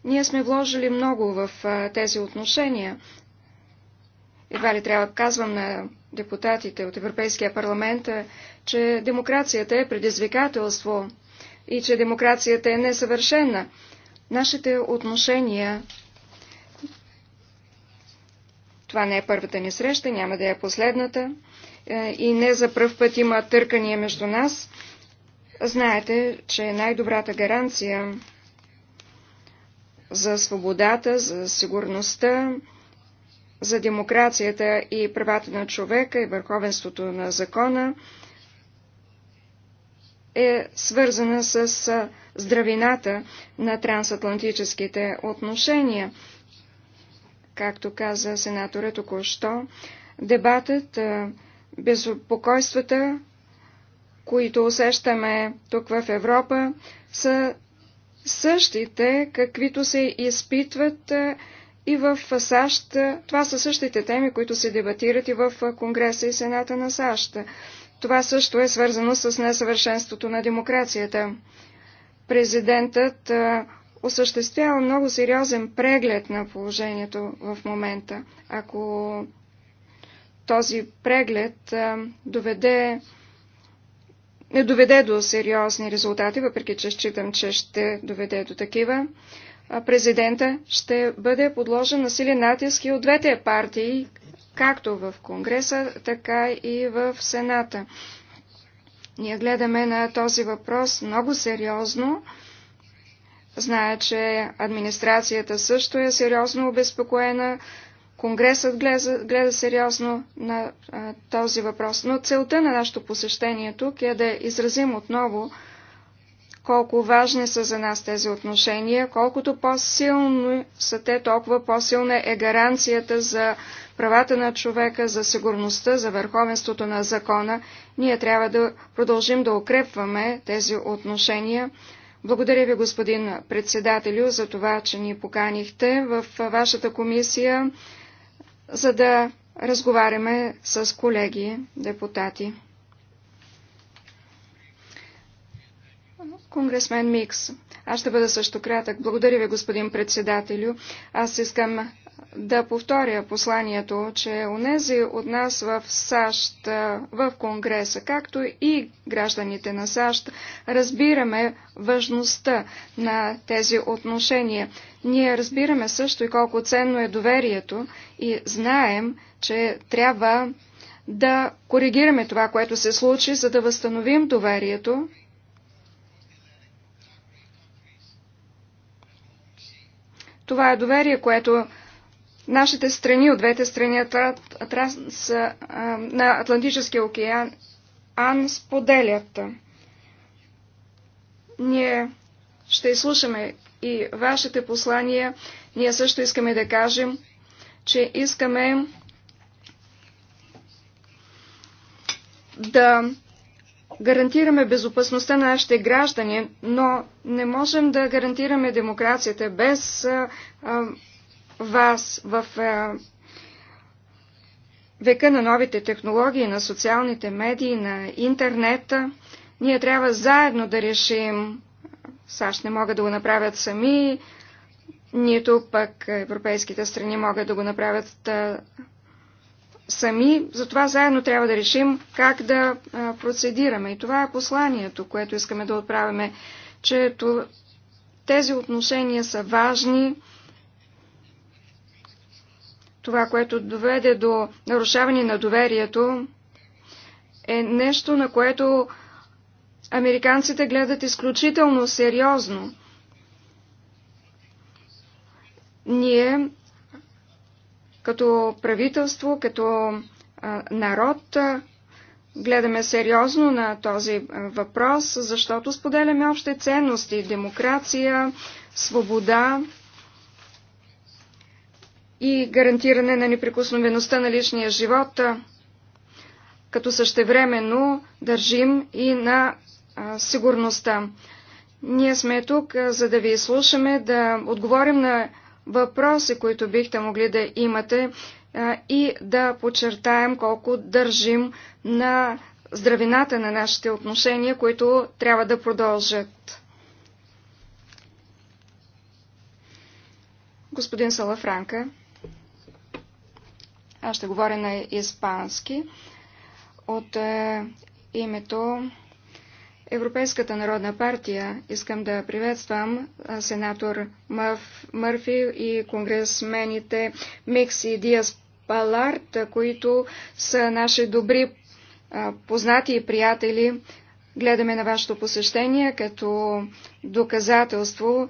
ние сме вложили много в тези отношения. Едва ли трябва да казвам на депутатите от Европейския парламент, че демокрацията е предизвикателство и че демокрацията е несъвършена. Нашите отношения това не е първата ни среща, няма да е последната. Е, и не за пръв път има търкания между нас. Знаете, че най-добрата гаранция за свободата, за сигурността, за демокрацията и правата на човека и върховенството на закона е свързана с здравината на трансатлантическите отношения. Както каза сенатора току-що, дебатът, безпокойствата, които усещаме тук в Европа, са същите, каквито се изпитват и в САЩ. Това са същите теми, които се дебатират и в Конгреса и Сената на САЩ. Това също е свързано с несъвършенството на демокрацията. Президентът осъществява много сериозен преглед на положението в момента. Ако този преглед доведе не доведе до сериозни резултати, въпреки че считам, че ще доведе до такива. Президента ще бъде подложен на силен натиск и от двете партии, както в Конгреса, така и в Сената. Ние гледаме на този въпрос много сериозно. Зная, че администрацията също е сериозно обезпокоена. Конгресът гледа, гледа сериозно на а, този въпрос. Но целта на нашето посещение тук е да изразим отново колко важни са за нас тези отношения, колкото по-силно са те, толкова по-силна е гаранцията за правата на човека, за сигурността, за върховенството на закона. Ние трябва да продължим да укрепваме тези отношения. Благодаря ви, господин председателю, за това, че ни поканихте в вашата комисия за да разговаряме с колеги депутати. Конгресмен Микс. Аз ще бъда също кратък. Благодаря ви, господин председателю. Аз искам да повторя посланието, че унези от нас в САЩ, в Конгреса, както и гражданите на САЩ, разбираме важността на тези отношения. Ние разбираме също и колко ценно е доверието и знаем, че трябва да коригираме това, което се случи, за да възстановим доверието Това е доверие, което Нашите страни от двете страни на Атлантическия океан Ан споделят. Ние ще изслушаме и вашите послания. Ние също искаме да кажем, че искаме да гарантираме безопасността на нашите граждани, но не можем да гарантираме демокрацията без вас в е, века на новите технологии, на социалните медии, на интернета, ние трябва заедно да решим. САЩ не могат да го направят сами, нито пък европейските страни могат да го направят е, сами. Затова заедно трябва да решим как да е, процедираме. И това е посланието, което искаме да отправяме, че тези отношения са важни това, което доведе до нарушаване на доверието, е нещо, на което американците гледат изключително сериозно. Ние, като правителство, като а, народ, гледаме сериозно на този въпрос, защото споделяме общи ценности демокрация, свобода, и гарантиране на неприкосновеността на личния живот, като същевременно държим и на сигурността. Ние сме тук, за да ви изслушаме, да отговорим на въпроси, които бихте могли да имате и да подчертаем колко държим на здравината на нашите отношения, които трябва да продължат. Господин Салафранка. Аз ще говоря на испански. От е, името Европейската народна партия искам да приветствам сенатор Мъф, Мърфи и конгресмените Микс и Диас Паларт, които са наши добри е, познати и приятели. Гледаме на вашето посещение като доказателство,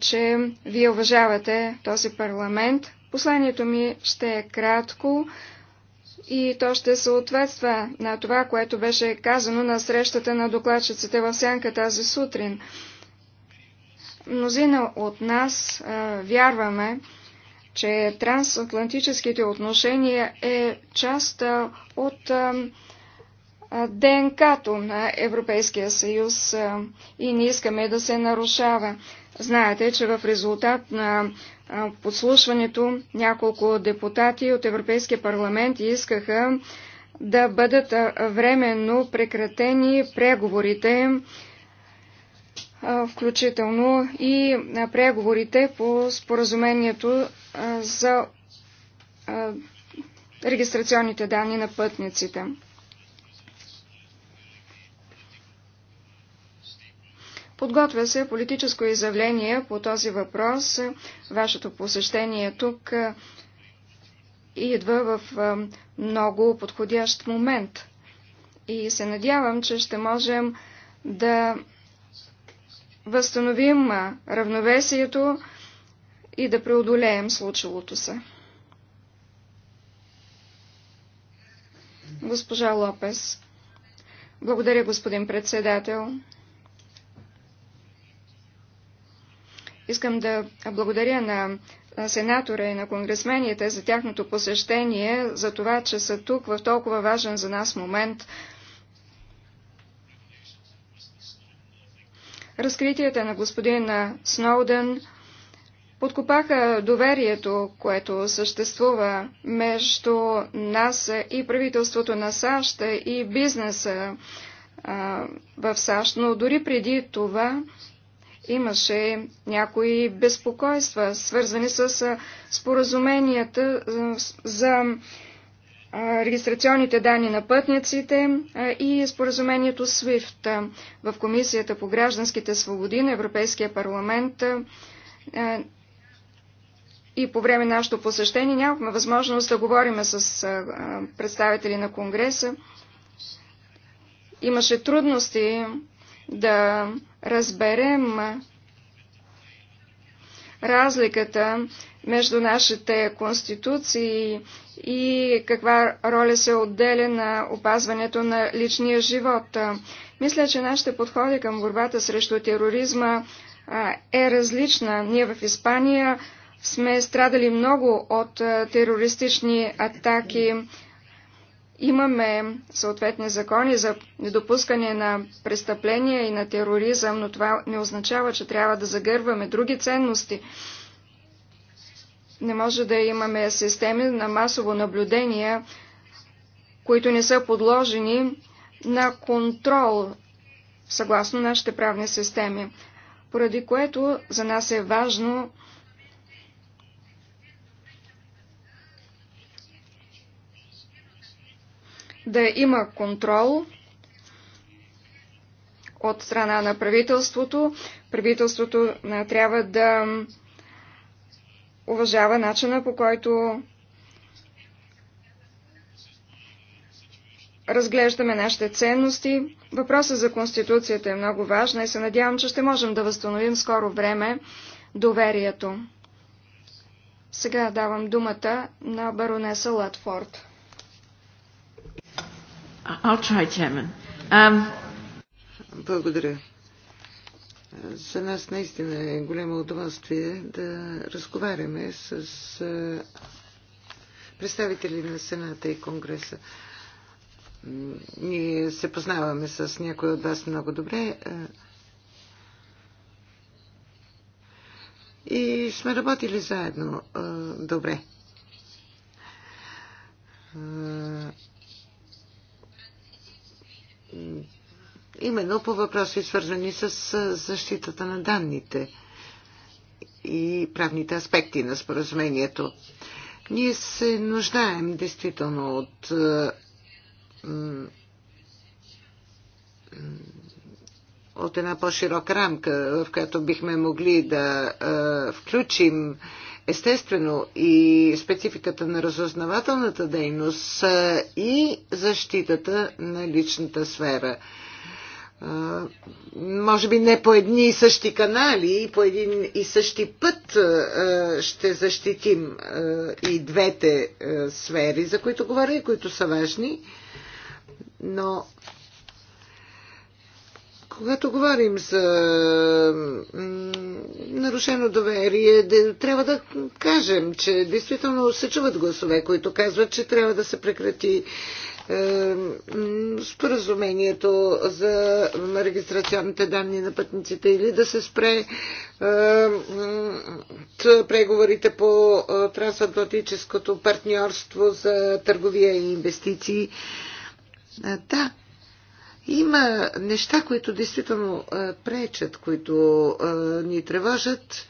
че вие уважавате този парламент, Посланието ми ще е кратко и то ще съответства на това, което беше казано на срещата на докладчиците в Сянка тази сутрин. Мнозина от нас а, вярваме, че трансатлантическите отношения е част а, от а, ДНК-то на Европейския съюз а, и не искаме да се нарушава. Знаете, че в резултат на подслушването няколко депутати от Европейския парламент искаха да бъдат временно прекратени преговорите, включително и преговорите по споразумението за регистрационните данни на пътниците. Подготвя се политическо изявление по този въпрос. Вашето посещение тук идва в много подходящ момент. И се надявам, че ще можем да възстановим равновесието и да преодолеем случилото се. Госпожа Лопес. Благодаря, господин председател. Искам да благодаря на сенатора и на конгресмените за тяхното посещение, за това, че са тук в толкова важен за нас момент. Разкритията на господин Сноуден подкопаха доверието, което съществува между нас и правителството на САЩ и бизнеса в САЩ, но дори преди това имаше някои безпокойства, свързани с споразуменията за регистрационните данни на пътниците и споразумението SWIFT. В Комисията по гражданските свободи на Европейския парламент и по време на нашето посещение нямахме възможност да говорим с представители на Конгреса. Имаше трудности да разберем разликата между нашите конституции и каква роля се отделя на опазването на личния живот. Мисля, че нашите подходи към борбата срещу тероризма е различна. Ние в Испания сме страдали много от терористични атаки. Имаме съответни закони за недопускане на престъпления и на тероризъм, но това не означава, че трябва да загърваме други ценности. Не може да имаме системи на масово наблюдение, които не са подложени на контрол съгласно нашите правни системи, поради което за нас е важно да има контрол от страна на правителството. Правителството трябва да уважава начина по който разглеждаме нашите ценности. Въпросът за Конституцията е много важна и се надявам, че ще можем да възстановим скоро време доверието. Сега давам думата на баронеса Латфорд. I'll try, Chairman. Um... Благодаря. За нас наистина е голямо удоволствие да разговаряме с представители на Сената и Конгреса. Ние се познаваме с някои от вас много добре и сме работили заедно добре именно по въпроси свързани с защитата на данните и правните аспекти на споразумението. Ние се нуждаем действително от е, от една по-широка рамка, в която бихме могли да е, включим Естествено и спецификата на разузнавателната дейност и защитата на личната сфера. Може би не по едни и същи канали и по един и същи път ще защитим и двете сфери, за които говоря и които са важни, но когато говорим за нарушено доверие, трябва да кажем, че действително се чуват гласове, които казват, че трябва да се прекрати е, споразумението за регистрационните данни на пътниците или да се спре е, преговорите по е, трансатлантическото партньорство за търговия и инвестиции. Да, има неща, които действително пречат, които ни тревожат.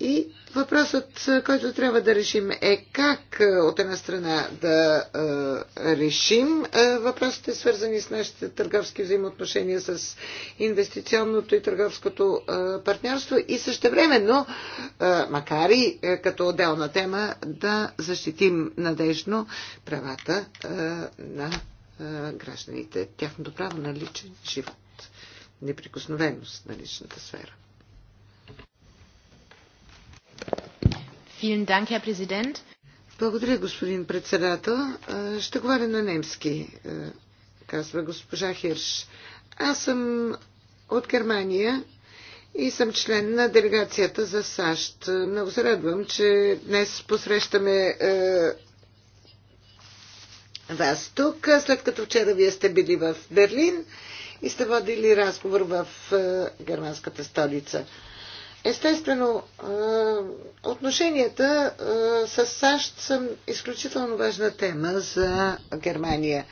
И въпросът, който трябва да решим е как от една страна да е, решим е, въпросите свързани с нашите търговски взаимоотношения с инвестиционното и търговското е, партньорство и същевременно, е, макар и е, като отделна тема, да защитим надежно правата е, на гражданите, тяхното право на личен живот, неприкосновеност на личната сфера. Благодаря, господин председател. Ще говоря на немски, казва госпожа Хирш. Аз съм от Германия и съм член на делегацията за САЩ. Много се радвам, че днес посрещаме вас тук, след като вчера вие сте били в Берлин и сте водили разговор в е, германската столица. Естествено, е, отношенията е, с САЩ са изключително важна тема за Германия.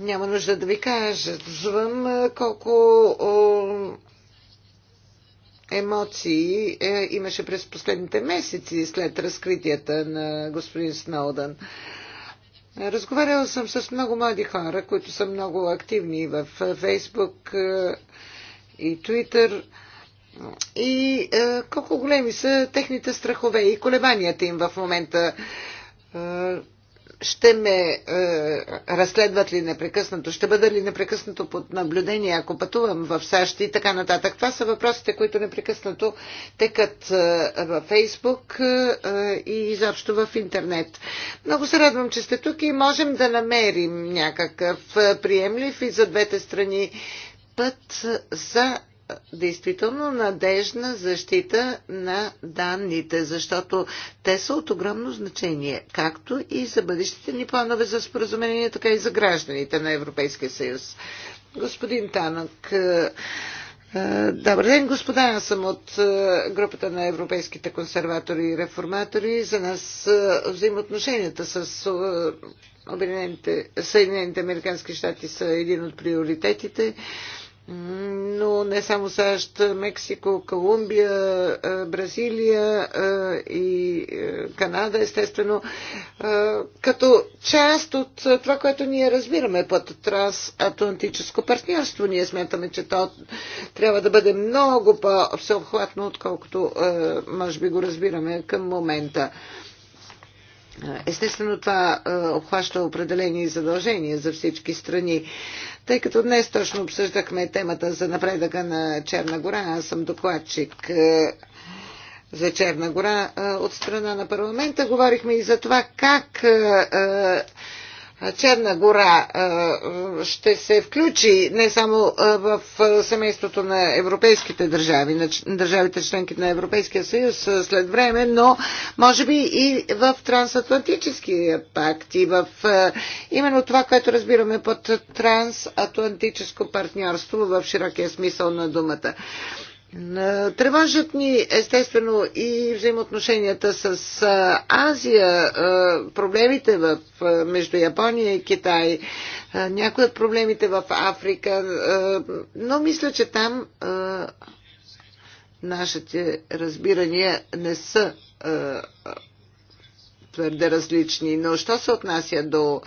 Няма нужда да ви кажа, звън колко емоции имаше през последните месеци след разкритията на господин Сноудън. Разговаряла съм с много млади хора, които са много активни в Фейсбук и Твитър. И е, колко големи са техните страхове и колебанията им в момента. Е, ще ме е, разследват ли непрекъснато, ще бъда ли непрекъснато под наблюдение, ако пътувам в САЩ и така нататък. Това са въпросите, които непрекъснато текат е, във Фейсбук е, е, и изобщо в интернет. Много се радвам, че сте тук и можем да намерим някакъв е, приемлив и за двете страни път за действително надежна защита на данните, защото те са от огромно значение, както и за бъдещите ни планове за споразумение, така и за гражданите на Европейския съюз. Господин Танък, е, е, Добър ден, господа. Аз съм от е, групата на европейските консерватори и реформатори. За нас взаимоотношенията с Съединените Американски щати са един от приоритетите но не само САЩ, Мексико, Колумбия, Бразилия и Канада, естествено, като част от това, което ние разбираме под трансатлантическо партньорство. Ние смятаме, че то трябва да бъде много по-всеобхватно, отколкото може би го разбираме към момента. Естествено, това е, обхваща определени задължения за всички страни. Тъй като днес точно обсъждахме темата за напредъка на Черна гора, аз съм докладчик е, за Черна гора е, от страна на парламента, говорихме и за това как Черна гора ще се включи не само в семейството на европейските държави, на държавите членки на Европейския съюз след време, но може би и в трансатлантическия пакт и в именно това, което разбираме под трансатлантическо партньорство в широкия смисъл на думата. Е, тревожат ни естествено и взаимоотношенията с е, Азия, е, проблемите в, между Япония и Китай, някои от проблемите в Африка, но мисля, че там нашите разбирания не са твърде различни. Но що се отнася до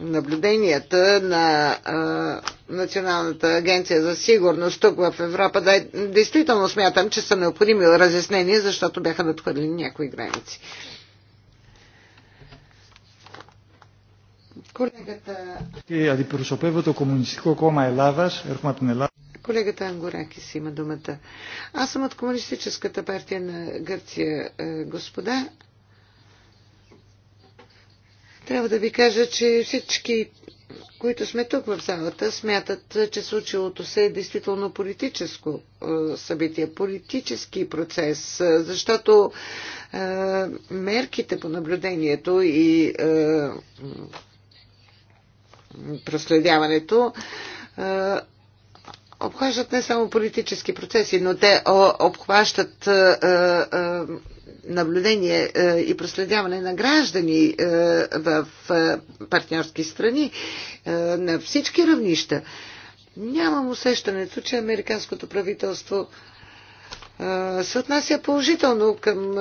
наблюденията на а, Националната агенция за сигурност тук в Европа, да, действително смятам, че са необходими разяснения, защото бяха надхвърлени някои граници. Колегата... Колегата Ангоракис има думата. Аз съм от Комунистическата партия на Гърция, е, господа. Трябва да ви кажа, че всички, които сме тук в залата, смятат, че случилото се е действително политическо е, събитие, политически процес, е, защото е, мерките по наблюдението и е, проследяването е, обхващат не само политически процеси, но те обхващат наблюдение и проследяване на граждани в партньорски страни на всички равнища. Нямам усещането, че американското правителство се отнася положително към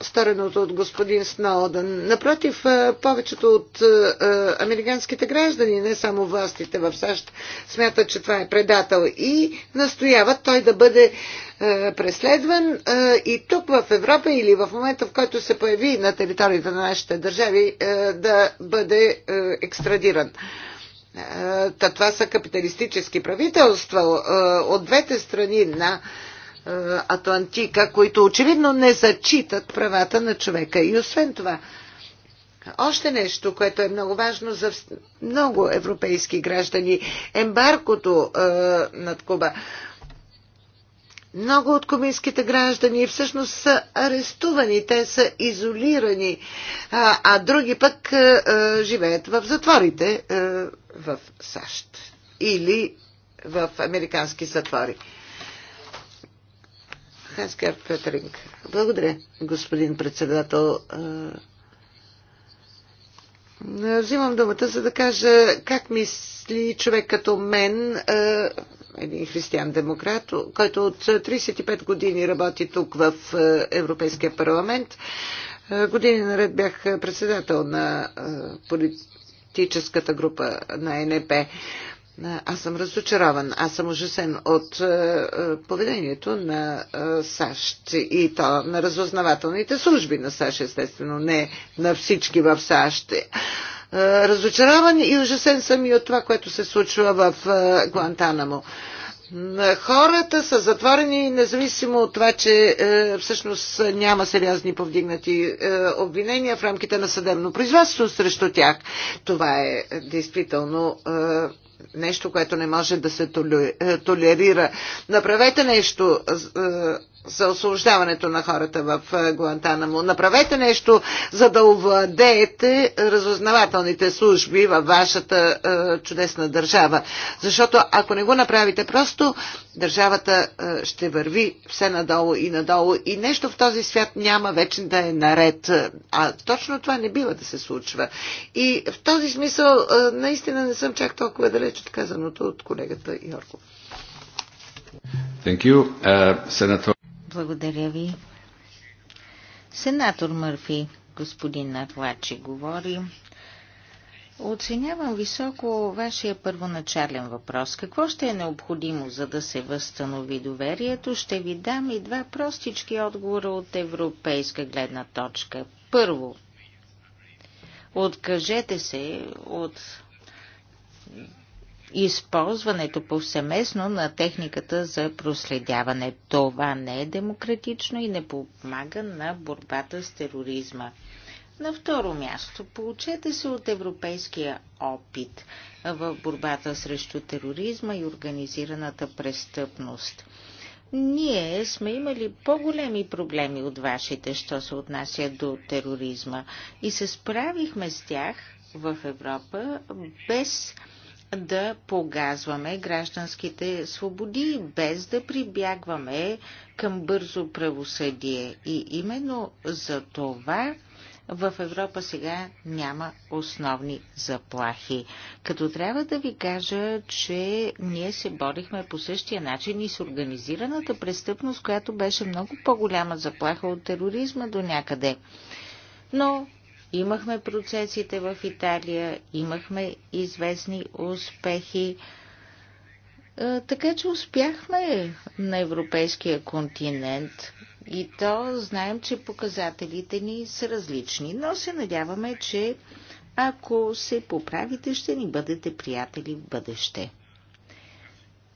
стореното от господин Сноуден. Напротив, повечето от американските граждани, не само властите в САЩ, смятат, че това е предател и настояват той да бъде преследван и тук в Европа или в момента, в който се появи на територията на нашите държави, да бъде екстрадиран. Та това са капиталистически правителства от двете страни на е, Атлантика, които очевидно не зачитат правата на човека. И освен това, още нещо, което е много важно за много европейски граждани, ембаркото е, над Куба. Много от кубинските граждани всъщност са арестувани, те са изолирани, а, а други пък е, е живеят в затворите е, в САЩ или в американски затвори. Хаскер Петринг. Благодаря, господин председател. Е, взимам думата, за да кажа как мисли човек като мен, е, един християн-демократ, който от 35 години работи тук в е, Европейския парламент. Години наред бях председател на политическата група на НП. Аз съм разочарован. Аз съм ужасен от е, е, поведението на е, САЩ и то на разузнавателните служби на САЩ, естествено, не на всички в САЩ. Разочарован и ужасен съм и от това, което се случва в Гуантанамо. Хората са затворени, независимо от това, че е, всъщност няма сериозни повдигнати е, обвинения в рамките на съдебно производство срещу тях. Това е действително е, нещо, което не може да се е, толерира. Направете нещо е, за освобождаването на хората в е, Гуантанамо. Направете нещо, за да овладеете разузнавателните служби във вашата е, чудесна държава. Защото ако не го направите просто, държавата е, ще върви все надолу и надолу и нещо в този свят няма вече да е наред. А точно това не бива да се случва. И в този смисъл е, наистина не съм чак толкова далеч противоречат казаното от колегата Йорков. Uh, Благодаря ви. Сенатор Мърфи, господин Арлачи, говори. Оценявам високо вашия първоначален въпрос. Какво ще е необходимо, за да се възстанови доверието? Ще ви дам и два простички отговора от европейска гледна точка. Първо, откажете се от използването повсеместно на техниката за проследяване. Това не е демократично и не помага на борбата с тероризма. На второ място, получете се от европейския опит в борбата срещу тероризма и организираната престъпност. Ние сме имали по-големи проблеми от вашите, що се отнася до тероризма и се справихме с тях в Европа без да погазваме гражданските свободи, без да прибягваме към бързо правосъдие. И именно за това в Европа сега няма основни заплахи. Като трябва да ви кажа, че ние се борихме по същия начин и с организираната престъпност, която беше много по-голяма заплаха от тероризма до някъде. Но Имахме процесите в Италия, имахме известни успехи. Така че успяхме на европейския континент и то знаем, че показателите ни са различни, но се надяваме, че ако се поправите, ще ни бъдете приятели в бъдеще.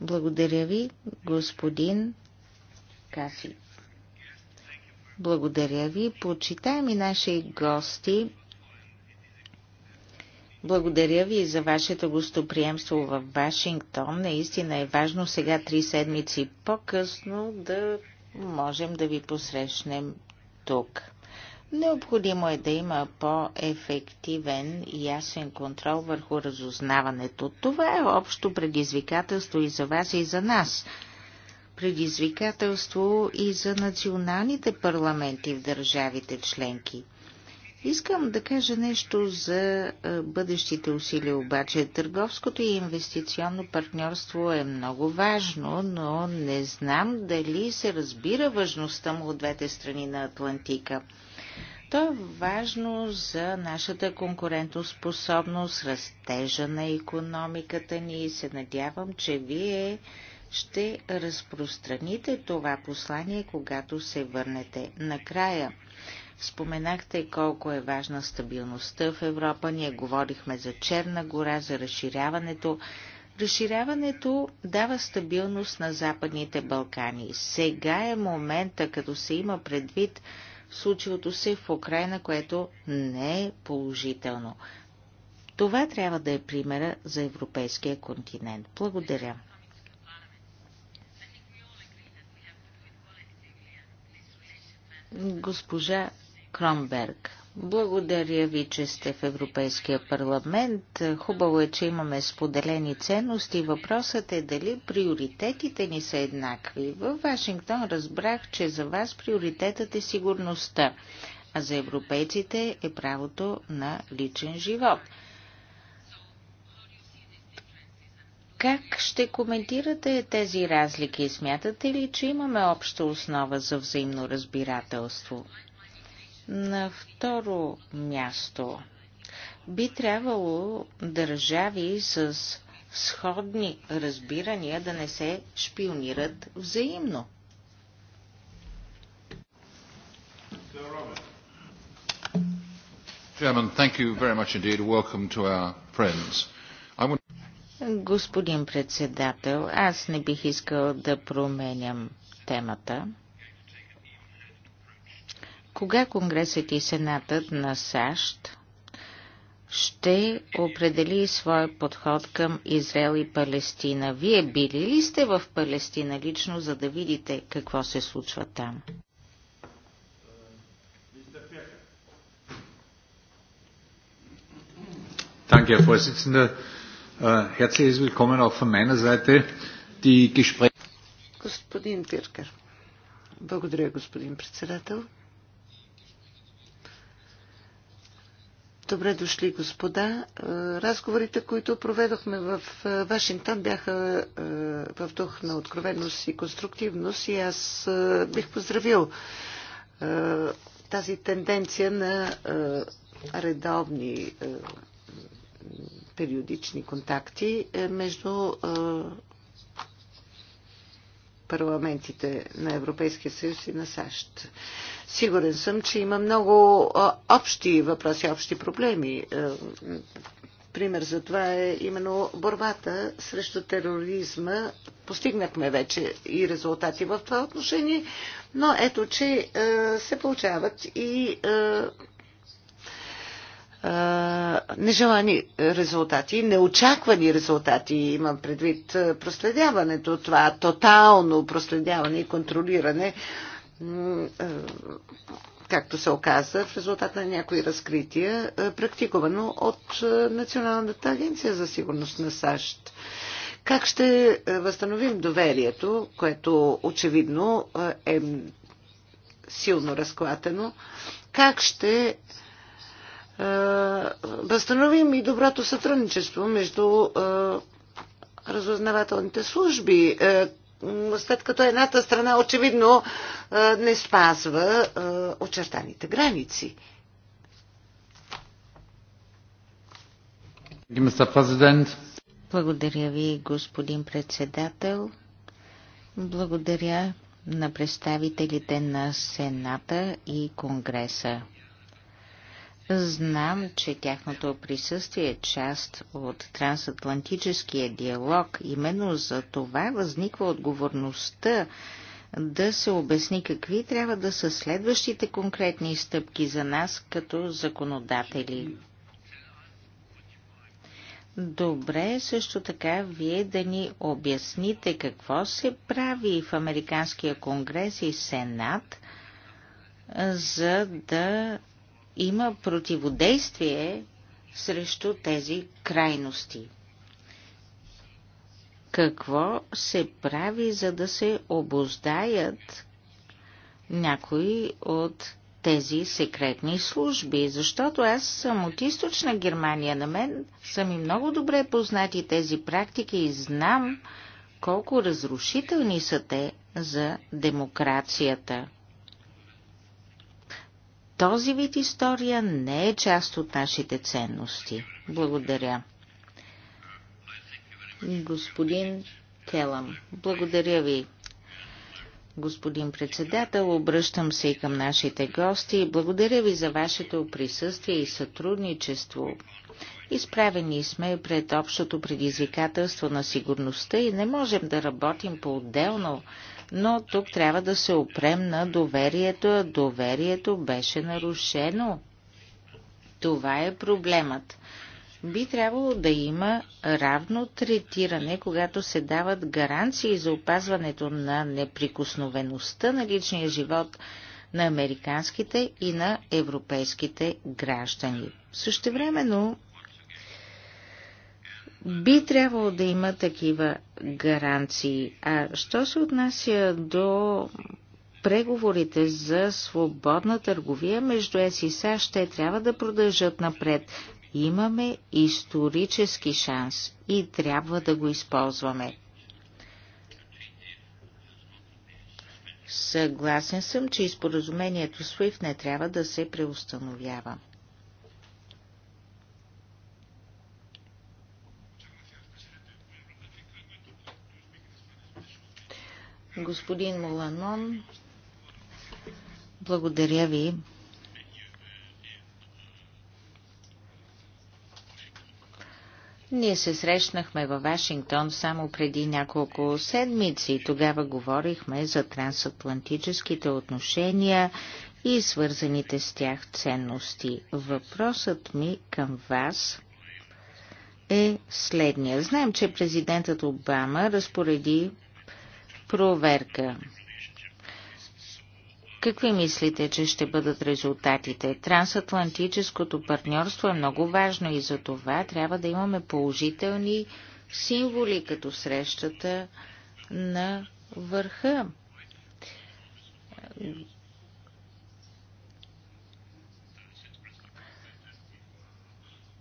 Благодаря ви, господин Касик. Благодаря ви. Почитаеми наши гости, благодаря ви за вашето гостоприемство в Вашингтон. Наистина е важно сега три седмици по-късно да можем да ви посрещнем тук. Необходимо е да има по-ефективен и ясен контрол върху разузнаването. Това е общо предизвикателство и за вас, и за нас – предизвикателство и за националните парламенти в държавите членки. Искам да кажа нещо за бъдещите усилия, обаче търговското и инвестиционно партньорство е много важно, но не знам дали се разбира важността му от двете страни на Атлантика. То е важно за нашата конкурентоспособност, растежа на економиката ни и се надявам, че вие ще разпространите това послание, когато се върнете. Накрая, споменахте колко е важна стабилността в Европа. Ние говорихме за Черна гора, за разширяването. Разширяването дава стабилност на Западните Балкани. Сега е момента, като се има предвид случилото се в Украина, което не е положително. Това трябва да е примера за европейския континент. Благодаря. Госпожа Кромберг, благодаря ви, че сте в Европейския парламент. Хубаво е, че имаме споделени ценности. Въпросът е дали приоритетите ни са еднакви. В Вашингтон разбрах, че за вас приоритетът е сигурността, а за европейците е правото на личен живот. Как ще коментирате тези разлики? Смятате ли, че имаме обща основа за взаимно разбирателство? На второ място би трябвало държави с сходни разбирания да не се шпионират взаимно. Chairman, thank you very much indeed. Welcome to our friends. Господин председател, аз не бих искал да променям темата. Кога Конгресът и Сенатът на САЩ ще определи своя подход към Израел и Палестина. Вие били ли сте в Палестина лично, за да видите какво се случва там? Danke, Äh, herzliches Willkommen auch von meiner Seite. Die Gespräche. Господин Пиркер. Благодаря, господин председател. Добре дошли, господа. Э, разговорите, които проведохме в э, Вашингтон, бяха э, в дух на откровеност и конструктивност и аз бих поздравил тази тенденция на редовни периодични контакти е, между е, парламентите на Европейския съюз и на САЩ. Сигурен съм, че има много е, общи въпроси, общи проблеми. Пример за това е именно борбата срещу тероризма. Постигнахме вече и резултати в това отношение, но ето, че се получават и нежелани резултати, неочаквани резултати, имам предвид проследяването, това тотално проследяване и контролиране, както се оказа, в резултат на някои разкрития, практикувано от Националната агенция за сигурност на САЩ. Как ще възстановим доверието, което очевидно е силно разклатено? Как ще е, възстановим и доброто сътрудничество между е, разузнавателните служби, е, след като едната страна очевидно не спазва очертаните граници. Благодаря ви, господин председател. Благодаря на представителите на Сената и Конгреса. Знам, че тяхното присъствие е част от трансатлантическия диалог. Именно за това възниква отговорността да се обясни какви трябва да са следващите конкретни стъпки за нас като законодатели. Добре е също така вие да ни обясните какво се прави в Американския конгрес и Сенат, за да има противодействие срещу тези крайности. Какво се прави, за да се обоздаят някои от тези секретни служби, защото аз съм от източна Германия. На мен са ми много добре познати тези практики и знам колко разрушителни са те за демокрацията този вид история не е част от нашите ценности. Благодаря. Господин Келам, благодаря ви. Господин председател, обръщам се и към нашите гости. Благодаря ви за вашето присъствие и сътрудничество. Изправени сме пред общото предизвикателство на сигурността и не можем да работим по-отделно но тук трябва да се опрем на доверието, а доверието беше нарушено. Това е проблемът. Би трябвало да има равно третиране, когато се дават гаранции за опазването на неприкосновеността на личния живот на американските и на европейските граждани. Същевременно би трябвало да има такива гаранции. А що се отнася до преговорите за свободна търговия между ЕС и САЩ, те трябва да продължат напред. Имаме исторически шанс и трябва да го използваме. Съгласен съм, че и споразумението SWIFT не трябва да се преустановява. Господин Моланон, благодаря ви. Ние се срещнахме във Вашингтон само преди няколко седмици. Тогава говорихме за трансатлантическите отношения и свързаните с тях ценности. Въпросът ми към вас е следния. Знаем, че президентът Обама разпореди проверка. Какви мислите, че ще бъдат резултатите? Трансатлантическото партньорство е много важно и за това трябва да имаме положителни символи, като срещата на върха.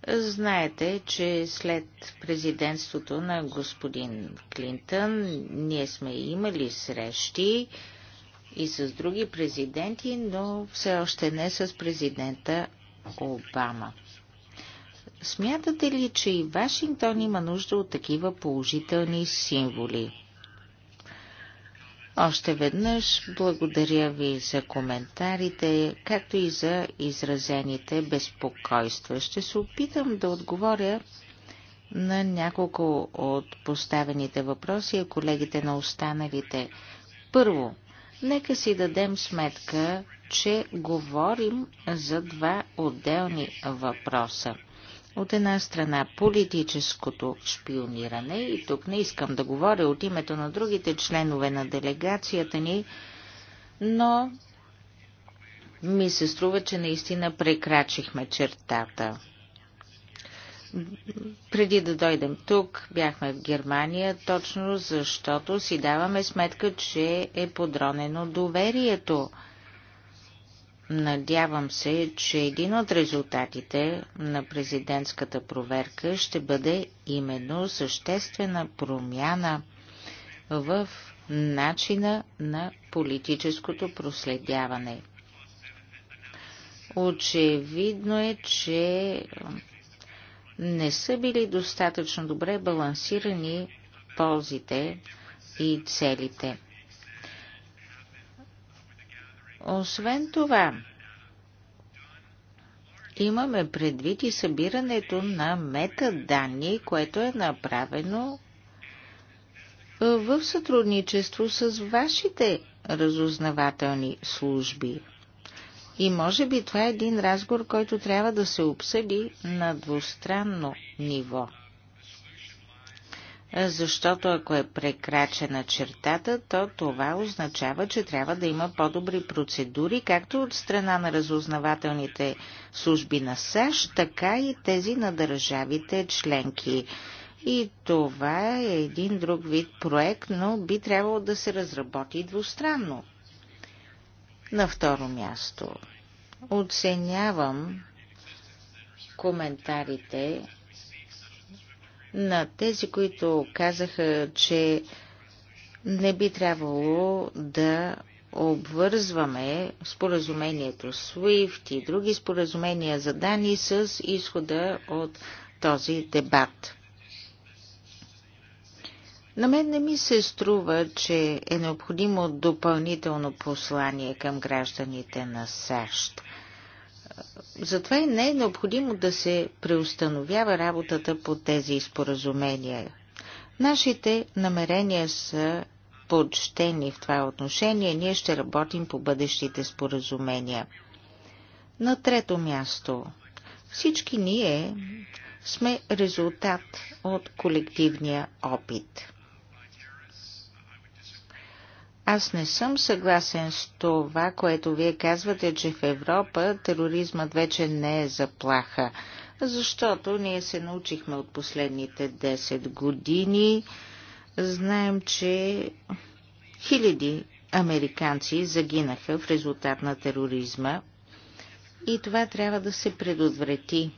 Знаете, че след президентството на господин Клинтън ние сме имали срещи и с други президенти, но все още не с президента Обама. Смятате ли, че и Вашингтон има нужда от такива положителни символи? Още веднъж благодаря ви за коментарите, както и за изразените безпокойства. Ще се опитам да отговоря на няколко от поставените въпроси, а колегите на останалите. Първо, нека си дадем сметка, че говорим за два отделни въпроса – от една страна политическото шпиониране, и тук не искам да говоря от името на другите членове на делегацията ни, но ми се струва, че наистина прекрачихме чертата. Преди да дойдем тук, бяхме в Германия, точно защото си даваме сметка, че е подронено доверието. Надявам се, че един от резултатите на президентската проверка ще бъде именно съществена промяна в начина на политическото проследяване. Очевидно е, че не са били достатъчно добре балансирани ползите и целите. Освен това, имаме предвид и събирането на метаданни, което е направено в сътрудничество с вашите разузнавателни служби. И може би това е един разговор, който трябва да се обсъди на двустранно ниво защото ако е прекрачена чертата, то това означава, че трябва да има по-добри процедури, както от страна на разузнавателните служби на САЩ, така и тези на държавите членки. И това е един друг вид проект, но би трябвало да се разработи двустранно. На второ място оценявам коментарите на тези, които казаха, че не би трябвало да обвързваме споразумението SWIFT и други споразумения за данни с изхода от този дебат. На мен не ми се струва, че е необходимо допълнително послание към гражданите на САЩ. Затова и не е необходимо да се преустановява работата по тези споразумения. Нашите намерения са почтени в това отношение. Ние ще работим по бъдещите споразумения. На трето място. Всички ние сме резултат от колективния опит. Аз не съм съгласен с това, което вие казвате, че в Европа тероризмът вече не е заплаха, защото ние се научихме от последните 10 години. Знаем, че хиляди американци загинаха в резултат на тероризма и това трябва да се предотврати.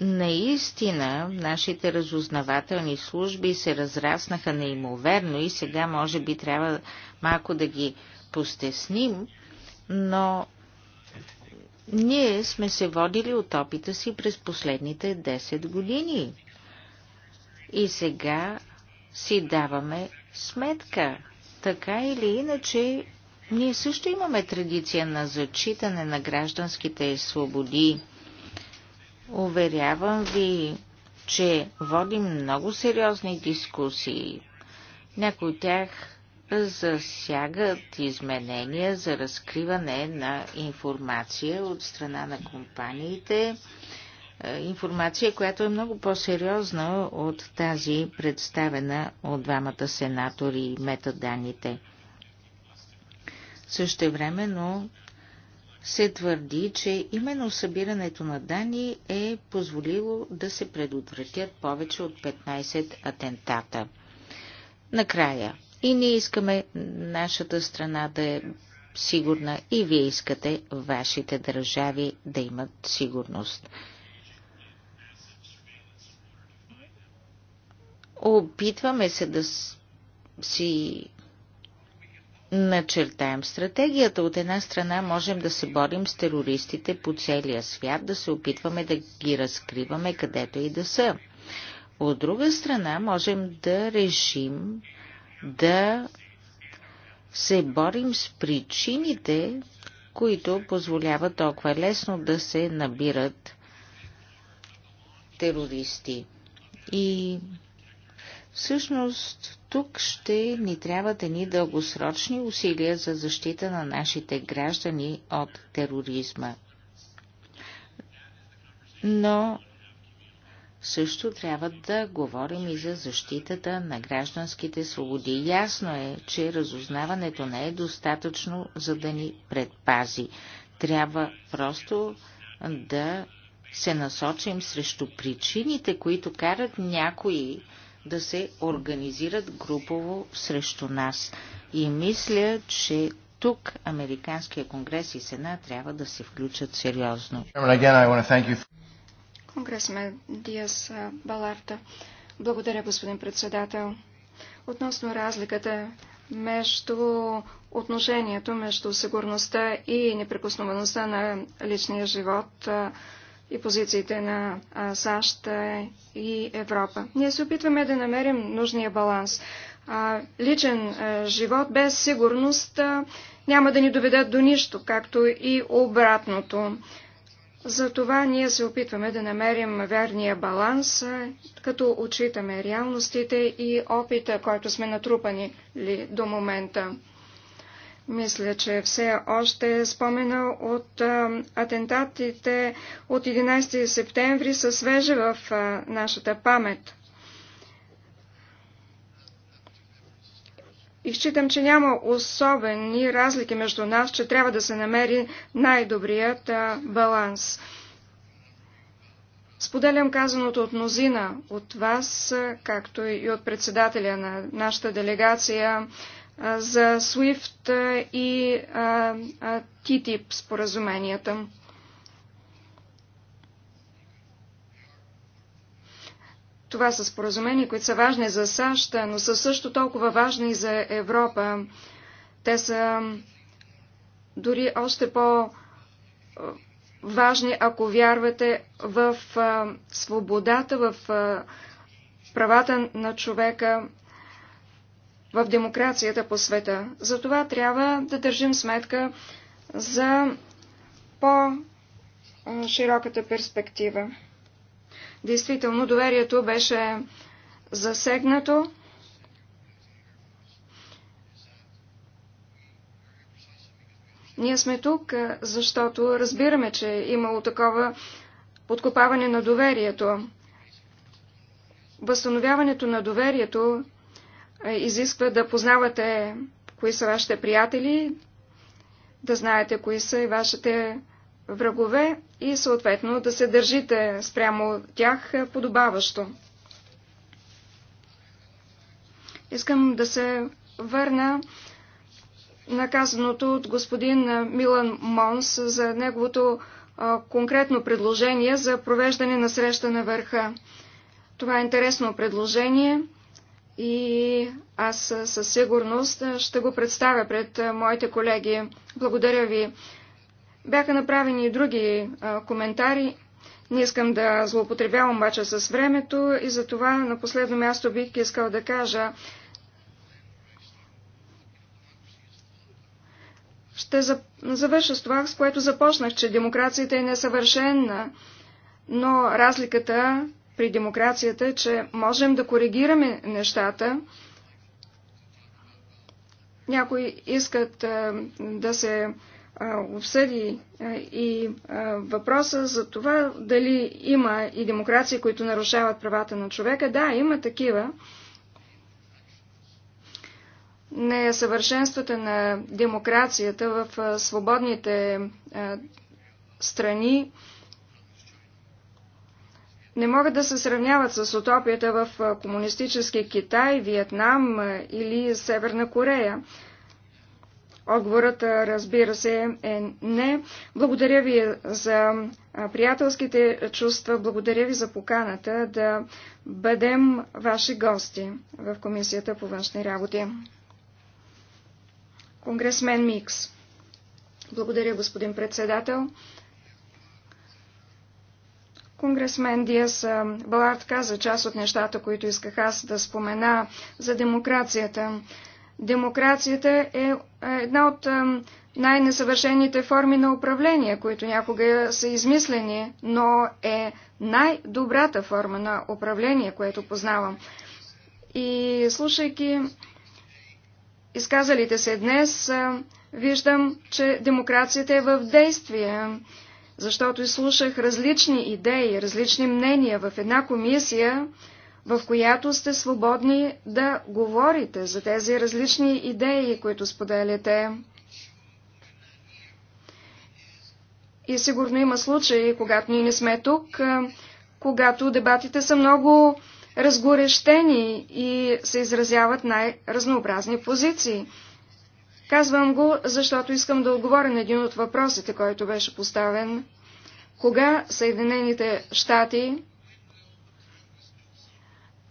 Наистина, нашите разузнавателни служби се разраснаха неимоверно и сега може би трябва малко да ги постесним, но ние сме се водили от опита си през последните 10 години. И сега си даваме сметка. Така или иначе, ние също имаме традиция на зачитане на гражданските свободи Уверявам ви, че водим много сериозни дискусии. Някои от тях засягат изменения за разкриване на информация от страна на компаниите. Е, информация, която е много по-сериозна от тази представена от двамата сенатори и метаданите. времено се твърди, че именно събирането на данни е позволило да се предотвратят повече от 15 атентата. Накрая, и ние искаме нашата страна да е сигурна и вие искате вашите държави да имат сигурност. Опитваме се да си начертаем стратегията. От една страна можем да се борим с терористите по целия свят, да се опитваме да ги разкриваме където и да са. От друга страна можем да решим да се борим с причините, които позволяват толкова лесно да се набират терористи. И Всъщност, тук ще ни трябват да ни дългосрочни усилия за защита на нашите граждани от тероризма. Но също трябва да говорим и за защитата на гражданските свободи. Ясно е, че разузнаването не е достатъчно, за да ни предпази. Трябва просто да се насочим срещу причините, които карат някои да се организират групово срещу нас. И мисля, че тук Американския конгрес и Сена трябва да се включат сериозно. Конгресмен Диас Баларта. Благодаря, господин председател. Относно разликата между отношението между сигурността и неприкосновеността на личния живот, и позициите на САЩ и Европа. Ние се опитваме да намерим нужния баланс. Личен живот без сигурност няма да ни доведат до нищо, както и обратното. Затова ние се опитваме да намерим верния баланс, като отчитаме реалностите и опита, който сме натрупани до момента. Мисля, че все още е спомена от а, атентатите от 11 септември са свежи в а, нашата памет. И считам, че няма особени разлики между нас, че трябва да се намери най-добрият баланс. Споделям казаното от мнозина от вас, както и от председателя на нашата делегация, за SWIFT и TTIP споразуменията. Това са споразумения, които са важни за САЩ, но са също толкова важни и за Европа. Те са дори още по- важни, ако вярвате в свободата, в правата на човека, в демокрацията по света. Затова трябва да държим сметка за по-широката перспектива. Действително, доверието беше засегнато. Ние сме тук, е, защото разбираме, че е имало такова подкопаване на доверието. Възстановяването на доверието е, изисква да познавате кои са вашите приятели, да знаете кои са и вашите врагове и съответно да се държите спрямо тях е, подобаващо. Искам да се върна наказаното от господин Милан Монс за неговото конкретно предложение за провеждане на среща на върха. Това е интересно предложение и аз със сигурност ще го представя пред моите колеги. Благодаря ви. Бяха направени и други коментари. Не искам да злоупотребявам обаче с времето и за това на последно място бих искал да кажа, ще завърша с това, с което започнах, че демокрацията е несъвършена, но разликата при демокрацията е, че можем да коригираме нещата. Някои искат да се обсъди и въпроса за това дали има и демокрации, които нарушават правата на човека. Да, има такива. Несъвършенствата е на демокрацията в свободните страни не могат да се сравняват с утопията в комунистически Китай, Виетнам или Северна Корея. Отговорът, разбира се, е не. Благодаря ви за приятелските чувства, благодаря ви за поканата да бъдем ваши гости в Комисията по външни работи. Конгресмен Микс. Благодаря, господин председател. Конгресмен Диас Балард каза част от нещата, които исках аз да спомена за демокрацията. Демокрацията е, е една от най-несъвършените форми на управление, които някога са измислени, но е най-добрата форма на управление, което познавам. И слушайки изказалите се днес, виждам, че демокрацията е в действие защото изслушах различни идеи, различни мнения в една комисия, в която сте свободни да говорите за тези различни идеи, които споделяте. И сигурно има случаи, когато ние не сме тук, когато дебатите са много разгорещени и се изразяват най-разнообразни позиции. Казвам го, защото искам да отговоря на един от въпросите, който беше поставен. Кога Съединените щати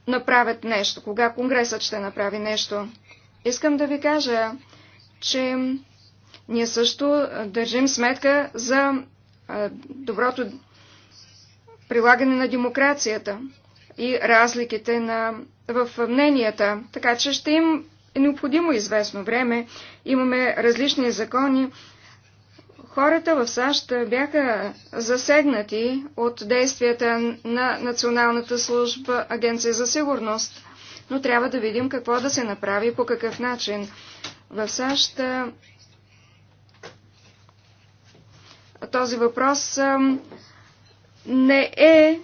направят нещо? Кога Конгресът ще направи нещо? Искам да ви кажа, че ние също държим сметка за доброто прилагане на демокрацията и разликите на, в мненията. Така че ще им е необходимо известно време. Имаме различни закони. Хората в САЩ бяха засегнати от действията на Националната служба Агенция за сигурност, но трябва да видим какво да се направи и по какъв начин. В САЩ този въпрос не е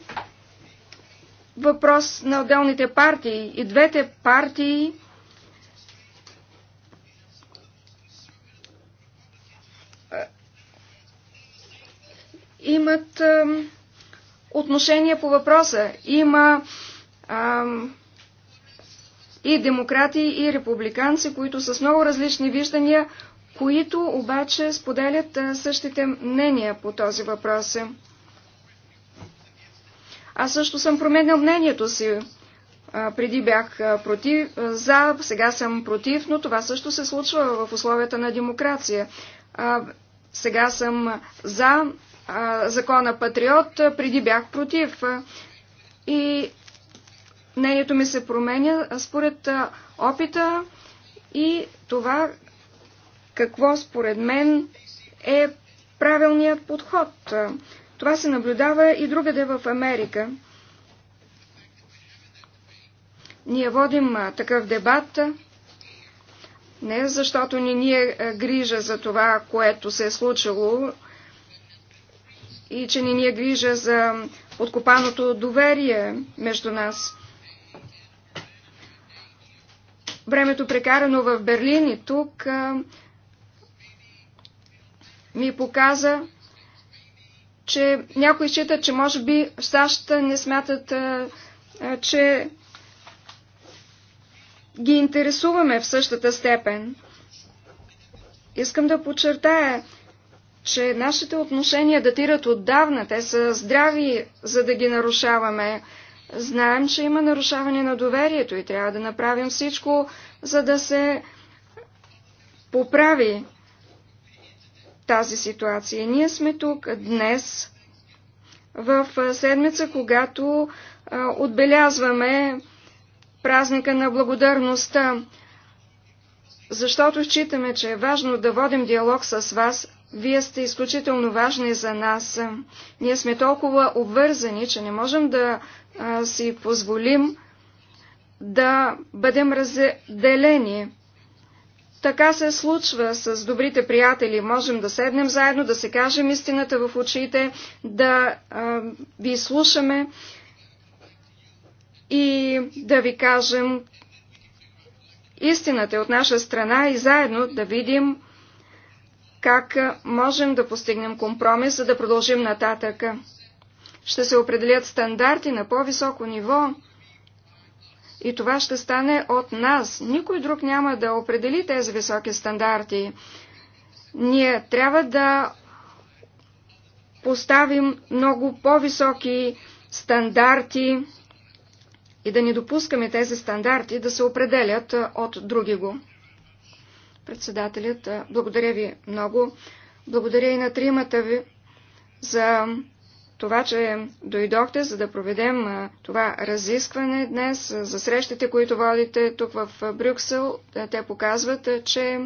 въпрос на отделните партии. И двете партии имат отношение по въпроса. Има ам, и демократи, и републиканци, които са с много различни виждания, които обаче споделят а, същите мнения по този въпрос. Аз също съм променял мнението си. А, преди бях а, против, за, сега съм против, но това също се случва в условията на демокрация. Сега съм за закона Патриот, преди бях против. И мнението ми се променя според опита и това какво според мен е правилният подход. Това се наблюдава и другаде в Америка. Ние водим такъв дебат не защото ни ние грижа за това, което се е случило и че не ни е грижа за подкопаното доверие между нас. Времето прекарано в Берлин и тук ми показа, че някои считат, че може би в САЩ не смятат, че ги интересуваме в същата степен. Искам да подчертая, че нашите отношения датират отдавна, те са здрави, за да ги нарушаваме. Знаем, че има нарушаване на доверието и трябва да направим всичко, за да се поправи тази ситуация. Ние сме тук днес, в седмица, когато отбелязваме празника на благодарността, защото считаме, че е важно да водим диалог с вас вие сте изключително важни за нас. Ние сме толкова обвързани, че не можем да а, си позволим да бъдем разделени. Така се случва с добрите приятели. Можем да седнем заедно, да се кажем истината в очите, да а, ви слушаме и да ви кажем истината е от наша страна и заедно да видим как можем да постигнем компромис, за да продължим нататък. Ще се определят стандарти на по-високо ниво и това ще стане от нас. Никой друг няма да определи тези високи стандарти. Ние трябва да поставим много по-високи стандарти и да не допускаме тези стандарти да се определят от други го. Председателят, благодаря ви много. Благодаря и на тримата ви за това, че дойдохте, за да проведем това разискване днес, за срещите, които водите тук в Брюксел. Те показват, че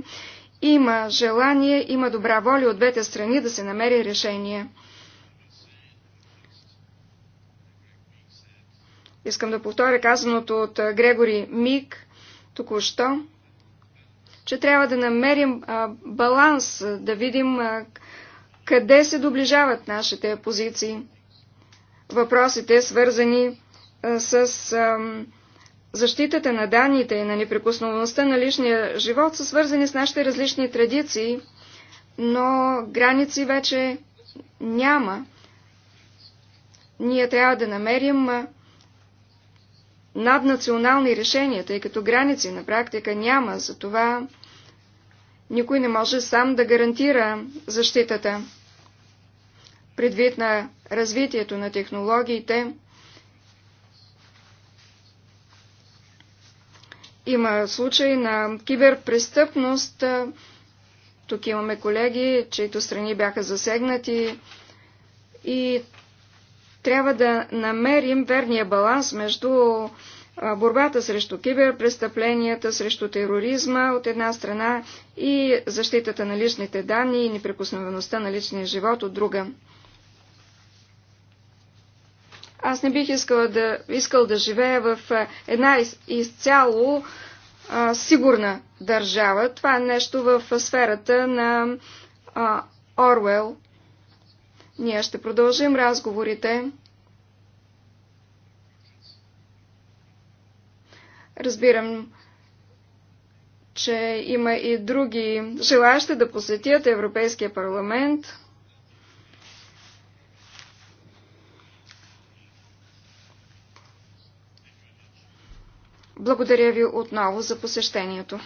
има желание, има добра воля от двете страни да се намери решение. Искам да повторя казаното от Грегори Мик току-що че трябва да намерим баланс, да видим къде се доближават нашите позиции. Въпросите, свързани с защитата на данните и на неприкосновеността на личния живот, са свързани с нашите различни традиции, но граници вече няма. Ние трябва да намерим наднационални решения, тъй като граници на практика няма, затова никой не може сам да гарантира защитата. Предвид на развитието на технологиите, има случаи на киберпрестъпност. Тук имаме колеги, чието страни бяха засегнати и трябва да намерим верния баланс между борбата срещу киберпрестъпленията, срещу тероризма от една страна и защитата на личните данни и неприкосновеността на личния живот от друга. Аз не бих искала да, искал да живея в една из, изцяло а, сигурна държава. Това е нещо в сферата на а, Орвел. Ние ще продължим разговорите Разбирам, че има и други желащи да посетят Европейския парламент. Благодаря ви отново за посещението.